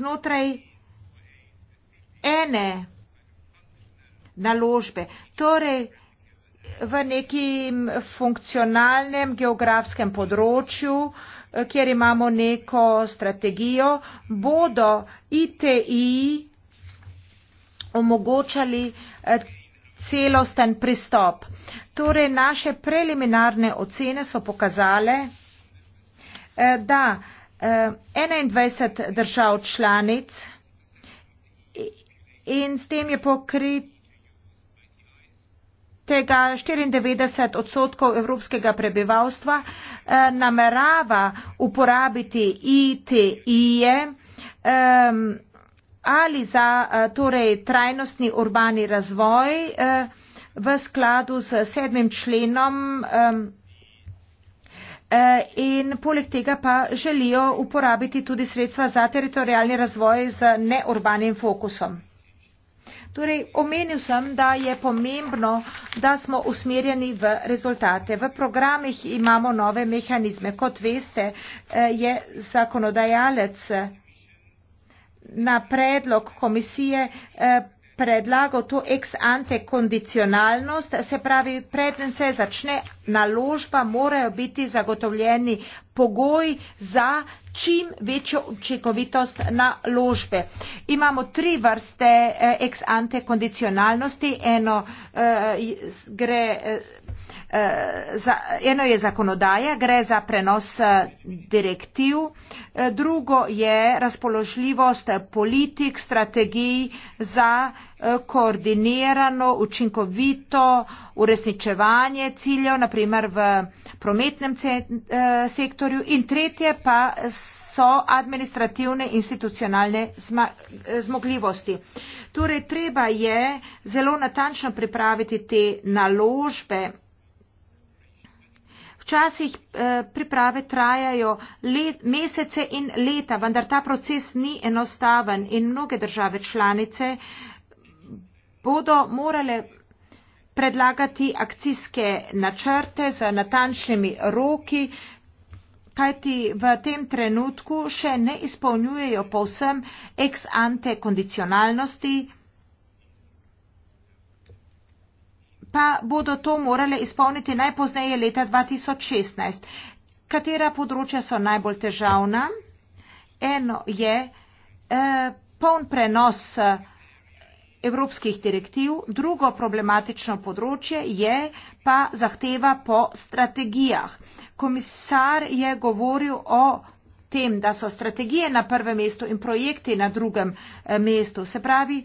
znotraj ene naložbe. Torej, v nekem funkcionalnem geografskem področju, eh, kjer imamo neko strategijo, bodo ITI omogočali eh, celosten pristop. Torej, naše preliminarne ocene so pokazale, eh, da 21 držav članic in s tem je pokrit tega 94 odstotkov evropskega prebivalstva eh, namerava uporabiti ITI-je eh, ali za eh, torej trajnostni urbani razvoj eh, v skladu s sedmim členom eh, eh, in poleg tega pa želijo uporabiti tudi sredstva za teritorijalni razvoj z neurbanim fokusom. Torej, omenil sem, da je pomembno, da smo usmerjeni v rezultate. V programih imamo nove mehanizme. Kot veste, eh, je zakonodajalec eh, na predlog komisije eh, predlagal to ex ante kondicionalnost, se pravi, preden se začne naložba, morajo biti zagotovljeni pogoj za čim večjo učinkovitost naložbe. Imamo tri vrste eh, ex ante kondicionalnosti. Eno eh, gre. Eh, Eh, za, eno je zakonodaja, gre za prenos eh, direktiv, eh, drugo je razpoložljivost politik, strategij za koordinirano, učinkovito uresničevanje ciljev, naprimer v prometnem sektorju in tretje pa so administrativne institucionalne zmogljivosti. Torej, treba je zelo natančno pripraviti te naložbe, Včasih e, priprave trajajo let, mesece in leta, vendar ta proces ni enostaven in mnoge države članice bodo morale predlagati akcijske načrte z natančnimi roki, kajti v tem trenutku še ne izpolnjujejo povsem ex ante kondicionalnosti, pa bodo to morale izpolniti najpozneje leta 2016. Katera področja so najbolj težavna? Eno je eh, poln prenos eh, evropskih direktiv, drugo problematično področje je pa zahteva po strategijah. Komisar je govoril o tem, da so strategije na prvem mestu in projekti na drugem eh, mestu. Se pravi,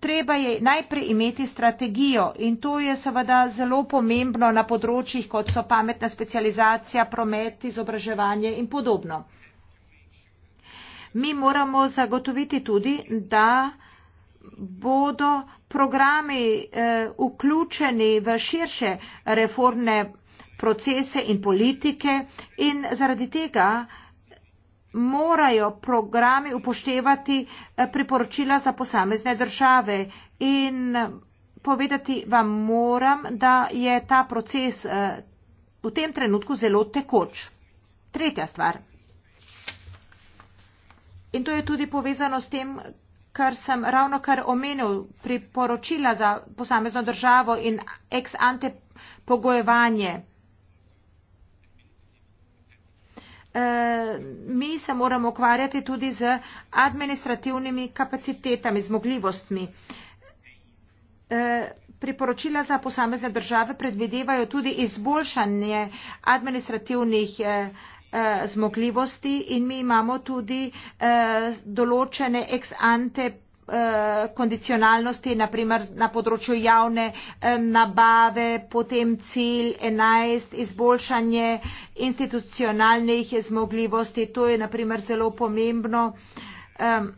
treba je najprej imeti strategijo in to je seveda zelo pomembno na področjih, kot so pametna specializacija, promet, izobraževanje in podobno. Mi moramo zagotoviti tudi, da bodo programi eh, vključeni v širše reformne procese in politike in zaradi tega morajo programi upoštevati eh, priporočila za posamezne države in eh, povedati vam moram, da je ta proces eh, v tem trenutku zelo tekoč. Tretja stvar. In to je tudi povezano s tem, kar sem ravno kar omenil, priporočila za posamezno državo in ex ante pogojevanje. Eh, mi se moramo ukvarjati tudi z administrativnimi kapacitetami, zmogljivostmi. Eh, priporočila za posamezne države predvidevajo tudi izboljšanje administrativnih eh, zmogljivosti in mi imamo tudi določene ex ante Eh, kondicionalnosti, naprimer na področju javne eh, nabave, potem cilj 11, izboljšanje institucionalnih zmogljivosti, to je naprimer zelo pomembno eh,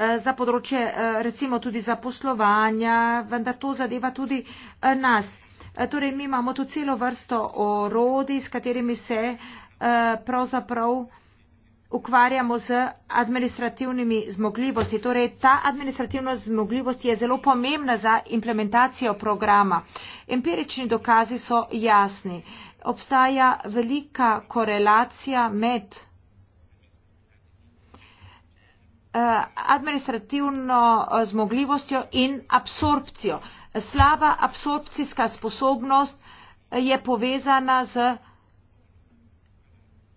za področje recimo tudi zaposlovanja, vendar to zadeva tudi nas. Torej, mi imamo tu celo vrsto orodij, s katerimi se pravzaprav ukvarjamo z administrativnimi zmogljivosti. Torej, ta administrativna zmogljivost je zelo pomembna za implementacijo programa. Empirični dokazi so jasni. Obstaja velika korelacija med eh, administrativno eh, zmogljivostjo in absorpcijo. Slaba absorpcijska sposobnost eh, je povezana z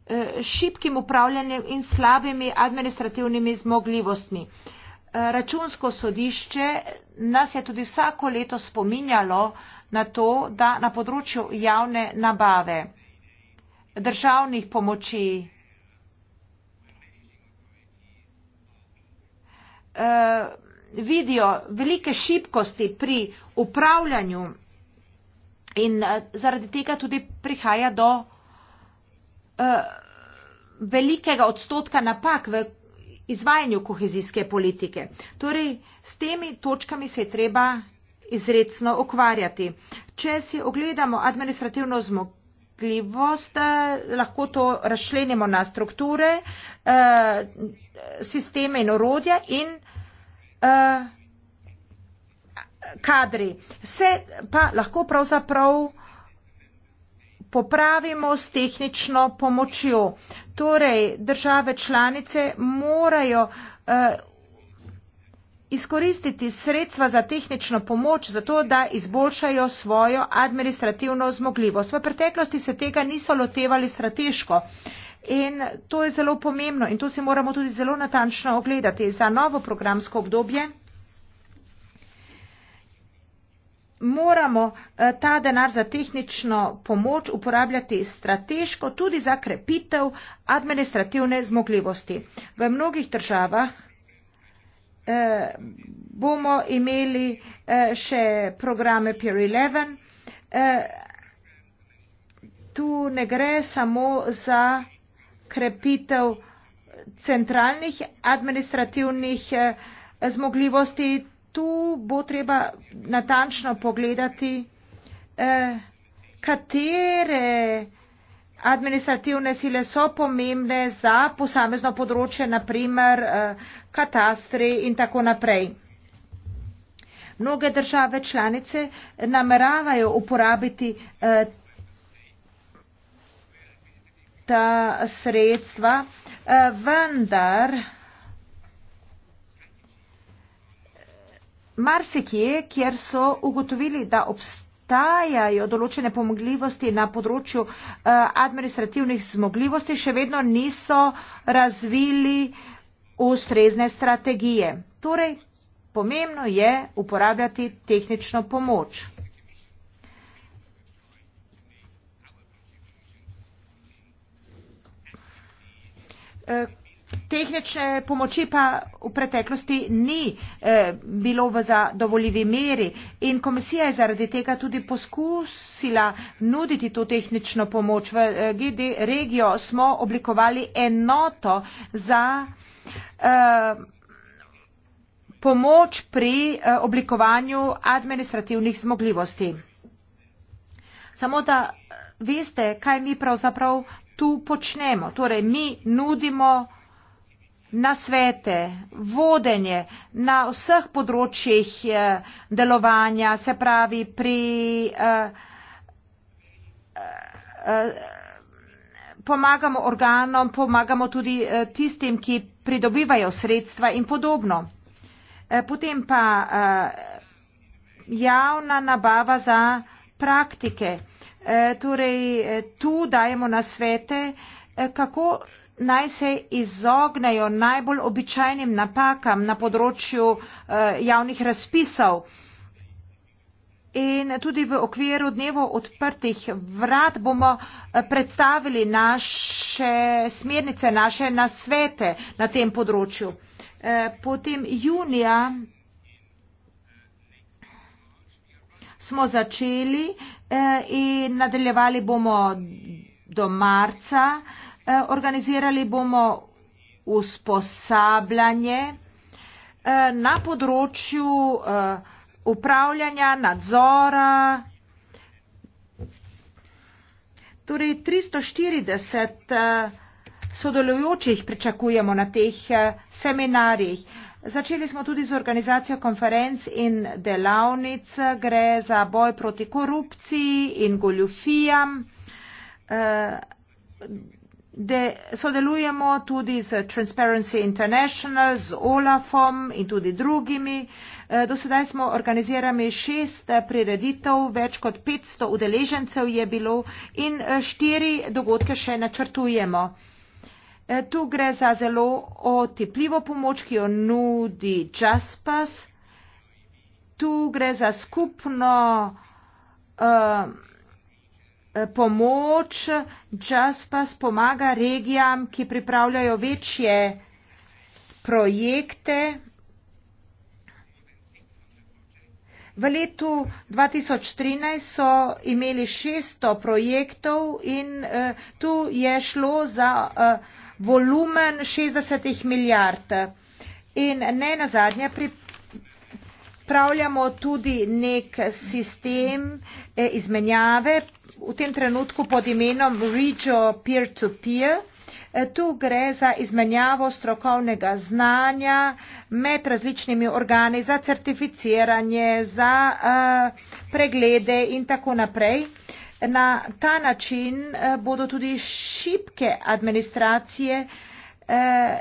Eh, šibkim upravljanjem in slabimi administrativnimi zmogljivostmi. Eh, računsko sodišče nas je tudi vsako leto spominjalo na to, da na področju javne nabave, državnih pomoči, eh, vidijo velike šibkosti pri upravljanju in zaradi tega tudi prihaja do Eh, velikega odstotka napak v izvajanju kohezijske politike. Torej, s temi točkami se je treba izredno ukvarjati. Če si ogledamo administrativno zmogljivost, eh, lahko to razšlenimo na strukture, eh, sisteme in orodja in kadri. Vse pa lahko pravzaprav prav popravimo s tehnično pomočjo. Torej, države članice morajo eh, izkoristiti sredstva za tehnično pomoč, zato da izboljšajo svojo administrativno zmogljivost. V preteklosti se tega niso lotevali strateško in to je zelo pomembno in to si moramo tudi zelo natančno ogledati za novo programsko obdobje. moramo eh, ta denar za tehnično pomoč uporabljati strateško tudi za krepitev administrativne zmogljivosti. V mnogih državah eh, bomo imeli eh, še programe Peer 11. Eh, tu ne gre samo za krepitev centralnih administrativnih eh, zmogljivosti, tu bo treba natančno pogledati, eh, katere administrativne sile so pomembne za posamezno področje, naprimer eh, katastri in tako naprej. Mnoge države članice nameravajo uporabiti eh, ta sredstva, vendar marsikje, kjer so ugotovili, da obstajajo določene pomogljivosti na področju eh, administrativnih zmogljivosti, še vedno niso razvili ustrezne strategije. Torej, pomembno je uporabljati tehnično pomoč. E, tehnične pomoči pa v preteklosti ni eh, bilo v zadovoljivi meri in komisija je zaradi tega tudi poskusila nuditi to tehnično pomoč. V eh, GD regijo smo oblikovali enoto za eh, pomoč pri eh, oblikovanju administrativnih zmogljivosti. Samo da eh, veste, kaj mi pravzaprav tu počnemo. Torej, mi nudimo na svete, vodenje na vseh področjih eh, delovanja, se pravi pri eh, eh, pomagamo organom, pomagamo tudi tistim, ki pridobivajo sredstva in podobno. Potem pa javna nabava za praktike. Torej, tu dajemo na svete, kako naj se izognejo najbolj običajnim napakam na področju eh, javnih razpisov. In tudi v okviru dnevo odprtih vrat bomo eh, predstavili naše smernice, naše nasvete na tem področju. Eh, potem junija smo začeli in nadaljevali bomo do marca. Eh, organizirali bomo usposabljanje eh, na področju eh, upravljanja, nadzora. Torej 340 sodelujočih pričakujemo na teh seminarjih. Začeli smo tudi z organizacijo konferenc in delavnic. Gre za boj proti korupciji in goljufijam. De, sodelujemo tudi z Transparency International, z OLAFom in tudi drugimi. Eh, do sedaj smo organizirali šest eh, prireditev, več kot 500 udeležencev je bilo in eh, štiri dogodke še načrtujemo. Tu gre za zelo otepljivo pomoč, ki jo nudi JASPAS. Tu gre za skupno. Uh, Eh, pomoč, čas pa spomaga regijam, ki pripravljajo večje projekte. V letu 2013 so imeli 600 projektov in eh, tu je šlo za eh, volumen 60 milijard. In ne na zadnje pripravljamo tudi nek sistem eh, izmenjave v tem trenutku pod imenom Regio Peer-to-Peer. E, tu gre za izmenjavo strokovnega znanja med različnimi organi za certificiranje, za uh, preglede in tako naprej. Na ta način uh, bodo tudi šibke administracije uh,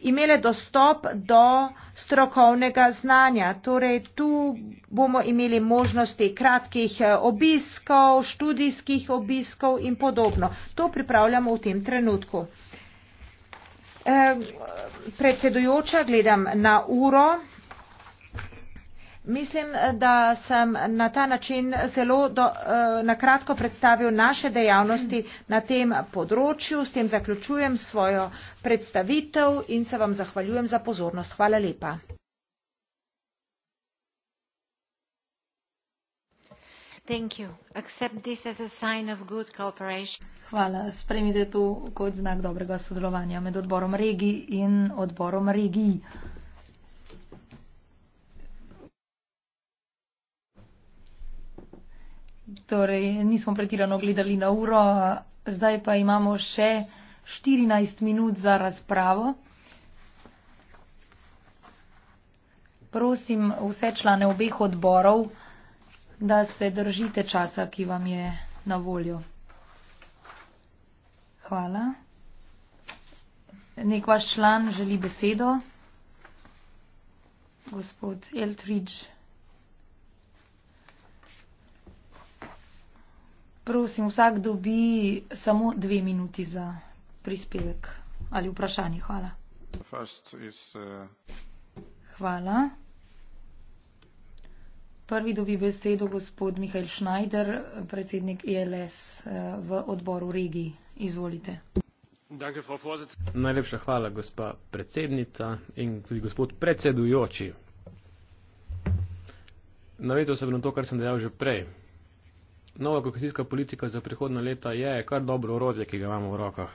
imele dostop do strokovnega znanja. Torej, tu bomo imeli možnosti kratkih eh, obiskov, študijskih obiskov in podobno. To pripravljamo v tem trenutku. Eh, predsedujoča, gledam na uro. Mislim, da sem na ta način zelo do, eh, na kratko predstavil naše dejavnosti na tem področju. S tem zaključujem svojo predstavitev in se vam zahvaljujem za pozornost. Hvala lepa.
Hvala. Spremite to kot znak dobrega sodelovanja med odborom regij in odborom regij. torej nismo pretirano gledali na uro, zdaj pa imamo še 14 minut za razpravo. Prosim vse člane obeh odborov, da se držite časa, ki vam je na voljo. Hvala. Nek vaš član želi besedo. Gospod Eltridge. Prosim, vsak dobi samo dve minuti za prispevek ali vprašanje. Hvala. Is, uh... Hvala. Prvi dobi besedo gospod Mihajl Šnajder, predsednik ELS uh, v odboru regiji. Izvolite.
Najlepša hvala, gospa predsednica in tudi gospod predsedujoči. Navezal se bom na to, kar sem dejal že prej. Nova kohezijska politika za prihodna leta je kar dobro orodje, ki ga imamo v rokah.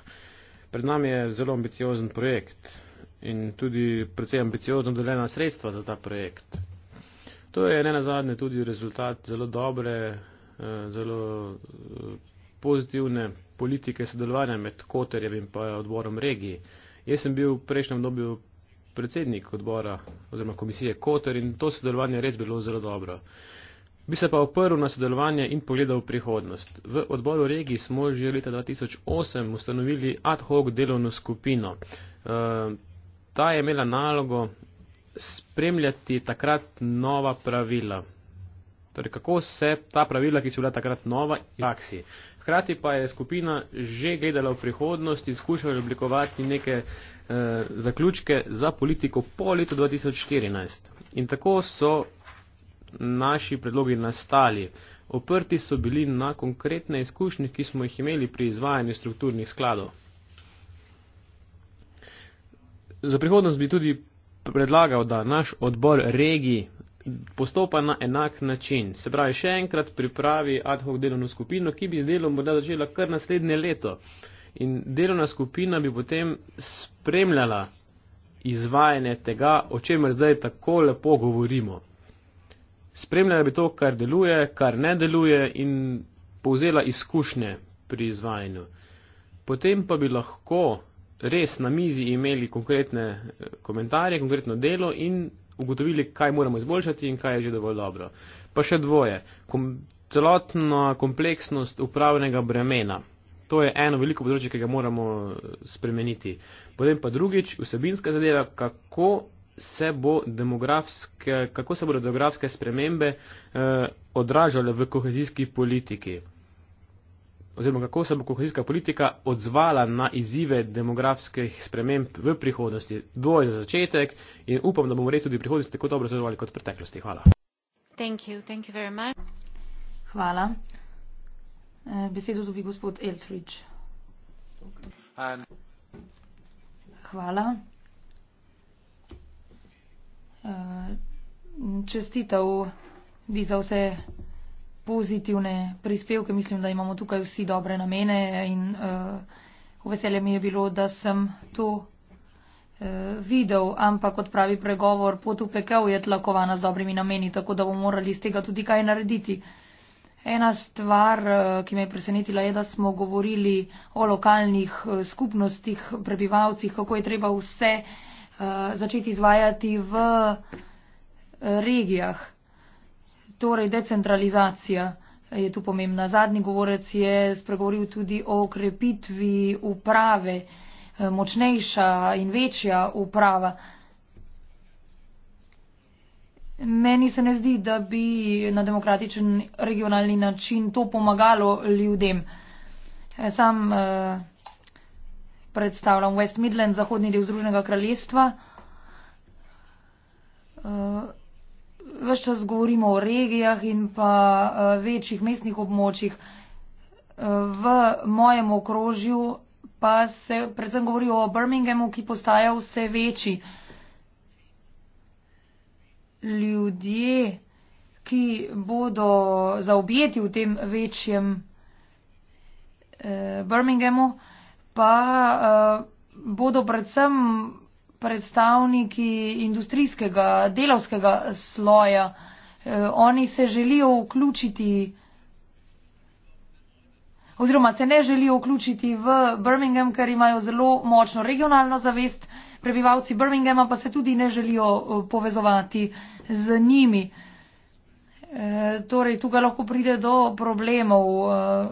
Pred nami je zelo ambiciozen projekt in tudi predvsem ambiciozno deljena sredstva za ta projekt. To je ne nazadnje tudi rezultat zelo dobre, eh, zelo eh, pozitivne politike sodelovanja med Koterjem in pa odborom regiji. Jaz sem bil v prejšnjem dobju predsednik odbora oziroma komisije Koter in to sodelovanje je res bilo zelo dobro. Bi se pa oprl na sodelovanje in pogledal v prihodnost. V odboru regij smo že leta 2008 ustanovili ad hoc delovno skupino. E, ta je imela nalogo spremljati takrat nova pravila. Torej, kako se ta pravila, ki so bila takrat nova, izraksi. Hkrati pa je skupina že gledala v prihodnost in skušala oblikovati neke e, zaključke za politiko po letu 2014. In tako so naši predlogi nastali. Oprti so bili na konkretne izkušnje, ki smo jih imeli pri izvajanju strukturnih skladov. Za prihodnost bi tudi predlagal, da naš odbor regij postopa na enak način. Se pravi, še enkrat pripravi ad hoc delovno skupino, ki bi z delom morda začela kar naslednje leto. In delovna skupina bi potem spremljala izvajanje tega, o čemer zdaj tako lepo govorimo spremljala bi to, kar deluje, kar ne deluje in povzela izkušnje pri izvajanju. Potem pa bi lahko res na mizi imeli konkretne eh, komentarje, konkretno delo in ugotovili, kaj moramo izboljšati in kaj je že dovolj dobro. Pa še dvoje. Kom celotna kompleksnost upravnega bremena. To je eno veliko področje, ki ga moramo eh, spremeniti. Potem pa drugič, vsebinska zadeva, kako se bo demografske, kako se bodo demografske spremembe eh, odražale v kohezijski politiki? Oziroma, kako se bo kohezijska politika odzvala na izive demografskih sprememb v prihodnosti? Dvoj za začetek in upam, da bomo res tudi v prihodnosti tako dobro sodelovali kot v preteklosti. Hvala.
Thank you. Thank you very much. Hvala. Eh, besedo dobi gospod Eltrič. Hvala.
Eh, čestitev bi za vse pozitivne prispevke. Mislim, da imamo tukaj vsi dobre namene in uh, veselje mi je bilo, da sem to uh, videl, ampak kot pravi pregovor, pot v pekel je tlakovana z dobrimi nameni, tako da bomo morali iz tega tudi kaj narediti. Ena stvar, ki me je presenetila, je, da smo govorili o lokalnih skupnostih, prebivalcih, kako je treba vse uh, Eh, začeti izvajati v eh, regijah. Torej, decentralizacija je tu pomembna. Zadnji govorec je spregovoril tudi o krepitvi uprave, eh, močnejša in večja uprava. Meni se ne zdi, da bi na demokratičen regionalni način to pomagalo ljudem. Sam uh, predstavljam West Midland, zahodni del Združenega kraljestva. Uh, Ves čas govorimo o regijah in pa uh, večjih mestnih območjih. Uh, v mojem okrožju pa se predvsem govori o Birminghamu, ki postaja vse večji. Ljudje, ki bodo zaobjeti v tem večjem uh, Birminghamu, uh, pa uh, bodo predvsem predstavniki industrijskega, delovskega sloja. Uh, oni se želijo vključiti oziroma se ne želijo vključiti v Birmingham, ker imajo zelo močno regionalno zavest, prebivalci Birminghama pa se tudi ne želijo eh, povezovati z njimi. E, torej, tukaj lahko pride do problemov. E,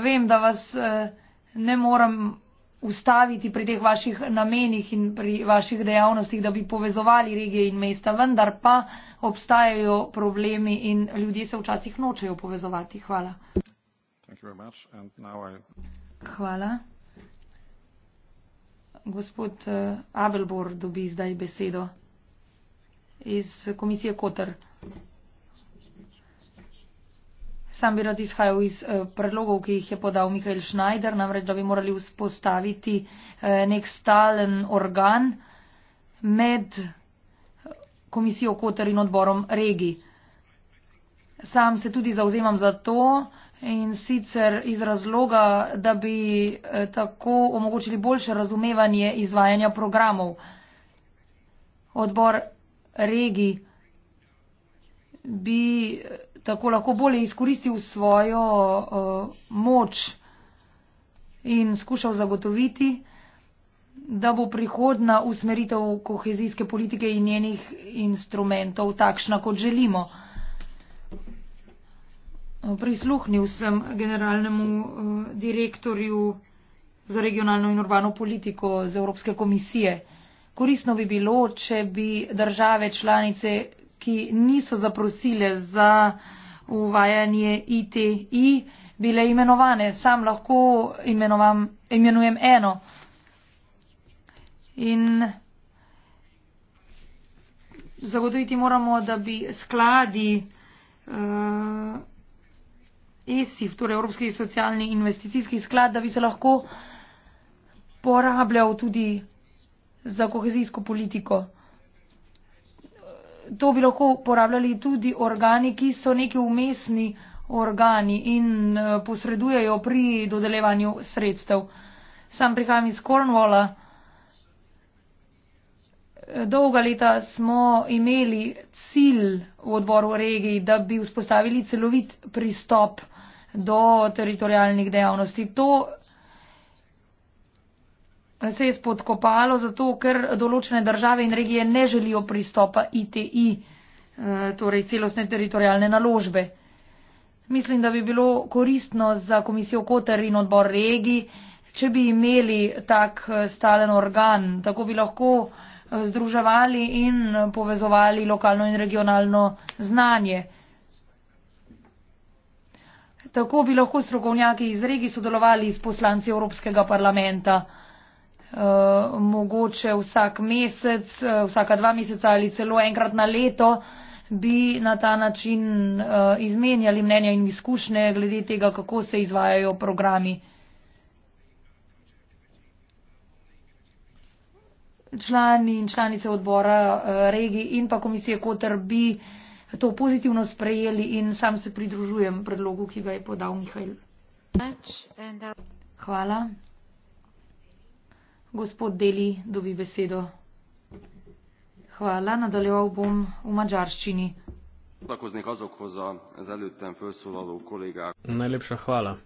vem, da vas eh, ne moram ustaviti pri teh vaših namenih in pri vaših dejavnostih, da bi povezovali regije in mesta, vendar pa obstajajo problemi in ljudje se včasih nočejo povezovati. Hvala. Hvala. Gospod eh, Abelbor dobi zdaj besedo iz komisije Kotr. Sam bi rad izhajal iz eh, predlogov, ki jih je podal Mihajl Šnajder, namreč, da bi morali vzpostaviti eh, nek stalen organ med eh, komisijo Kotar in odborom regij. Sam se tudi zauzemam za to in sicer iz razloga, da bi tako omogočili boljše razumevanje izvajanja programov. Odbor regij bi tako lahko bolje izkoristil svojo uh, moč in skušal zagotoviti, da bo prihodna usmeritev kohezijske politike in njenih instrumentov takšna, kot želimo. Prisluhnil sem generalnemu uh, direktorju za regionalno in urbano politiko z Evropske komisije. Koristno bi bilo, če bi države članice ki niso zaprosile za uvajanje ITI, bile imenovane. Sam lahko imenovam, imenujem eno. In zagotoviti moramo, da bi skladi uh, ESIF, torej Evropski socialni investicijski sklad, da bi se lahko porabljal tudi za kohezijsko politiko to bi lahko uporabljali tudi organi, ki so neki umestni organi in eh, posredujejo pri dodelevanju sredstev. Sam prihajam iz Cornwalla. Dolga leta smo imeli cilj v odboru regij, da bi vzpostavili celovit pristop do teritorijalnih dejavnosti. To se je spodkopalo zato, ker določene države in regije ne želijo pristopa ITI, eh, torej celostne teritorijalne naložbe. Mislim, da bi bilo koristno za komisijo Koter in odbor regij, če bi imeli tak eh, stalen organ, tako bi lahko eh, združevali in povezovali lokalno in regionalno znanje. Tako bi lahko strokovnjaki iz regij sodelovali s poslanci Evropskega parlamenta. Eh, mogoče vsak mesec, eh, vsaka dva meseca ali celo enkrat na leto bi na ta način eh, izmenjali mnenja in izkušnje glede tega, kako se izvajajo programi. Člani in članice odbora regij in pa komisije Kotr bi to pozitivno sprejeli in sam se pridružujem predlogu, ki ga je podal Mihajl. Uh, Hvala. Gospod Deli dobi besedo. Hvala, nadaljeval bom v mađarščini.
Najlepša hvala.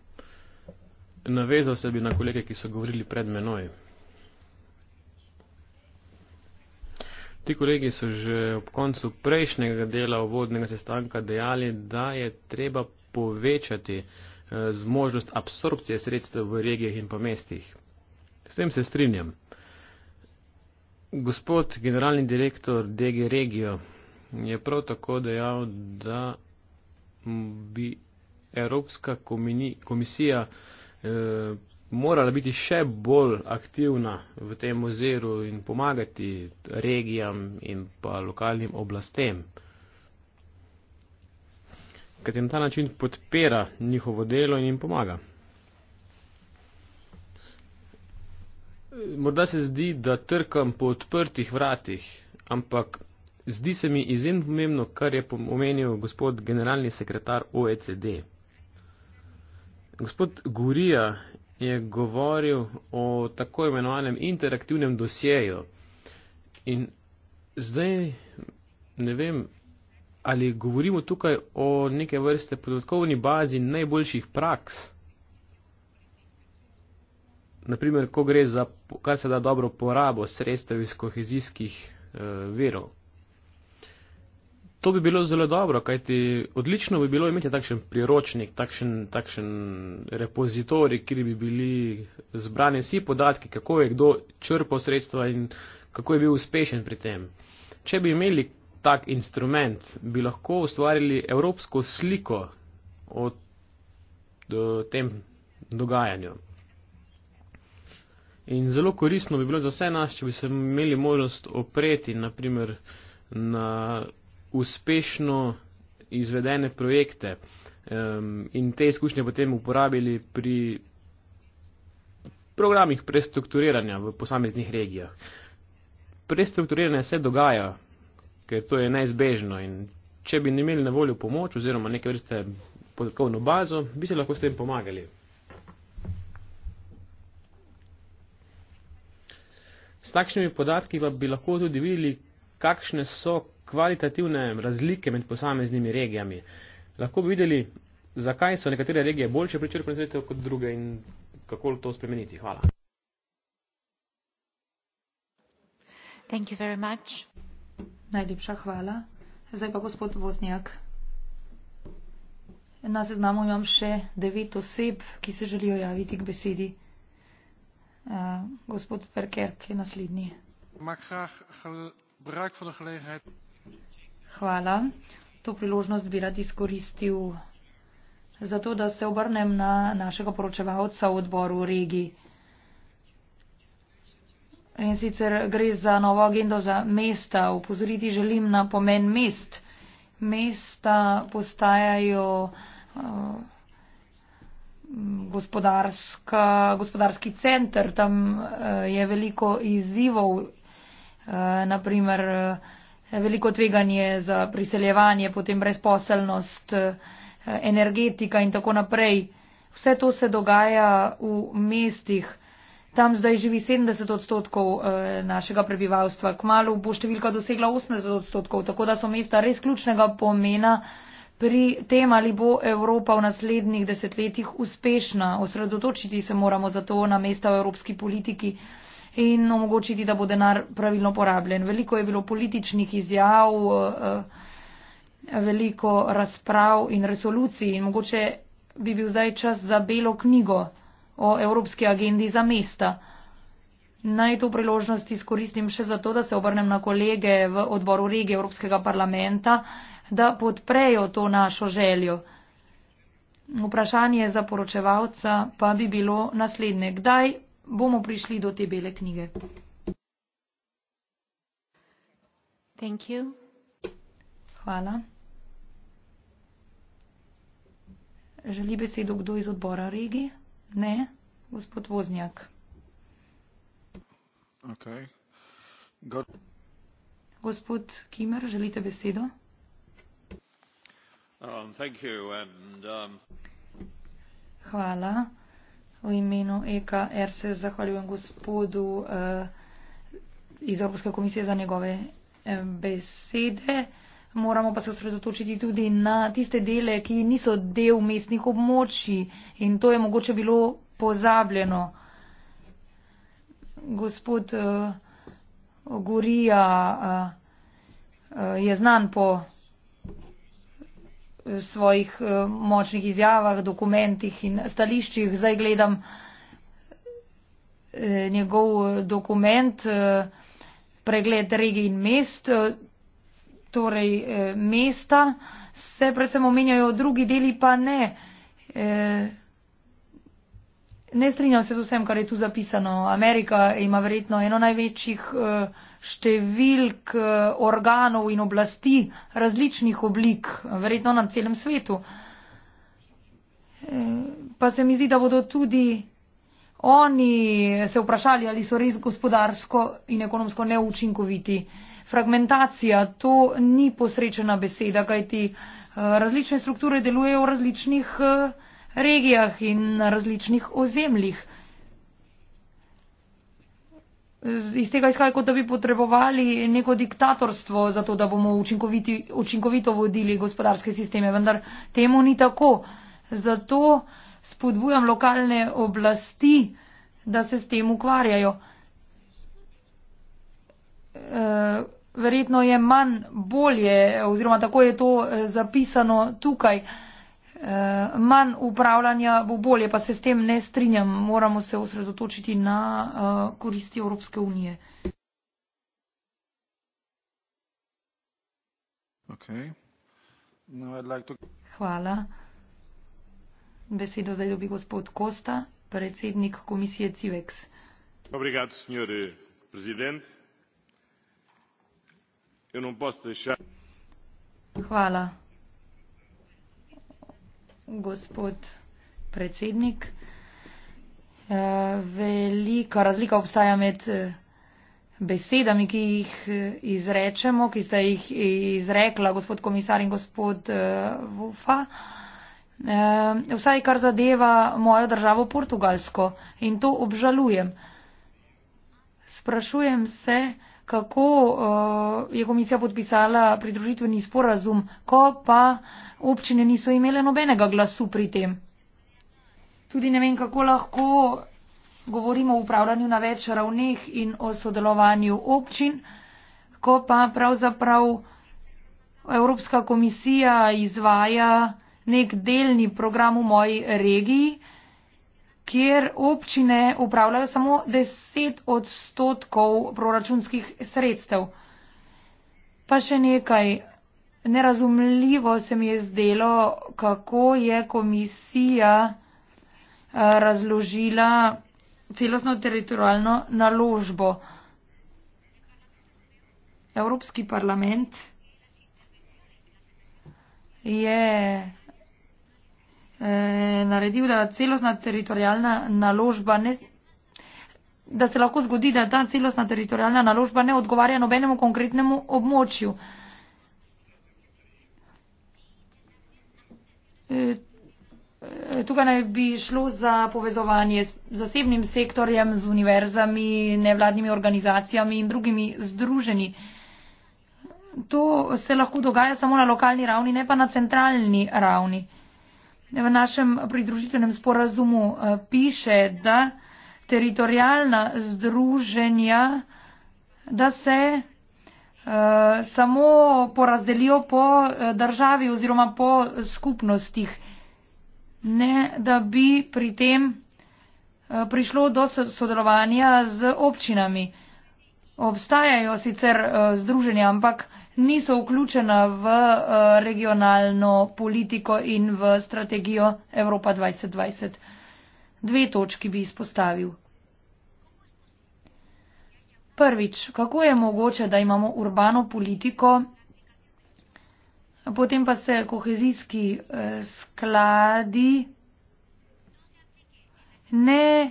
Navezal se bi na kolege, ki so govorili pred menoj. Ti kolegi so že ob koncu prejšnjega dela uvodnega sestanka dejali, da je treba povečati eh, zmožnost absorpcije sredstev v regijah in po mestih. S tem se strinjam. Gospod generalni direktor DG Regio je prav tako dejal, da bi Evropska komisija eh, morala biti še bolj aktivna v tem oziru in pomagati regijam in pa lokalnim oblastem, ker jim ta način podpira njihovo delo in jim pomaga. Morda se zdi, da trkam po odprtih vratih, ampak zdi se mi izjemno pomembno, kar je pomenil gospod generalni sekretar OECD. Gospod Gurija je govoril o tako imenovanem interaktivnem dosjeju in zdaj ne vem, ali govorimo tukaj o neke vrste podatkovni bazi najboljših praks naprimer, ko gre za kar se da dobro porabo sredstev iz kohezijskih eh, verov. To bi bilo zelo dobro, kajti odlično bi bilo imeti takšen priročnik, takšen, takšen repozitori, kjer bi bili zbrani vsi podatki, kako je kdo črpal sredstva in kako je bil uspešen pri tem. Če bi imeli tak instrument, bi lahko ustvarili evropsko sliko o tem dogajanju. In zelo koristno bi bilo za vse nas, če bi se imeli možnost opreti naprimer, na uspešno izvedene projekte um, in te izkušnje potem uporabili pri programih prestrukturiranja v posameznih regijah. Prestrukturiranje se dogaja, ker to je neizbežno in če bi imeli na voljo pomoč oziroma neke vrste podatkovno bazo, bi se lahko s tem pomagali. S takšnimi podatki pa bi lahko tudi videli, kakšne so kvalitativne razlike med posameznimi regijami. Lahko bi videli, zakaj so nekatere regije boljše pri črpanju sredstev kot druge in kako to spremeniti. Hvala.
Thank you very much. Najlepša hvala. Zdaj pa gospod Voznjak. Na seznamu imam še devet oseb, ki se želijo javiti k besedi. Eh, gospod Perkerk je naslednji.
Mak graag gebruik van de gelegenheid.
Hvala. To priložnost bi rad izkoristil zato, da se obrnem na našega poročevalca v odboru v regiji. In sicer gre za novo agendo za mesta. Upozoriti želim na pomen mest. Mesta postajajo uh, gospodarska, gospodarski center, tam eh, je veliko izzivov, eh, naprimer eh, veliko tveganje za priseljevanje, potem brezposelnost, energetika in tako naprej. Vse to se dogaja v mestih. Tam zdaj živi 70 odstotkov našega prebivalstva. Kmalo bo številka dosegla 80 odstotkov, tako da so mesta res ključnega pomena pri tem, ali bo Evropa v naslednjih desetletjih uspešna. Osredotočiti se moramo zato na mesta v evropski politiki in omogočiti, da bo denar pravilno porabljen. Veliko je bilo političnih izjav, eh, veliko razprav in resolucij in mogoče bi bil zdaj čas za belo knjigo o evropski agendi za mesta. Naj to priložnost izkoristim še zato, da se obrnem na kolege v odboru regije Evropskega parlamenta da podprejo to našo željo. Vprašanje za poročevalca pa bi bilo naslednje. Kdaj bomo prišli do te bele knjige? Thank you. Hvala. Želi besedo kdo iz odbora regi? Ne, gospod Voznjak. Okay. Gospod Kimer, želite besedo?
Um, um,
Hvala. V imenu EKR se zahvaljujem gospodu eh, iz Evropske komisije za njegove eh, besede. Moramo pa se osredotočiti tudi na tiste dele, ki niso del mestnih območij in to je mogoče bilo pozabljeno. Gospod uh, Gorija uh, uh, je znan po svojih eh, močnih izjavah, dokumentih in stališčih. Zdaj gledam eh, njegov eh, dokument, pregled regij in mest, torej mesta, se predvsem omenjajo, drugi deli pa ne. Ne strinjam se z vsem, kar je tu zapisano. Amerika ima verjetno eno največjih številk eh, organov in oblasti različnih oblik, verjetno na celem svetu. Eh, pa se mi zdi, da bodo tudi oni se vprašali, ali so res gospodarsko in ekonomsko neučinkoviti. Fragmentacija to ni posrečena beseda, kajti eh, različne strukture delujejo v različnih regijah in na različnih ozemljih iz tega izhaja, kot da bi potrebovali neko diktatorstvo za to, da bomo učinkovito vodili gospodarske sisteme, vendar temu ni tako. Zato spodbujam lokalne oblasti, da se s tem ukvarjajo. E, verjetno je manj bolje oziroma tako je to e, zapisano tukaj. Eh, manj upravljanja bo bolje, pa se s tem ne strinjam. Moramo se osredotočiti na eh, koristi Evropske unije.
Okay. No, like to...
Hvala. Besedo zdaj dobi gospod Kosta, predsednik komisije CIVEX.
Obrigado, senjor eh, prezident.
Hvala gospod predsednik. Eh, velika razlika obstaja med eh, besedami, ki jih eh, izrečemo, ki ste jih izrekla gospod komisar in gospod Vufa. Vsaj kar zadeva mojo državo Portugalsko in to obžalujem. Sprašujem se, kako eh, je komisija podpisala pridružitveni sporazum, ko pa občine niso imele nobenega glasu pri tem. Tudi ne vem, kako lahko govorimo o upravljanju na več ravneh in o sodelovanju občin, ko pa pravzaprav Evropska komisija izvaja nek delni program v moji regiji, kjer občine upravljajo samo 10 odstotkov proračunskih sredstev. Pa še nekaj. Nerazumljivo se mi je zdelo, kako je komisija eh, razložila celostno teritorijalno naložbo. Evropski parlament je Eh, naredil, da celostna teritorijalna naložba ne. Da se lahko zgodi, da ta celostna teritorijalna naložba ne odgovarja nobenemu konkretnemu območju. Eh, tukaj naj bi šlo za povezovanje z zasebnim sektorjem, z univerzami, nevladnimi organizacijami in drugimi združeni. To se lahko dogaja samo na lokalni ravni, ne pa na centralni ravni. V našem pridružitvenem sporazumu eh, piše, da teritorijalna združenja, da se eh, samo porazdelijo po eh, državi oziroma po skupnostih, ne da bi pri tem prišlo do sodelovanja z občinami. Obstajajo sicer združenja, ampak niso vključena v eh, regionalno politiko in v strategijo Evropa 2020. Dve točki bi izpostavil. Prvič, kako je mogoče, da imamo urbano politiko, potem pa se kohezijski eh, skladi ne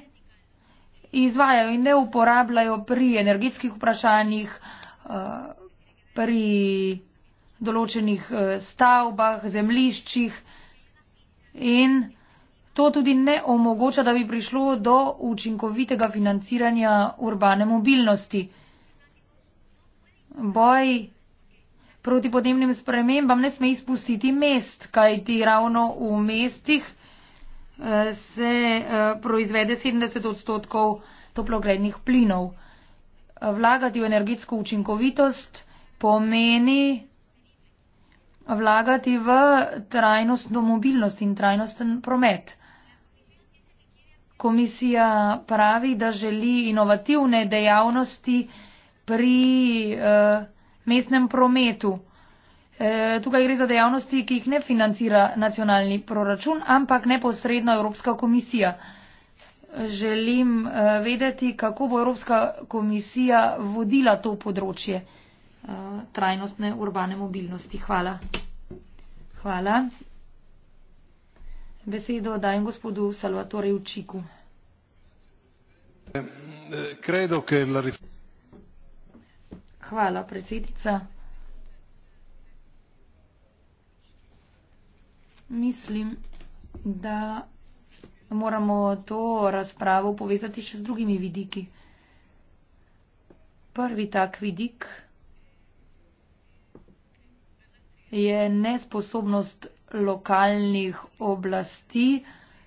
izvajajo in ne uporabljajo pri energetskih vprašanjih, eh, pri določenih eh, stavbah, zemliščih in to tudi ne omogoča, da bi prišlo do učinkovitega financiranja urbane mobilnosti. Boj proti podnebnim spremembam ne sme izpustiti mest, kajti ravno v mestih eh, se eh, proizvede 70 odstotkov toplogrednih plinov. Vlagati v energetsko učinkovitost pomeni vlagati v trajnostno mobilnost in trajnosten promet. Komisija pravi, da želi inovativne dejavnosti pri uh, mestnem prometu. E, tukaj gre za dejavnosti, ki jih ne financira nacionalni proračun, ampak neposredno Evropska komisija. Želim uh, vedeti, kako bo Evropska komisija vodila to področje. Eh, trajnostne urbane mobilnosti. Hvala. Hvala. Besedo dajem gospodu Salvatore Učiku. Hvala, predsednica. Mislim, da moramo to razpravo povezati še z drugimi vidiki. Prvi tak vidik je nesposobnost lokalnih oblasti,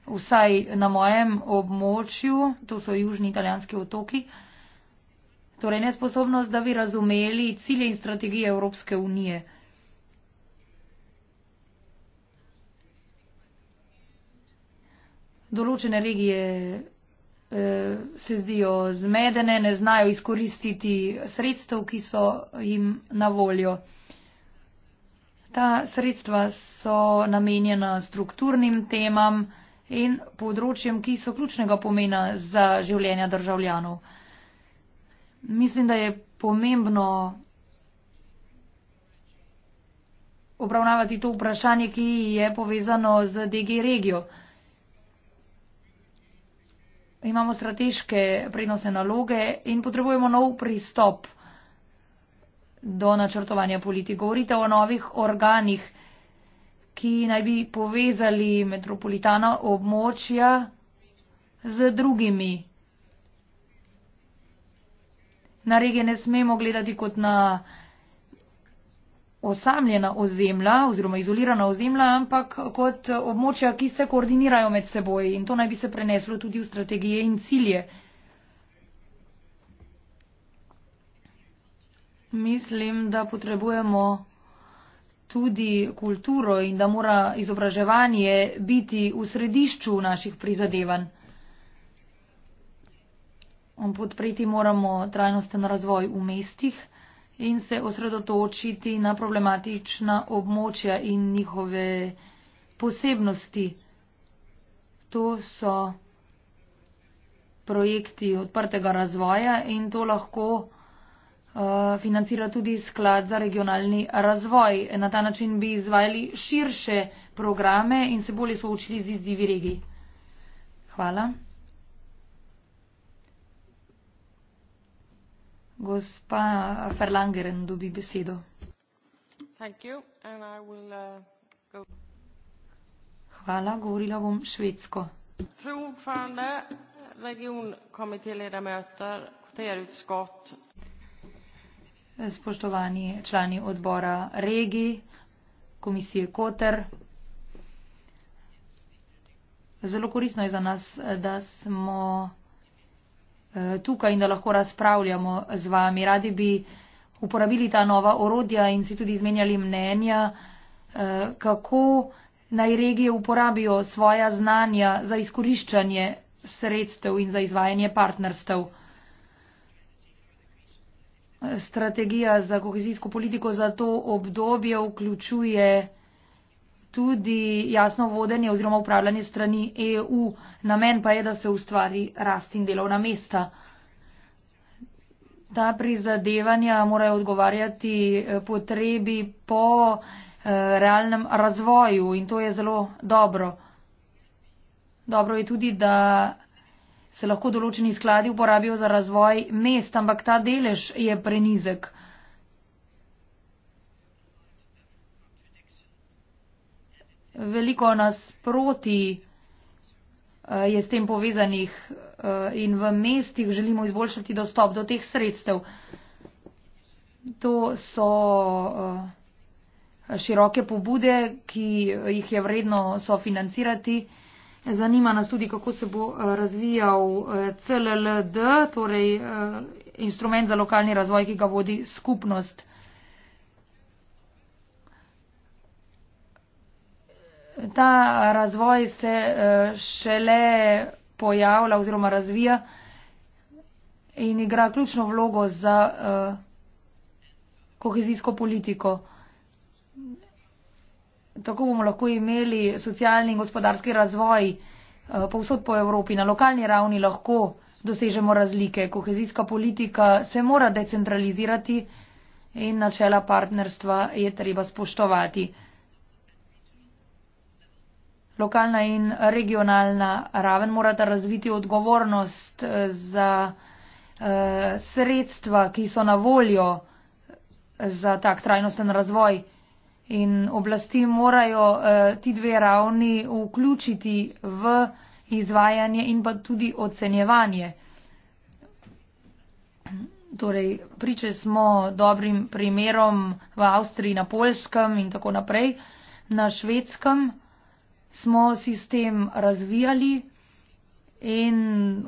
vsaj na mojem območju, to so južni italijanski otoki, torej nesposobnost, da bi razumeli cilje in strategije Evropske unije. Določene regije eh, se zdijo zmedene, ne znajo izkoristiti sredstev, ki so jim na voljo. Ta sredstva so namenjena strukturnim temam in področjem, ki so ključnega pomena za življenja državljanov. Mislim, da je pomembno obravnavati to vprašanje, ki je povezano z DG regijo. Imamo strateške prednostne naloge in potrebujemo nov pristop do načrtovanja politik. Govorite o novih organih, ki naj bi povezali metropolitana območja z drugimi. Na regije ne smemo gledati kot na osamljena ozemlja oziroma izolirana ozemlja, ampak kot območja, ki se koordinirajo med seboj in to naj bi se preneslo tudi v strategije in cilje. Mislim, da potrebujemo tudi kulturo in da mora izobraževanje biti v središču naših prizadevanj. Podpreti moramo trajnosten razvoj v mestih in se osredotočiti na problematična območja in njihove posebnosti. To so projekti odprtega razvoja in to lahko. Eh, financira tudi sklad za regionalni razvoj. Na ta način bi izvajali širše programe in se bolje soočili z izzivi regij. Hvala. Gospa Ferlangeren dobi besedo. Uh, Hvala, govorila bom švedsko.
Fru ordförande, region, komitee, ledamöter, kvoterutskott,
spoštovani člani odbora regi, komisije Koter. Zelo koristno je za nas, da smo eh, tukaj in da lahko razpravljamo z vami. Radi bi uporabili ta nova orodja in si tudi izmenjali mnenja, eh, kako naj regije uporabijo svoja znanja za izkoriščanje sredstev in za izvajanje partnerstev strategija za kohezijsko politiko za to obdobje vključuje tudi jasno vodenje oziroma upravljanje strani EU. Namen pa je, da se ustvari rast in delovna mesta. Ta prizadevanja morajo odgovarjati eh, potrebi po eh, realnem razvoju in to je zelo dobro. Dobro je tudi, da se lahko določeni skladi uporabijo za razvoj mest, ampak ta delež je prenizek. Veliko nas proti eh, je s tem povezanih eh, in v mestih želimo izboljšati dostop do teh sredstev. To so eh, široke pobude, ki jih je vredno sofinancirati. Zanima nas tudi, kako se bo eh, razvijal eh, CLLD, torej eh, instrument za lokalni razvoj, ki ga vodi skupnost. Ta razvoj se šele pojavlja oziroma razvija in igra ključno vlogo za kohezijsko politiko tako bomo lahko imeli socialni in gospodarski razvoj eh, povsod po Evropi, na lokalni ravni lahko dosežemo razlike. Kohezijska politika se mora decentralizirati in načela partnerstva je treba spoštovati. Lokalna in regionalna raven morata razviti odgovornost eh, za eh, sredstva, ki so na voljo za tak trajnosten razvoj. In oblasti morajo eh, ti dve ravni vključiti v izvajanje in pa tudi ocenjevanje. Torej, priče smo dobrim primerom v Avstriji, na Polskem in tako naprej. Na Švedskem smo sistem razvijali in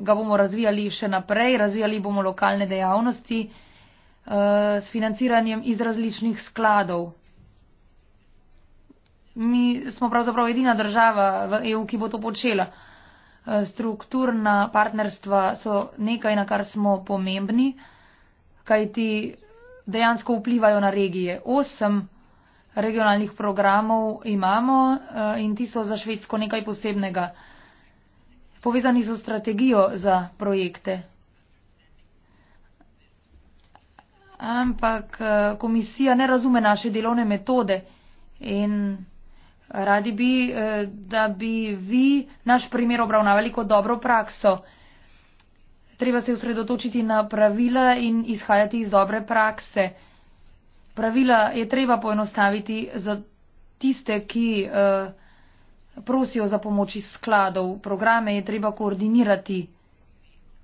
ga bomo razvijali še naprej. Razvijali bomo lokalne dejavnosti eh, s financiranjem iz različnih skladov. Mi smo pravzaprav edina država v EU, ki bo to počela. Eh, strukturna partnerstva so nekaj, na kar smo pomembni, kajti dejansko vplivajo na regije. Osem regionalnih programov imamo eh, in ti so za Švedsko nekaj posebnega. Povezani so strategijo za projekte. Ampak eh, komisija ne razume naše delovne metode in. Radi bi, eh, da bi vi naš primer obravnavali kot dobro prakso. Treba se usredotočiti na pravila in izhajati iz dobre prakse. Pravila je treba poenostaviti za tiste, ki eh, prosijo za pomoč iz skladov. Programe je treba koordinirati,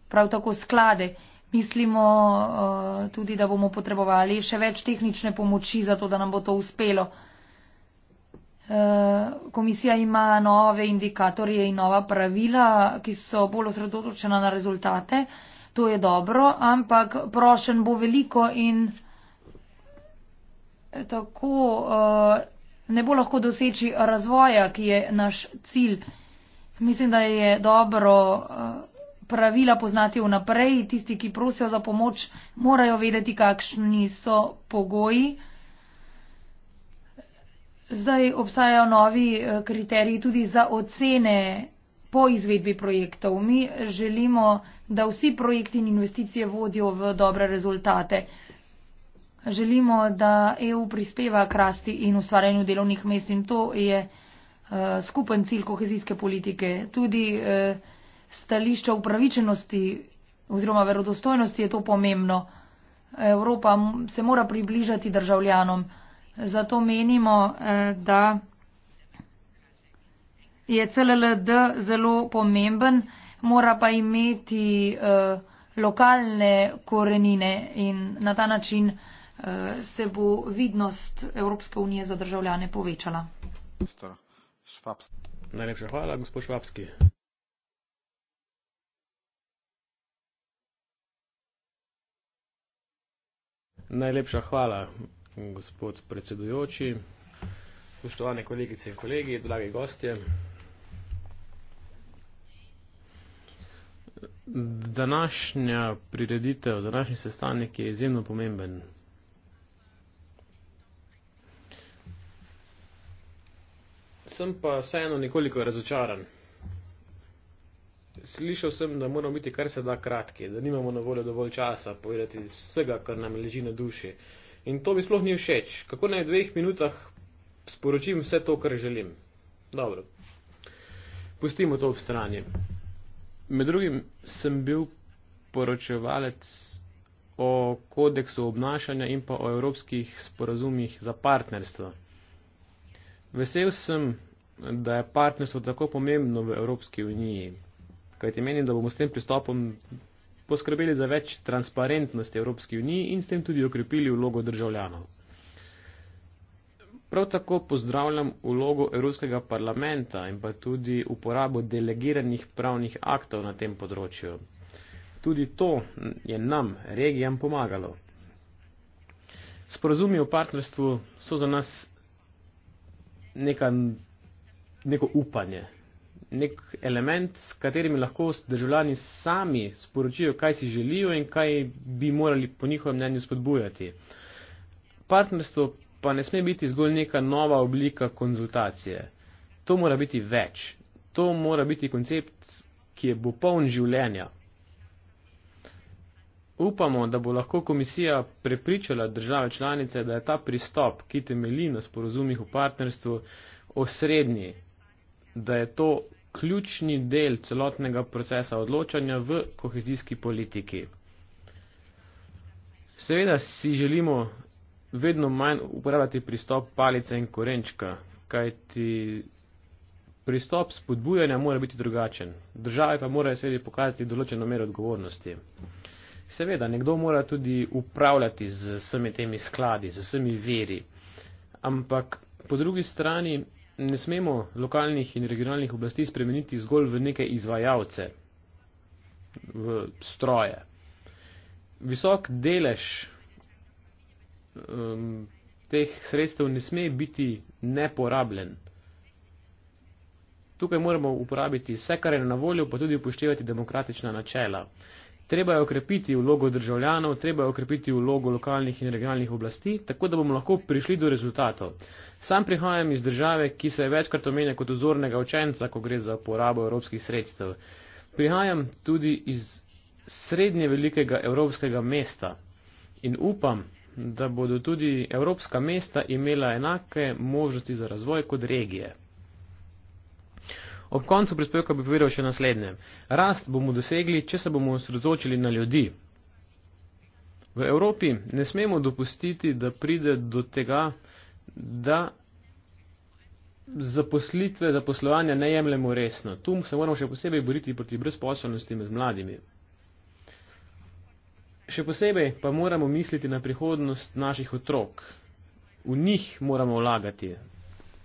prav tako sklade. Mislimo eh, tudi, da bomo potrebovali še več tehnične pomoči, zato da nam bo to uspelo. Eh, komisija ima nove indikatorje in nova pravila, ki so bolj osredotočena na rezultate. To je dobro, ampak prošen bo veliko in eh, tako eh, ne bo lahko doseči razvoja, ki je naš cilj. Mislim, da je dobro pravila poznati vnaprej. Tisti, ki prosijo za pomoč, morajo vedeti, kakšni so pogoji. Zdaj obstajajo novi eh, kriteriji tudi za ocene po izvedbi projektov. Mi želimo, da vsi projekti in investicije vodijo v dobre rezultate. Želimo, da EU prispeva k rasti in ustvarjanju delovnih mest in to je eh, skupen cilj kohezijske politike. Tudi eh, stališča upravičenosti oziroma verodostojnosti je to pomembno. Evropa se mora približati državljanom. Zato menimo, eh, da je CLLD zelo pomemben, mora pa imeti eh, lokalne korenine in na ta način eh, se bo vidnost Evropske unije za državljane povečala.
Najlepša hvala, gospod Švabski. Najlepša hvala, gospod predsedujoči, spoštovane kolegice in kolegi, dragi gostje. Današnja prireditev, današnji sestanek je izjemno pomemben. Sem pa vseeno nekoliko razočaran. Slišal sem, da moramo biti kar se da kratki, da nimamo na voljo dovolj časa povedati vsega, kar nam leži na duši. Uh, In to mi sploh ni všeč. Kako naj v dveh minutah sporočim vse to, kar želim? Dobro. Pustimo to ob strani. Med drugim sem bil poročevalec o kodeksu obnašanja in pa o evropskih sporazumih za partnerstvo. Vesel sem, da je partnerstvo tako pomembno v Evropski uniji, kajti menim, da bomo s tem pristopom poskrbeli za več transparentnosti Evropski uniji in s tem tudi okrepili vlogo državljanov. Prav tako pozdravljam vlogo Evropskega parlamenta in pa tudi uporabo delegiranih pravnih aktov na tem področju. Tudi to je nam, regijam, pomagalo. Sporazumi o partnerstvu so za nas neka, neko upanje nek element, s katerimi lahko državljani sami sporočijo, kaj si želijo in kaj bi morali po njihovem mnenju spodbujati. Partnerstvo pa ne sme biti zgolj neka nova oblika konzultacije. To mora biti več. To mora biti koncept, ki je bo poln življenja. Upamo, da bo lahko komisija prepričala države članice, da je ta pristop, ki temelji na sporozumih v partnerstvu, osrednji, da je to ključni del celotnega procesa odločanja v kohezijski politiki. Seveda si želimo vedno manj uporabljati pristop palice in korenčka, kajti pristop spodbujanja mora biti drugačen. Države pa morajo seveda pokazati določeno mero odgovornosti. Seveda, nekdo mora tudi upravljati z vsemi temi skladi, z vsemi veri. Ampak po drugi strani ne smemo lokalnih in regionalnih oblasti spremeniti zgolj v neke izvajalce, v stroje. Visok delež um, teh sredstev ne sme biti neporabljen. Tukaj moramo uporabiti vse, kar je na voljo, pa tudi upoštevati demokratična načela. Treba je okrepiti vlogo državljanov, treba je okrepiti vlogo lokalnih in regionalnih oblasti, tako da bomo lahko prišli do rezultatov. Sam prihajam iz države, ki se je večkrat omenja kot ozornega učenca, ko gre za porabo evropskih sredstev. Prihajam tudi iz srednje velikega evropskega mesta in upam, da bodo tudi evropska mesta imela enake možnosti za razvoj kot regije. Ob koncu prispevka bi povedal še naslednje. Rast bomo dosegli, če se bomo osredotočili na ljudi. V Evropi ne smemo dopustiti, da pride do tega, da zaposlitve, zaposlovanja ne jemljemo resno. Tu se moramo še posebej boriti proti brezposelnosti med mladimi. Še posebej pa moramo misliti na prihodnost naših otrok. V njih moramo vlagati.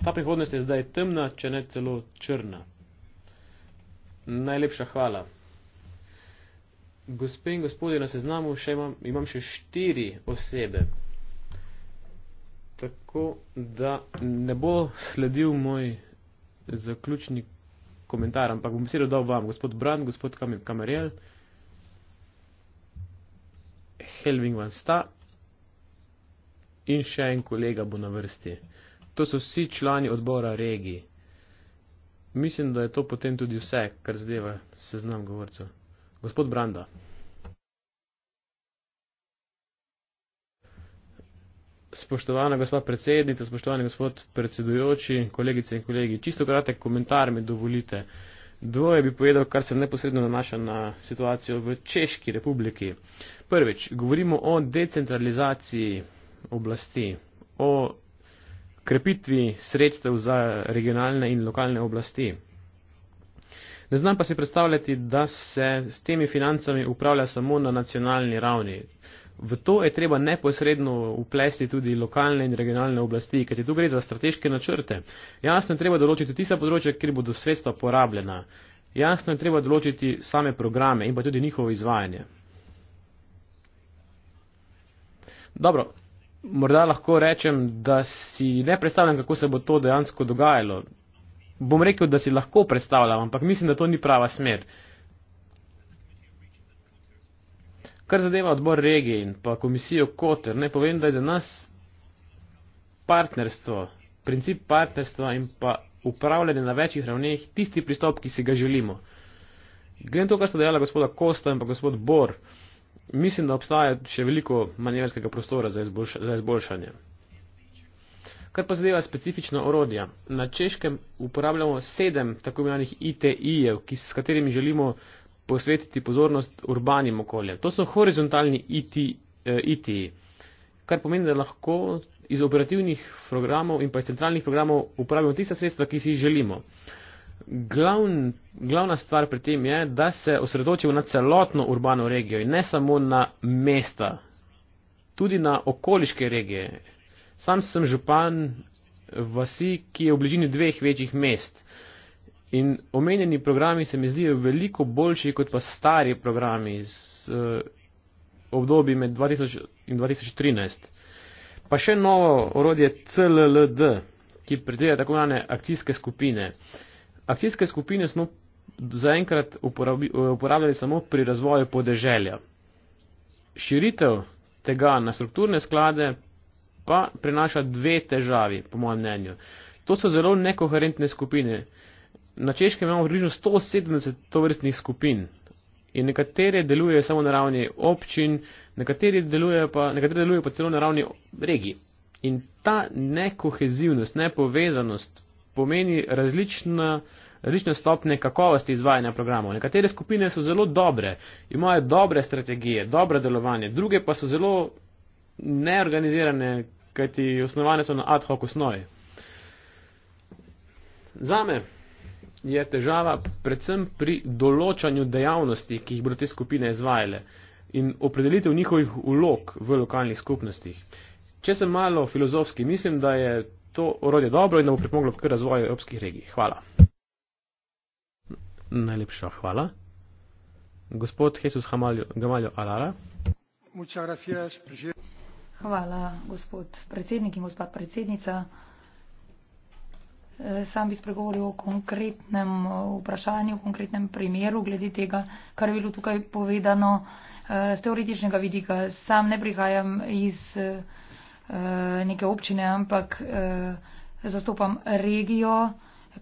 Ta prihodnost je zdaj temna, če ne celo črna. Najlepša hvala. Gospe in gospodje, na seznamu še imam, imam še štiri osebe. Tako da ne bo sledil moj zaključni komentar, ampak bom besedo dal vam, gospod Brand, gospod Kamerjel, Helving Van Sta in še en kolega bo na vrsti. To so vsi člani odbora regije. Mislim, da je to potem tudi vse, kar zdeva seznam govorcev. Gospod Branda. Spoštovana gospa predsednica, spoštovani gospod predsedujoči, kolegice in kolegi, čisto kratek komentar mi dovolite. Dvoje bi povedal, kar se neposredno nanaša na situacijo v Češki republiki. Prvič, govorimo o decentralizaciji oblasti, o krepitvi sredstev za regionalne in lokalne oblasti. Ne znam pa si predstavljati, da se s temi financami upravlja samo na nacionalni ravni. V to je treba neposredno uplesti tudi lokalne in regionalne oblasti, kajti tu gre za strateške načrte. Jasno je treba določiti tista področja, kjer bodo sredstva porabljena. Jasno je treba določiti same programe in pa tudi njihovo izvajanje. Dobro, morda lahko rečem, da si ne predstavljam, kako se bo to dejansko dogajalo. Bom rekel, da si lahko predstavljam, ampak mislim, da to ni prava smer. Kar zadeva odbor regije in pa komisijo Koter, ne povem, da je za nas partnerstvo, princip partnerstva in pa upravljanje na večjih ravneh tisti pristop, ki si ga želimo. Glede na to, kar sta dejala gospoda Kosta in pa gospod Bor, uh, mislim, da obstaja še veliko manjerskega prostora za, izboljša, za izboljšanje. Kar pa zadeva specifična orodja. Na češkem uporabljamo sedem tako imenovanih ITI-jev, s katerimi želimo posvetiti pozornost urbanim okoljem. To so horizontalni ITI, eh, ITI, kar pomeni, da lahko iz operativnih programov in pa iz centralnih programov uporabljamo tiste sredstva, ki si jih želimo. Eh, glavn, glavna stvar pri tem je, da se osredotočimo na celotno urbano regijo in ne samo na mesta, tudi na okoliške regije. Sam sem župan vasi, ki je v bližini dveh večjih mest. In omenjeni programi se mi zdijo veliko boljši kot pa stari programi z uh, obdobji med 2000 in 2013. Pa še novo orodje CLLD, ki predvideva tako imenovane akcijske skupine. Uh, afijske skupine smo zaenkrat uporabljali samo pri razvoju podeželja. Širitev tega na strukturne sklade pa prinaša dve težavi, po mojem mnenju. To so zelo nekoherentne skupine. Na Češkem imamo približno 170 tovrstnih skupin in nekatere delujejo samo na ravni občin, nekatere delujejo pa, nekatere delujejo pa celo na ravni regij. In ta nekohezivnost, nepovezanost pomeni različna, različne stopne kakovosti izvajanja programov. Nekatere skupine so zelo dobre, imajo dobre strategije, dobro delovanje, druge pa so zelo neorganizirane, kajti osnovane so na ad hoc osnovi. Zame je težava predvsem pri določanju dejavnosti, ki jih bodo te skupine izvajale in opredelitev njihovih ulog v lokalnih skupnostih. Če sem malo filozofski, mislim, da je to orodje dobro in da bo pripomoglo k razvoju evropskih regij. Hvala. Najlepša hvala. Gospod Jesus Gamaljo Alara.
Hvala, gospod predsednik in gospod predsednica. Sam bi spregovoril o konkretnem vprašanju, o konkretnem primeru glede tega, kar je bilo tukaj povedano eh, z teoretičnega vidika. Sam ne prihajam iz Eh, neke občine, ampak eh, zastopam regijo,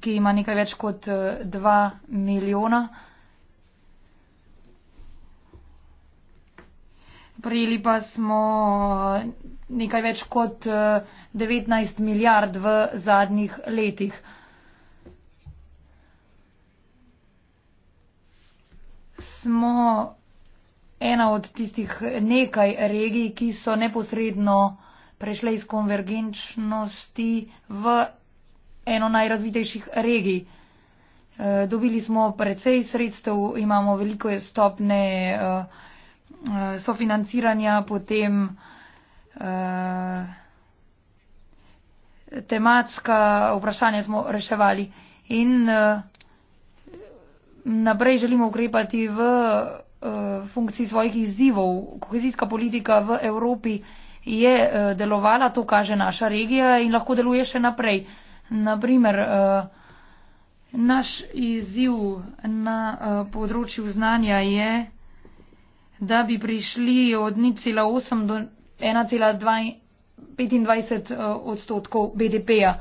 ki ima nekaj več kot 2 eh, milijona. Prijeli pa smo nekaj več kot 19 milijard v zadnjih letih. Smo ena od tistih nekaj regij, ki so neposredno uh, prešle iz konvergenčnosti v eno najrazvitejših regij. E, dobili smo precej sredstev, imamo veliko stopne e, e, sofinanciranja, potem tematska vprašanja smo reševali in naprej želimo ukrepati v funkciji svojih izzivov. Kohezijska politika v Evropi je eh, delovala, to kaže naša regija in lahko deluje še naprej. Naprimer, eh, naš izziv na eh, področju znanja je, da bi prišli od 0,8 do 1,25 odstotkov BDP-ja.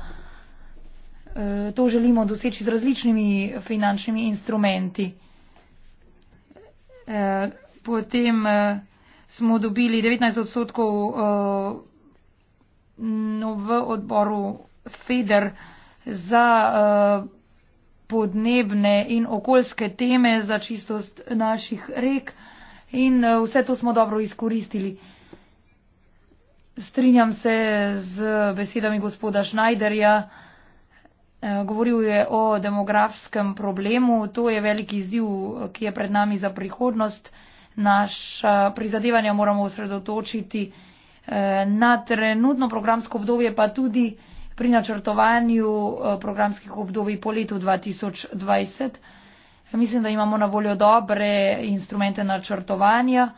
To želimo doseči z različnimi finančnimi instrumenti. Potem smo dobili 19 odstotkov eh, no, v odboru FEDER za eh, podnebne in okoljske teme, za čistost naših rek in eh, vse to smo dobro izkoristili. Strinjam se z besedami gospoda Schneiderja. Govoril je o demografskem problemu. To je veliki ziv, ki je pred nami za prihodnost naša eh, prizadevanja moramo osredotočiti eh, na trenutno programsko obdobje, pa tudi pri načrtovanju eh, programskih obdobij po letu 2020. Mislim, da imamo na voljo dobre instrumente načrtovanja,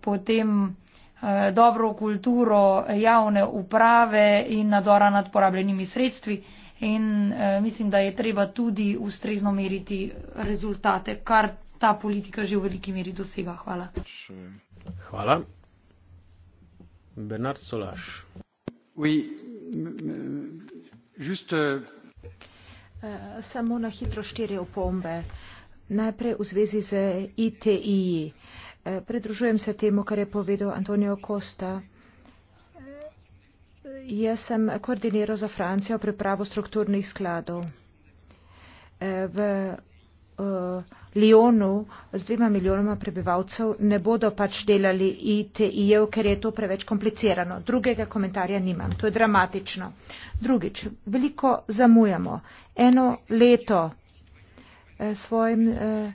potem dobro kulturo javne uprave in nadzora nad porabljenimi sredstvi. In mislim, da je treba tudi ustrezno meriti rezultate, kar ta politika že v veliki meri dosega. Hvala.
Hvala. Bernard Solaš. Oui,
juste...
Eh, samo na hitro štiri opombe. Najprej v zvezi z ITI. Eh, pridružujem se temu, kar je povedal Antonio Costa. Eh, jaz sem koordiniral za Francijo pripravo strukturnih skladov. V Eh, Lionu z dvema milijonoma prebivalcev ne bodo pač delali ITI-jev, ker je to preveč komplicirano. Drugega komentarja nimam, to je dramatično. Drugič, veliko zamujamo. Eno leto eh, svojim eh,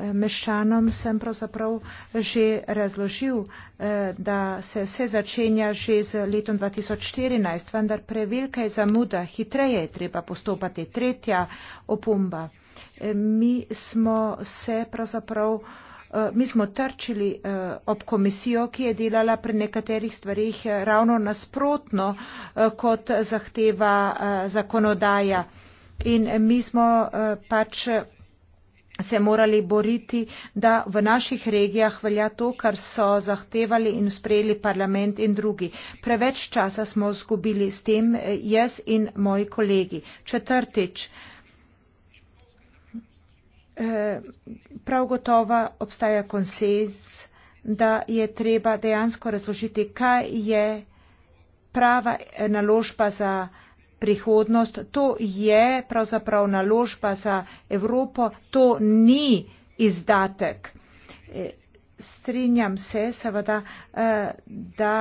eh mešanom sem pravzaprav že razložil, eh, da se vse začenja že z letom 2014, vendar prevelika je zamuda, hitreje je treba postopati. Tretja opomba mi smo se pravzaprav, eh, mi smo trčili eh, ob komisijo, ki je delala pri nekaterih stvarih eh, ravno nasprotno, kot zahteva zakonodaja. In mi smo pač se morali boriti, da v naših regijah velja to, kar so zahtevali in sprejeli parlament in drugi. Preveč časa smo zgubili s tem jaz in moji kolegi. Četrtič, Eh, prav gotovo obstaja konsens, da je treba dejansko razložiti, kaj je prava eh, naložba za prihodnost. To je pravzaprav naložba za Evropo, to ni izdatek. Eh, strinjam se, seveda, da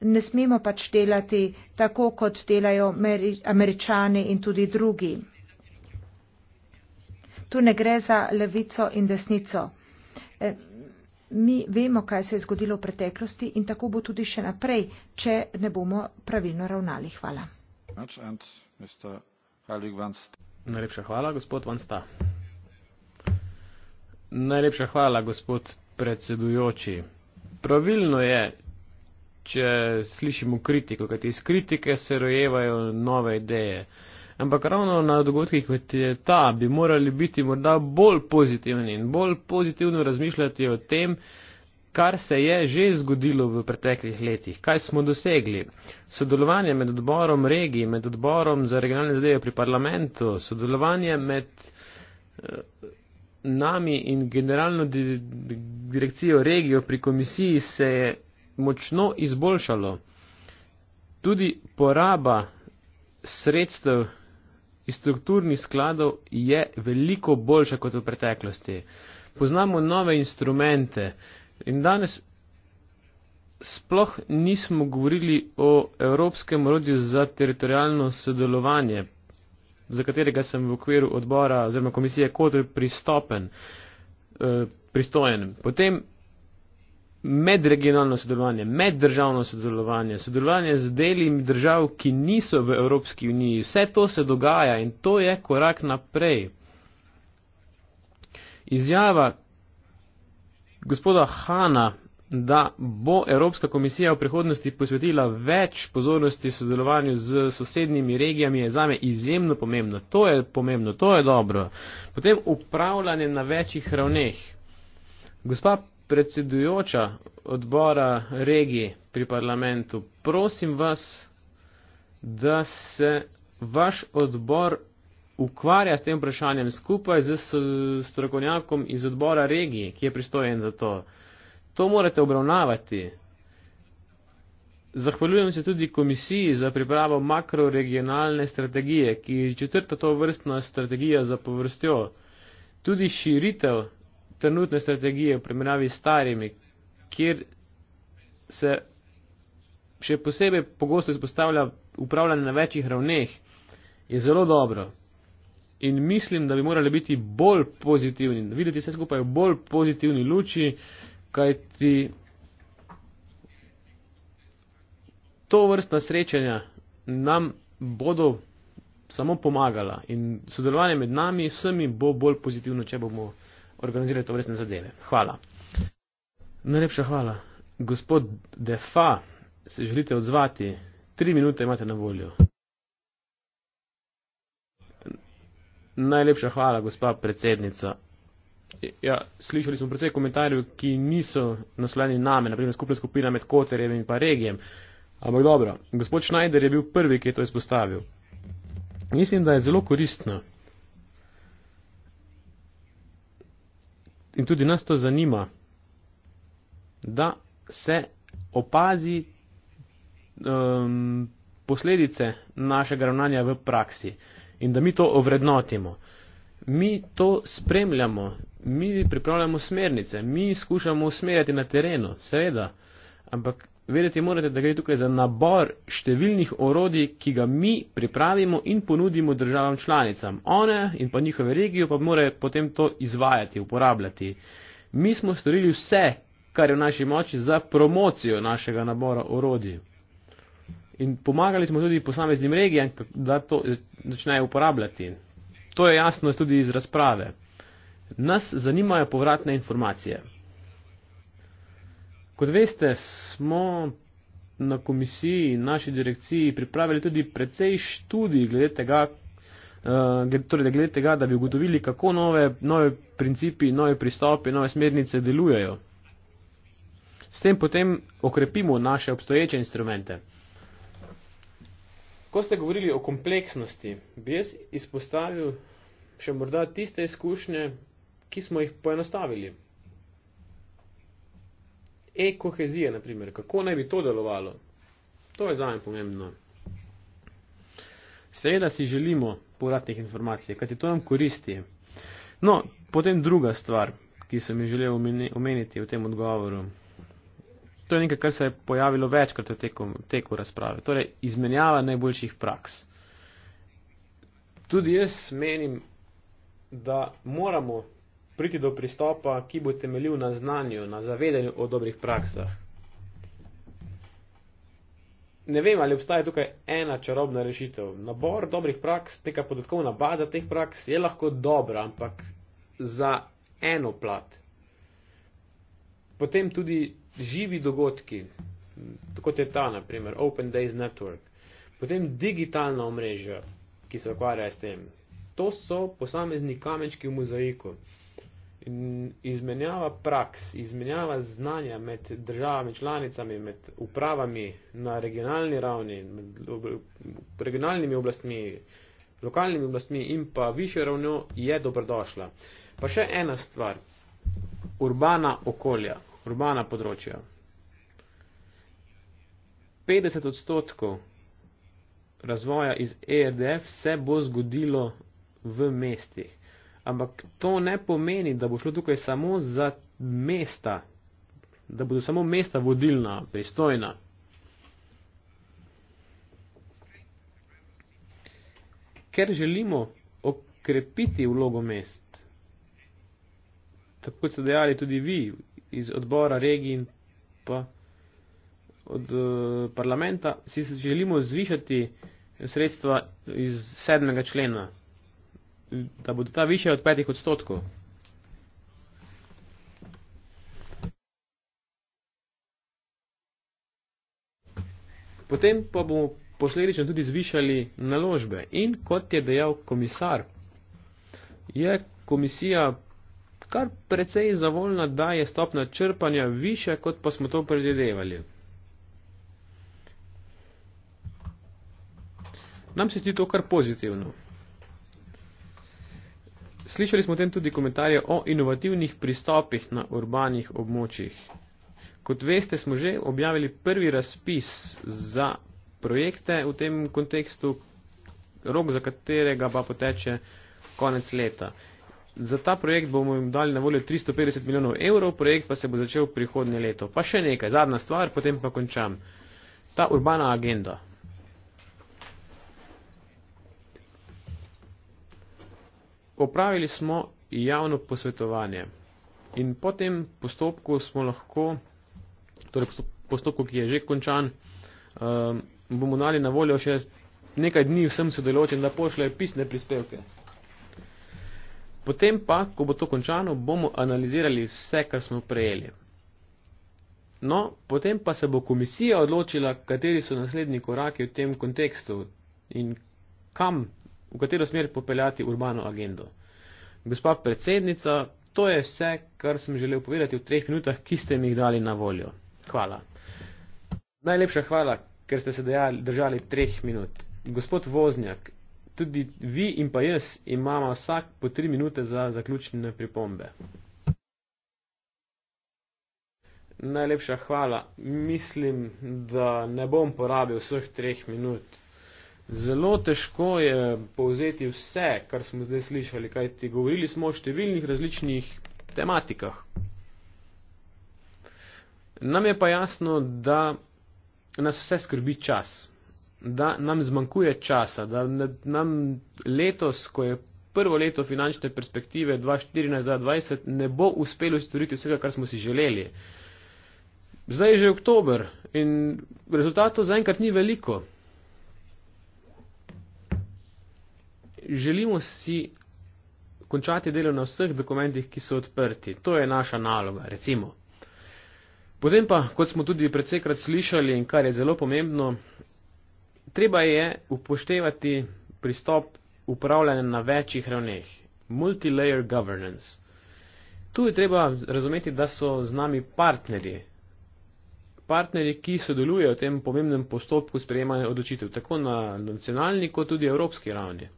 ne smemo pač delati tako, kot delajo američani in tudi drugi. Tu ne gre za levico in desnico. E, mi vemo, kaj se je zgodilo v preteklosti in tako bo tudi še naprej, če ne bomo pravilno ravnali. Hvala.
Najlepša hvala, gospod Vansta. Najlepša hvala, gospod predsedujoči. Pravilno je, če slišimo kritiko, kajti iz kritike se rojevajo nove ideje ampak ravno na dogodkih, kot je ta, bi morali biti morda bolj pozitivni in bolj pozitivno razmišljati o tem, kar se je že zgodilo v preteklih letih, kaj smo dosegli. Sodelovanje med odborom regij, med odborom za regionalne zadeve pri parlamentu, sodelovanje med eh, nami in generalno direkcijo regijo pri komisiji se je močno izboljšalo. Tudi poraba sredstev iz strukturnih skladov je veliko boljša kot v preteklosti. Poznamo nove instrumente in danes sploh nismo govorili o Evropskem orodju za teritorijalno sodelovanje, za katerega sem v okviru odbora oziroma komisije kot pristopen, eh, pristojen. Potem medregionalno sodelovanje, meddržavno sodelovanje, sodelovanje z delimi držav, ki niso v Evropski uniji. Vse to se dogaja in to je korak naprej. Izjava gospoda Hana, da bo Evropska komisija v prihodnosti posvetila več pozornosti sodelovanju z sosednjimi regijami, je zame izjemno pomembno. To je pomembno, to je dobro. Potem upravljanje na večjih ravneh. Gospa predsedujoča odbora regije pri parlamentu, prosim vas, da se vaš odbor ukvarja s tem vprašanjem skupaj z strokovnjakom iz odbora regije, ki je pristojen za to. To morate obravnavati. Zahvaljujem se tudi komisiji za pripravo makroregionalne strategije, ki je četrta to vrstna strategija za povrstjo. Tudi širitev trenutne strategije v primerjavi s starimi, kjer se še posebej pogosto izpostavlja upravljanje na večjih ravneh, je zelo dobro. In mislim, da bi morali biti bolj pozitivni, videti vse skupaj v bolj pozitivni luči, kajti to vrstna srečanja nam bodo samo pomagala in sodelovanje med nami vsemi bo bolj pozitivno, če bomo organizirajo to vrstne zadeve. Hvala. Najlepša hvala. Gospod Defa, se želite odzvati? Tri minute imate na voljo. Najlepša hvala, gospa predsednica. Ja, slišali smo precej komentarjev, ki niso naslovljeni name, naprimer skupna skupina med Koterjem in pa regijem. Ampak dobro, gospod Schneider je bil prvi, ki je to izpostavil. Mislim, da je zelo koristno, in tudi nas to zanima, da se opazi um, posledice našega ravnanja v praksi in da mi to ovrednotimo. Mi to spremljamo, mi pripravljamo smernice, mi skušamo usmerjati na terenu, seveda, ampak vedeti morate, da gre tukaj za nabor številnih orodij, ki ga mi pripravimo in ponudimo državam članicam. One in pa njihove regije pa morajo potem to izvajati, uporabljati. Mi smo storili vse, kar je v naši moči za promocijo našega nabora orodij. In pomagali smo tudi posameznim regijam, da to začnejo uporabljati. To je jasno tudi iz razprave. Nas zanimajo povratne informacije. Kot veste, smo na komisiji in naši direkciji pripravili tudi precej študij glede tega, eh, torej glede tega da bi ugotovili, kako nove, nove principi, nove pristopi, nove smernice delujejo. S tem potem okrepimo naše obstoječe instrumente. Ko ste govorili o kompleksnosti, bi jaz izpostavil še morda tiste izkušnje, ki smo jih poenostavili ekohezija, naprimer, kako naj bi to delovalo. To je zame pomembno. Seveda si želimo povratnih informacij, kajti to nam koristi. No, potem druga stvar, ki sem jo želel omeniti v tem odgovoru. To je nekaj, kar se je pojavilo večkrat v teku, teku razprave. Torej, izmenjava najboljših praks. Tudi jaz menim, da moramo priti do pristopa, ki bo temeljil na znanju, na zavedanju o dobrih praksah. Ne vem, ali obstaja tukaj ena čarobna rešitev. Nabor dobrih praks, neka podatkovna baza teh praks je lahko dobra, ampak za eno plat. Potem tudi živi dogodki, kot je ta, naprimer, Open Days Network, potem digitalna omrežja, ki se ukvarja s tem. To so posamezni kamenčki v mozaiku. In izmenjava praks, izmenjava znanja med državami, članicami, med upravami na regionalni ravni, med regionalnimi oblastmi, lokalnimi oblastmi in pa više ravnjo je dobrodošla. Pa še ena stvar. Urbana okolja, urbana področja. 50 odstotkov razvoja iz ERDF se bo zgodilo v mestih. Ampak to ne pomeni, da bo šlo tukaj samo za mesta, da bodo samo mesta vodilna, pristojna. Ker želimo okrepiti vlogo mest, tako kot ste dejali tudi vi iz odbora regij in pa od uh, parlamenta, si želimo zvišati sredstva iz sedmega člena da bodo ta više od petih odstotkov. Potem pa bomo posledično tudi zvišali naložbe. In kot je dejal komisar, je komisija kar precej zavoljna, da je stopna črpanja više, kot pa smo to predvidevali. Nam se zdi to kar pozitivno. Slišali smo tem tudi komentarje o inovativnih pristopih na urbanih območjih. Kot veste, smo že objavili prvi razpis za projekte v tem kontekstu, rok za katerega pa poteče konec leta. Za ta projekt bomo jim dali na voljo 350 milijonov evrov, projekt pa se bo začel prihodnje leto. Pa še nekaj, zadnja stvar, potem pa končam. Ta urbana agenda. opravili smo javno posvetovanje in po tem postopku smo lahko, torej postopku, ki je že končan, um, bomo dali na voljo še nekaj dni vsem sodelovcem, da pošljejo pisne prispevke. Potem pa, ko bo to končano, bomo analizirali vse, kar smo prejeli. No, potem pa se bo komisija odločila, kateri so naslednji koraki v tem kontekstu in kam v katero smer popeljati urbano agendo. Gospa predsednica, to je vse, kar sem želel povedati v treh minutah, ki ste mi jih dali na voljo. Hvala. Najlepša hvala, ker ste se dejali, držali treh minut. Gospod Voznjak, tudi vi in pa jaz imamo vsak po tri minute za zaključne pripombe. Najlepša hvala. Mislim, da ne bom porabil vseh treh minut. Zelo težko je povzeti vse, kar smo zdaj slišali, kajti govorili smo o številnih različnih tematikah. Nam je pa jasno, da nas vse skrbi čas, da nam zmanjkuje časa, da nam letos, ko je prvo leto finančne perspektive 2014-2020, ne bo uspelo storiti vsega, kar smo si želeli. Zdaj je že oktober in rezultatov zaenkrat ni veliko. želimo si končati delo na vseh dokumentih, ki so odprti. To je naša naloga, recimo. Potem pa, kot smo tudi predsekrat slišali in kar je zelo pomembno, treba je upoštevati pristop upravljanja na večjih ravneh. Multilayer governance. Tu je treba razumeti, da so z nami partnerji. Partnerji, ki sodelujejo v tem pomembnem postopku sprejemanja odločitev, tako na nacionalni, kot tudi evropski ravni.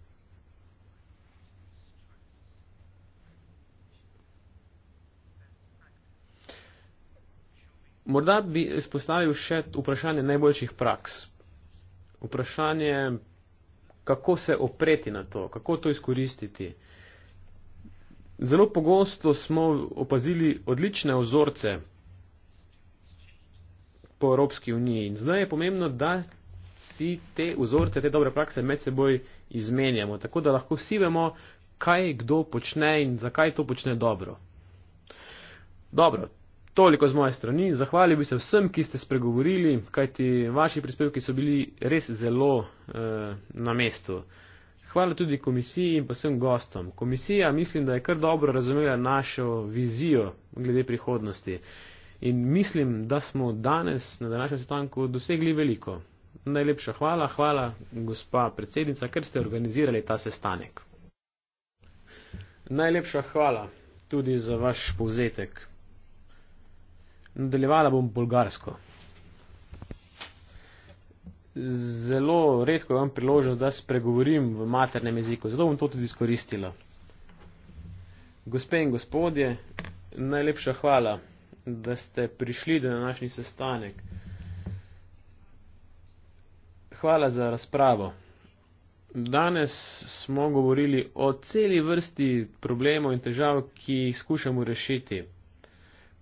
Morda bi izpostavil še vprašanje najboljših praks. Vprašanje, kako se opreti na to, kako to izkoristiti. Zelo pogosto smo opazili odlične ozorce po Evropski uniji in zdaj je pomembno, da si te ozorce, te dobre prakse med seboj izmenjamo, tako da lahko vsi vemo, kaj kdo počne in zakaj to počne dobro. Dobro, Toliko z moje strani. Zahvalil bi se vsem, ki ste spregovorili, kajti vaši prispevki so bili res zelo eh, na mestu. Hvala tudi komisiji in pa vsem gostom. Komisija mislim, da je kar dobro razumela našo vizijo glede prihodnosti. In mislim, da smo danes na današnjem sestanku dosegli veliko. Najlepša hvala, hvala gospa predsednica, ker ste organizirali ta sestanek. Najlepša hvala tudi za vaš povzetek. Nadaljevala bom bolgarsko. Zelo redko imam priložnost, da spregovorim v maternem jeziku, zato bom to tudi izkoristila. Gospe in gospodje, najlepša hvala, da ste prišli do današnji sestanek. Hvala za razpravo. Danes smo govorili o celi vrsti problemov in težav, ki jih skušamo rešiti.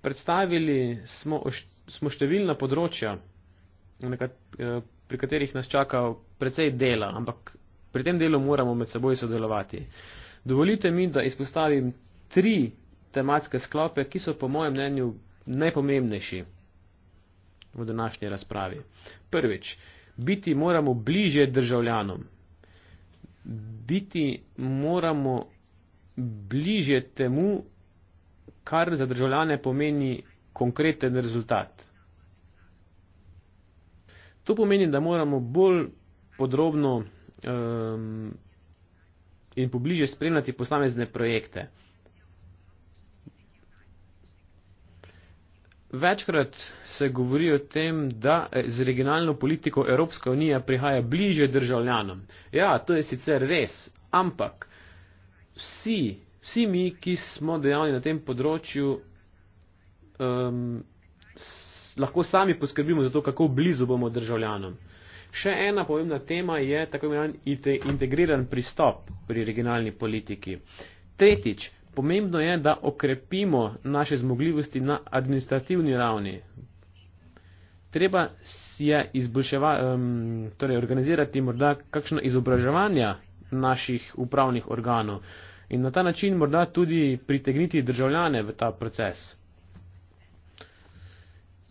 Predstavili smo, smo številna področja, eh, pri katerih nas čaka precej dela, ampak pri tem delu moramo med seboj sodelovati. Dovolite mi, da izpostavim tri tematske sklope, ki so po mojem mnenju najpomembnejši v današnji razpravi. Prvič, biti moramo bliže državljanom. Biti moramo bliže temu, kar za državljane pomeni konkreten rezultat. To pomeni, da moramo bolj podrobno um, in pobliže spremljati posamezne projekte. Večkrat se govori o tem, da eh, z regionalno politiko Evropska unija prihaja bliže državljanom. Ja, to je sicer res, ampak vsi vsi mi, ki smo dejavni na tem področju, um, lahko sami poskrbimo za to, kako blizu bomo državljanom. Še ena pomembna tema je tako imenovan integriran pristop pri regionalni politiki. Tretjič, pomembno je, da okrepimo naše zmogljivosti na administrativni ravni. Treba si je um, torej organizirati morda kakšno izobraževanje naših upravnih organov. Uh, in na ta način morda tudi pritegniti državljane v ta proces.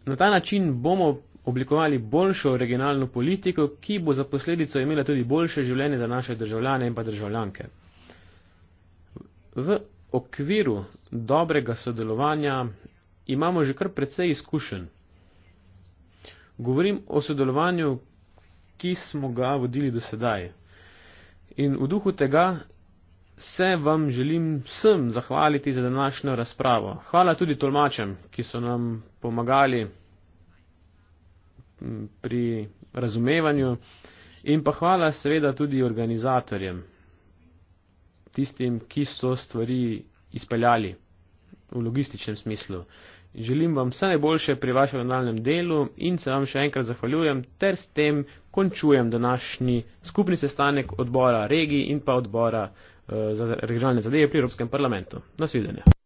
Na ta način bomo oblikovali boljšo regionalno politiko, ki bo za posledico imela tudi boljše življenje za naše državljane in pa državljanke. V okviru dobrega sodelovanja imamo že kar precej izkušen. Govorim o sodelovanju, ki smo ga vodili do sedaj. In v duhu tega se vam želim vsem zahvaliti za današnjo razpravo. Hvala tudi tolmačem, ki so nam pomagali pri razumevanju in pa hvala seveda tudi organizatorjem, tistim, ki so stvari izpeljali v logističnem smislu. Želim vam vse najboljše pri vašem nadaljem delu in se vam še enkrat zahvaljujem ter s tem končujem današnji skupni sestanek odbora regij in pa odbora Eh, za regionalne zadeve pri Evropskem parlamentu. Nasvidenje.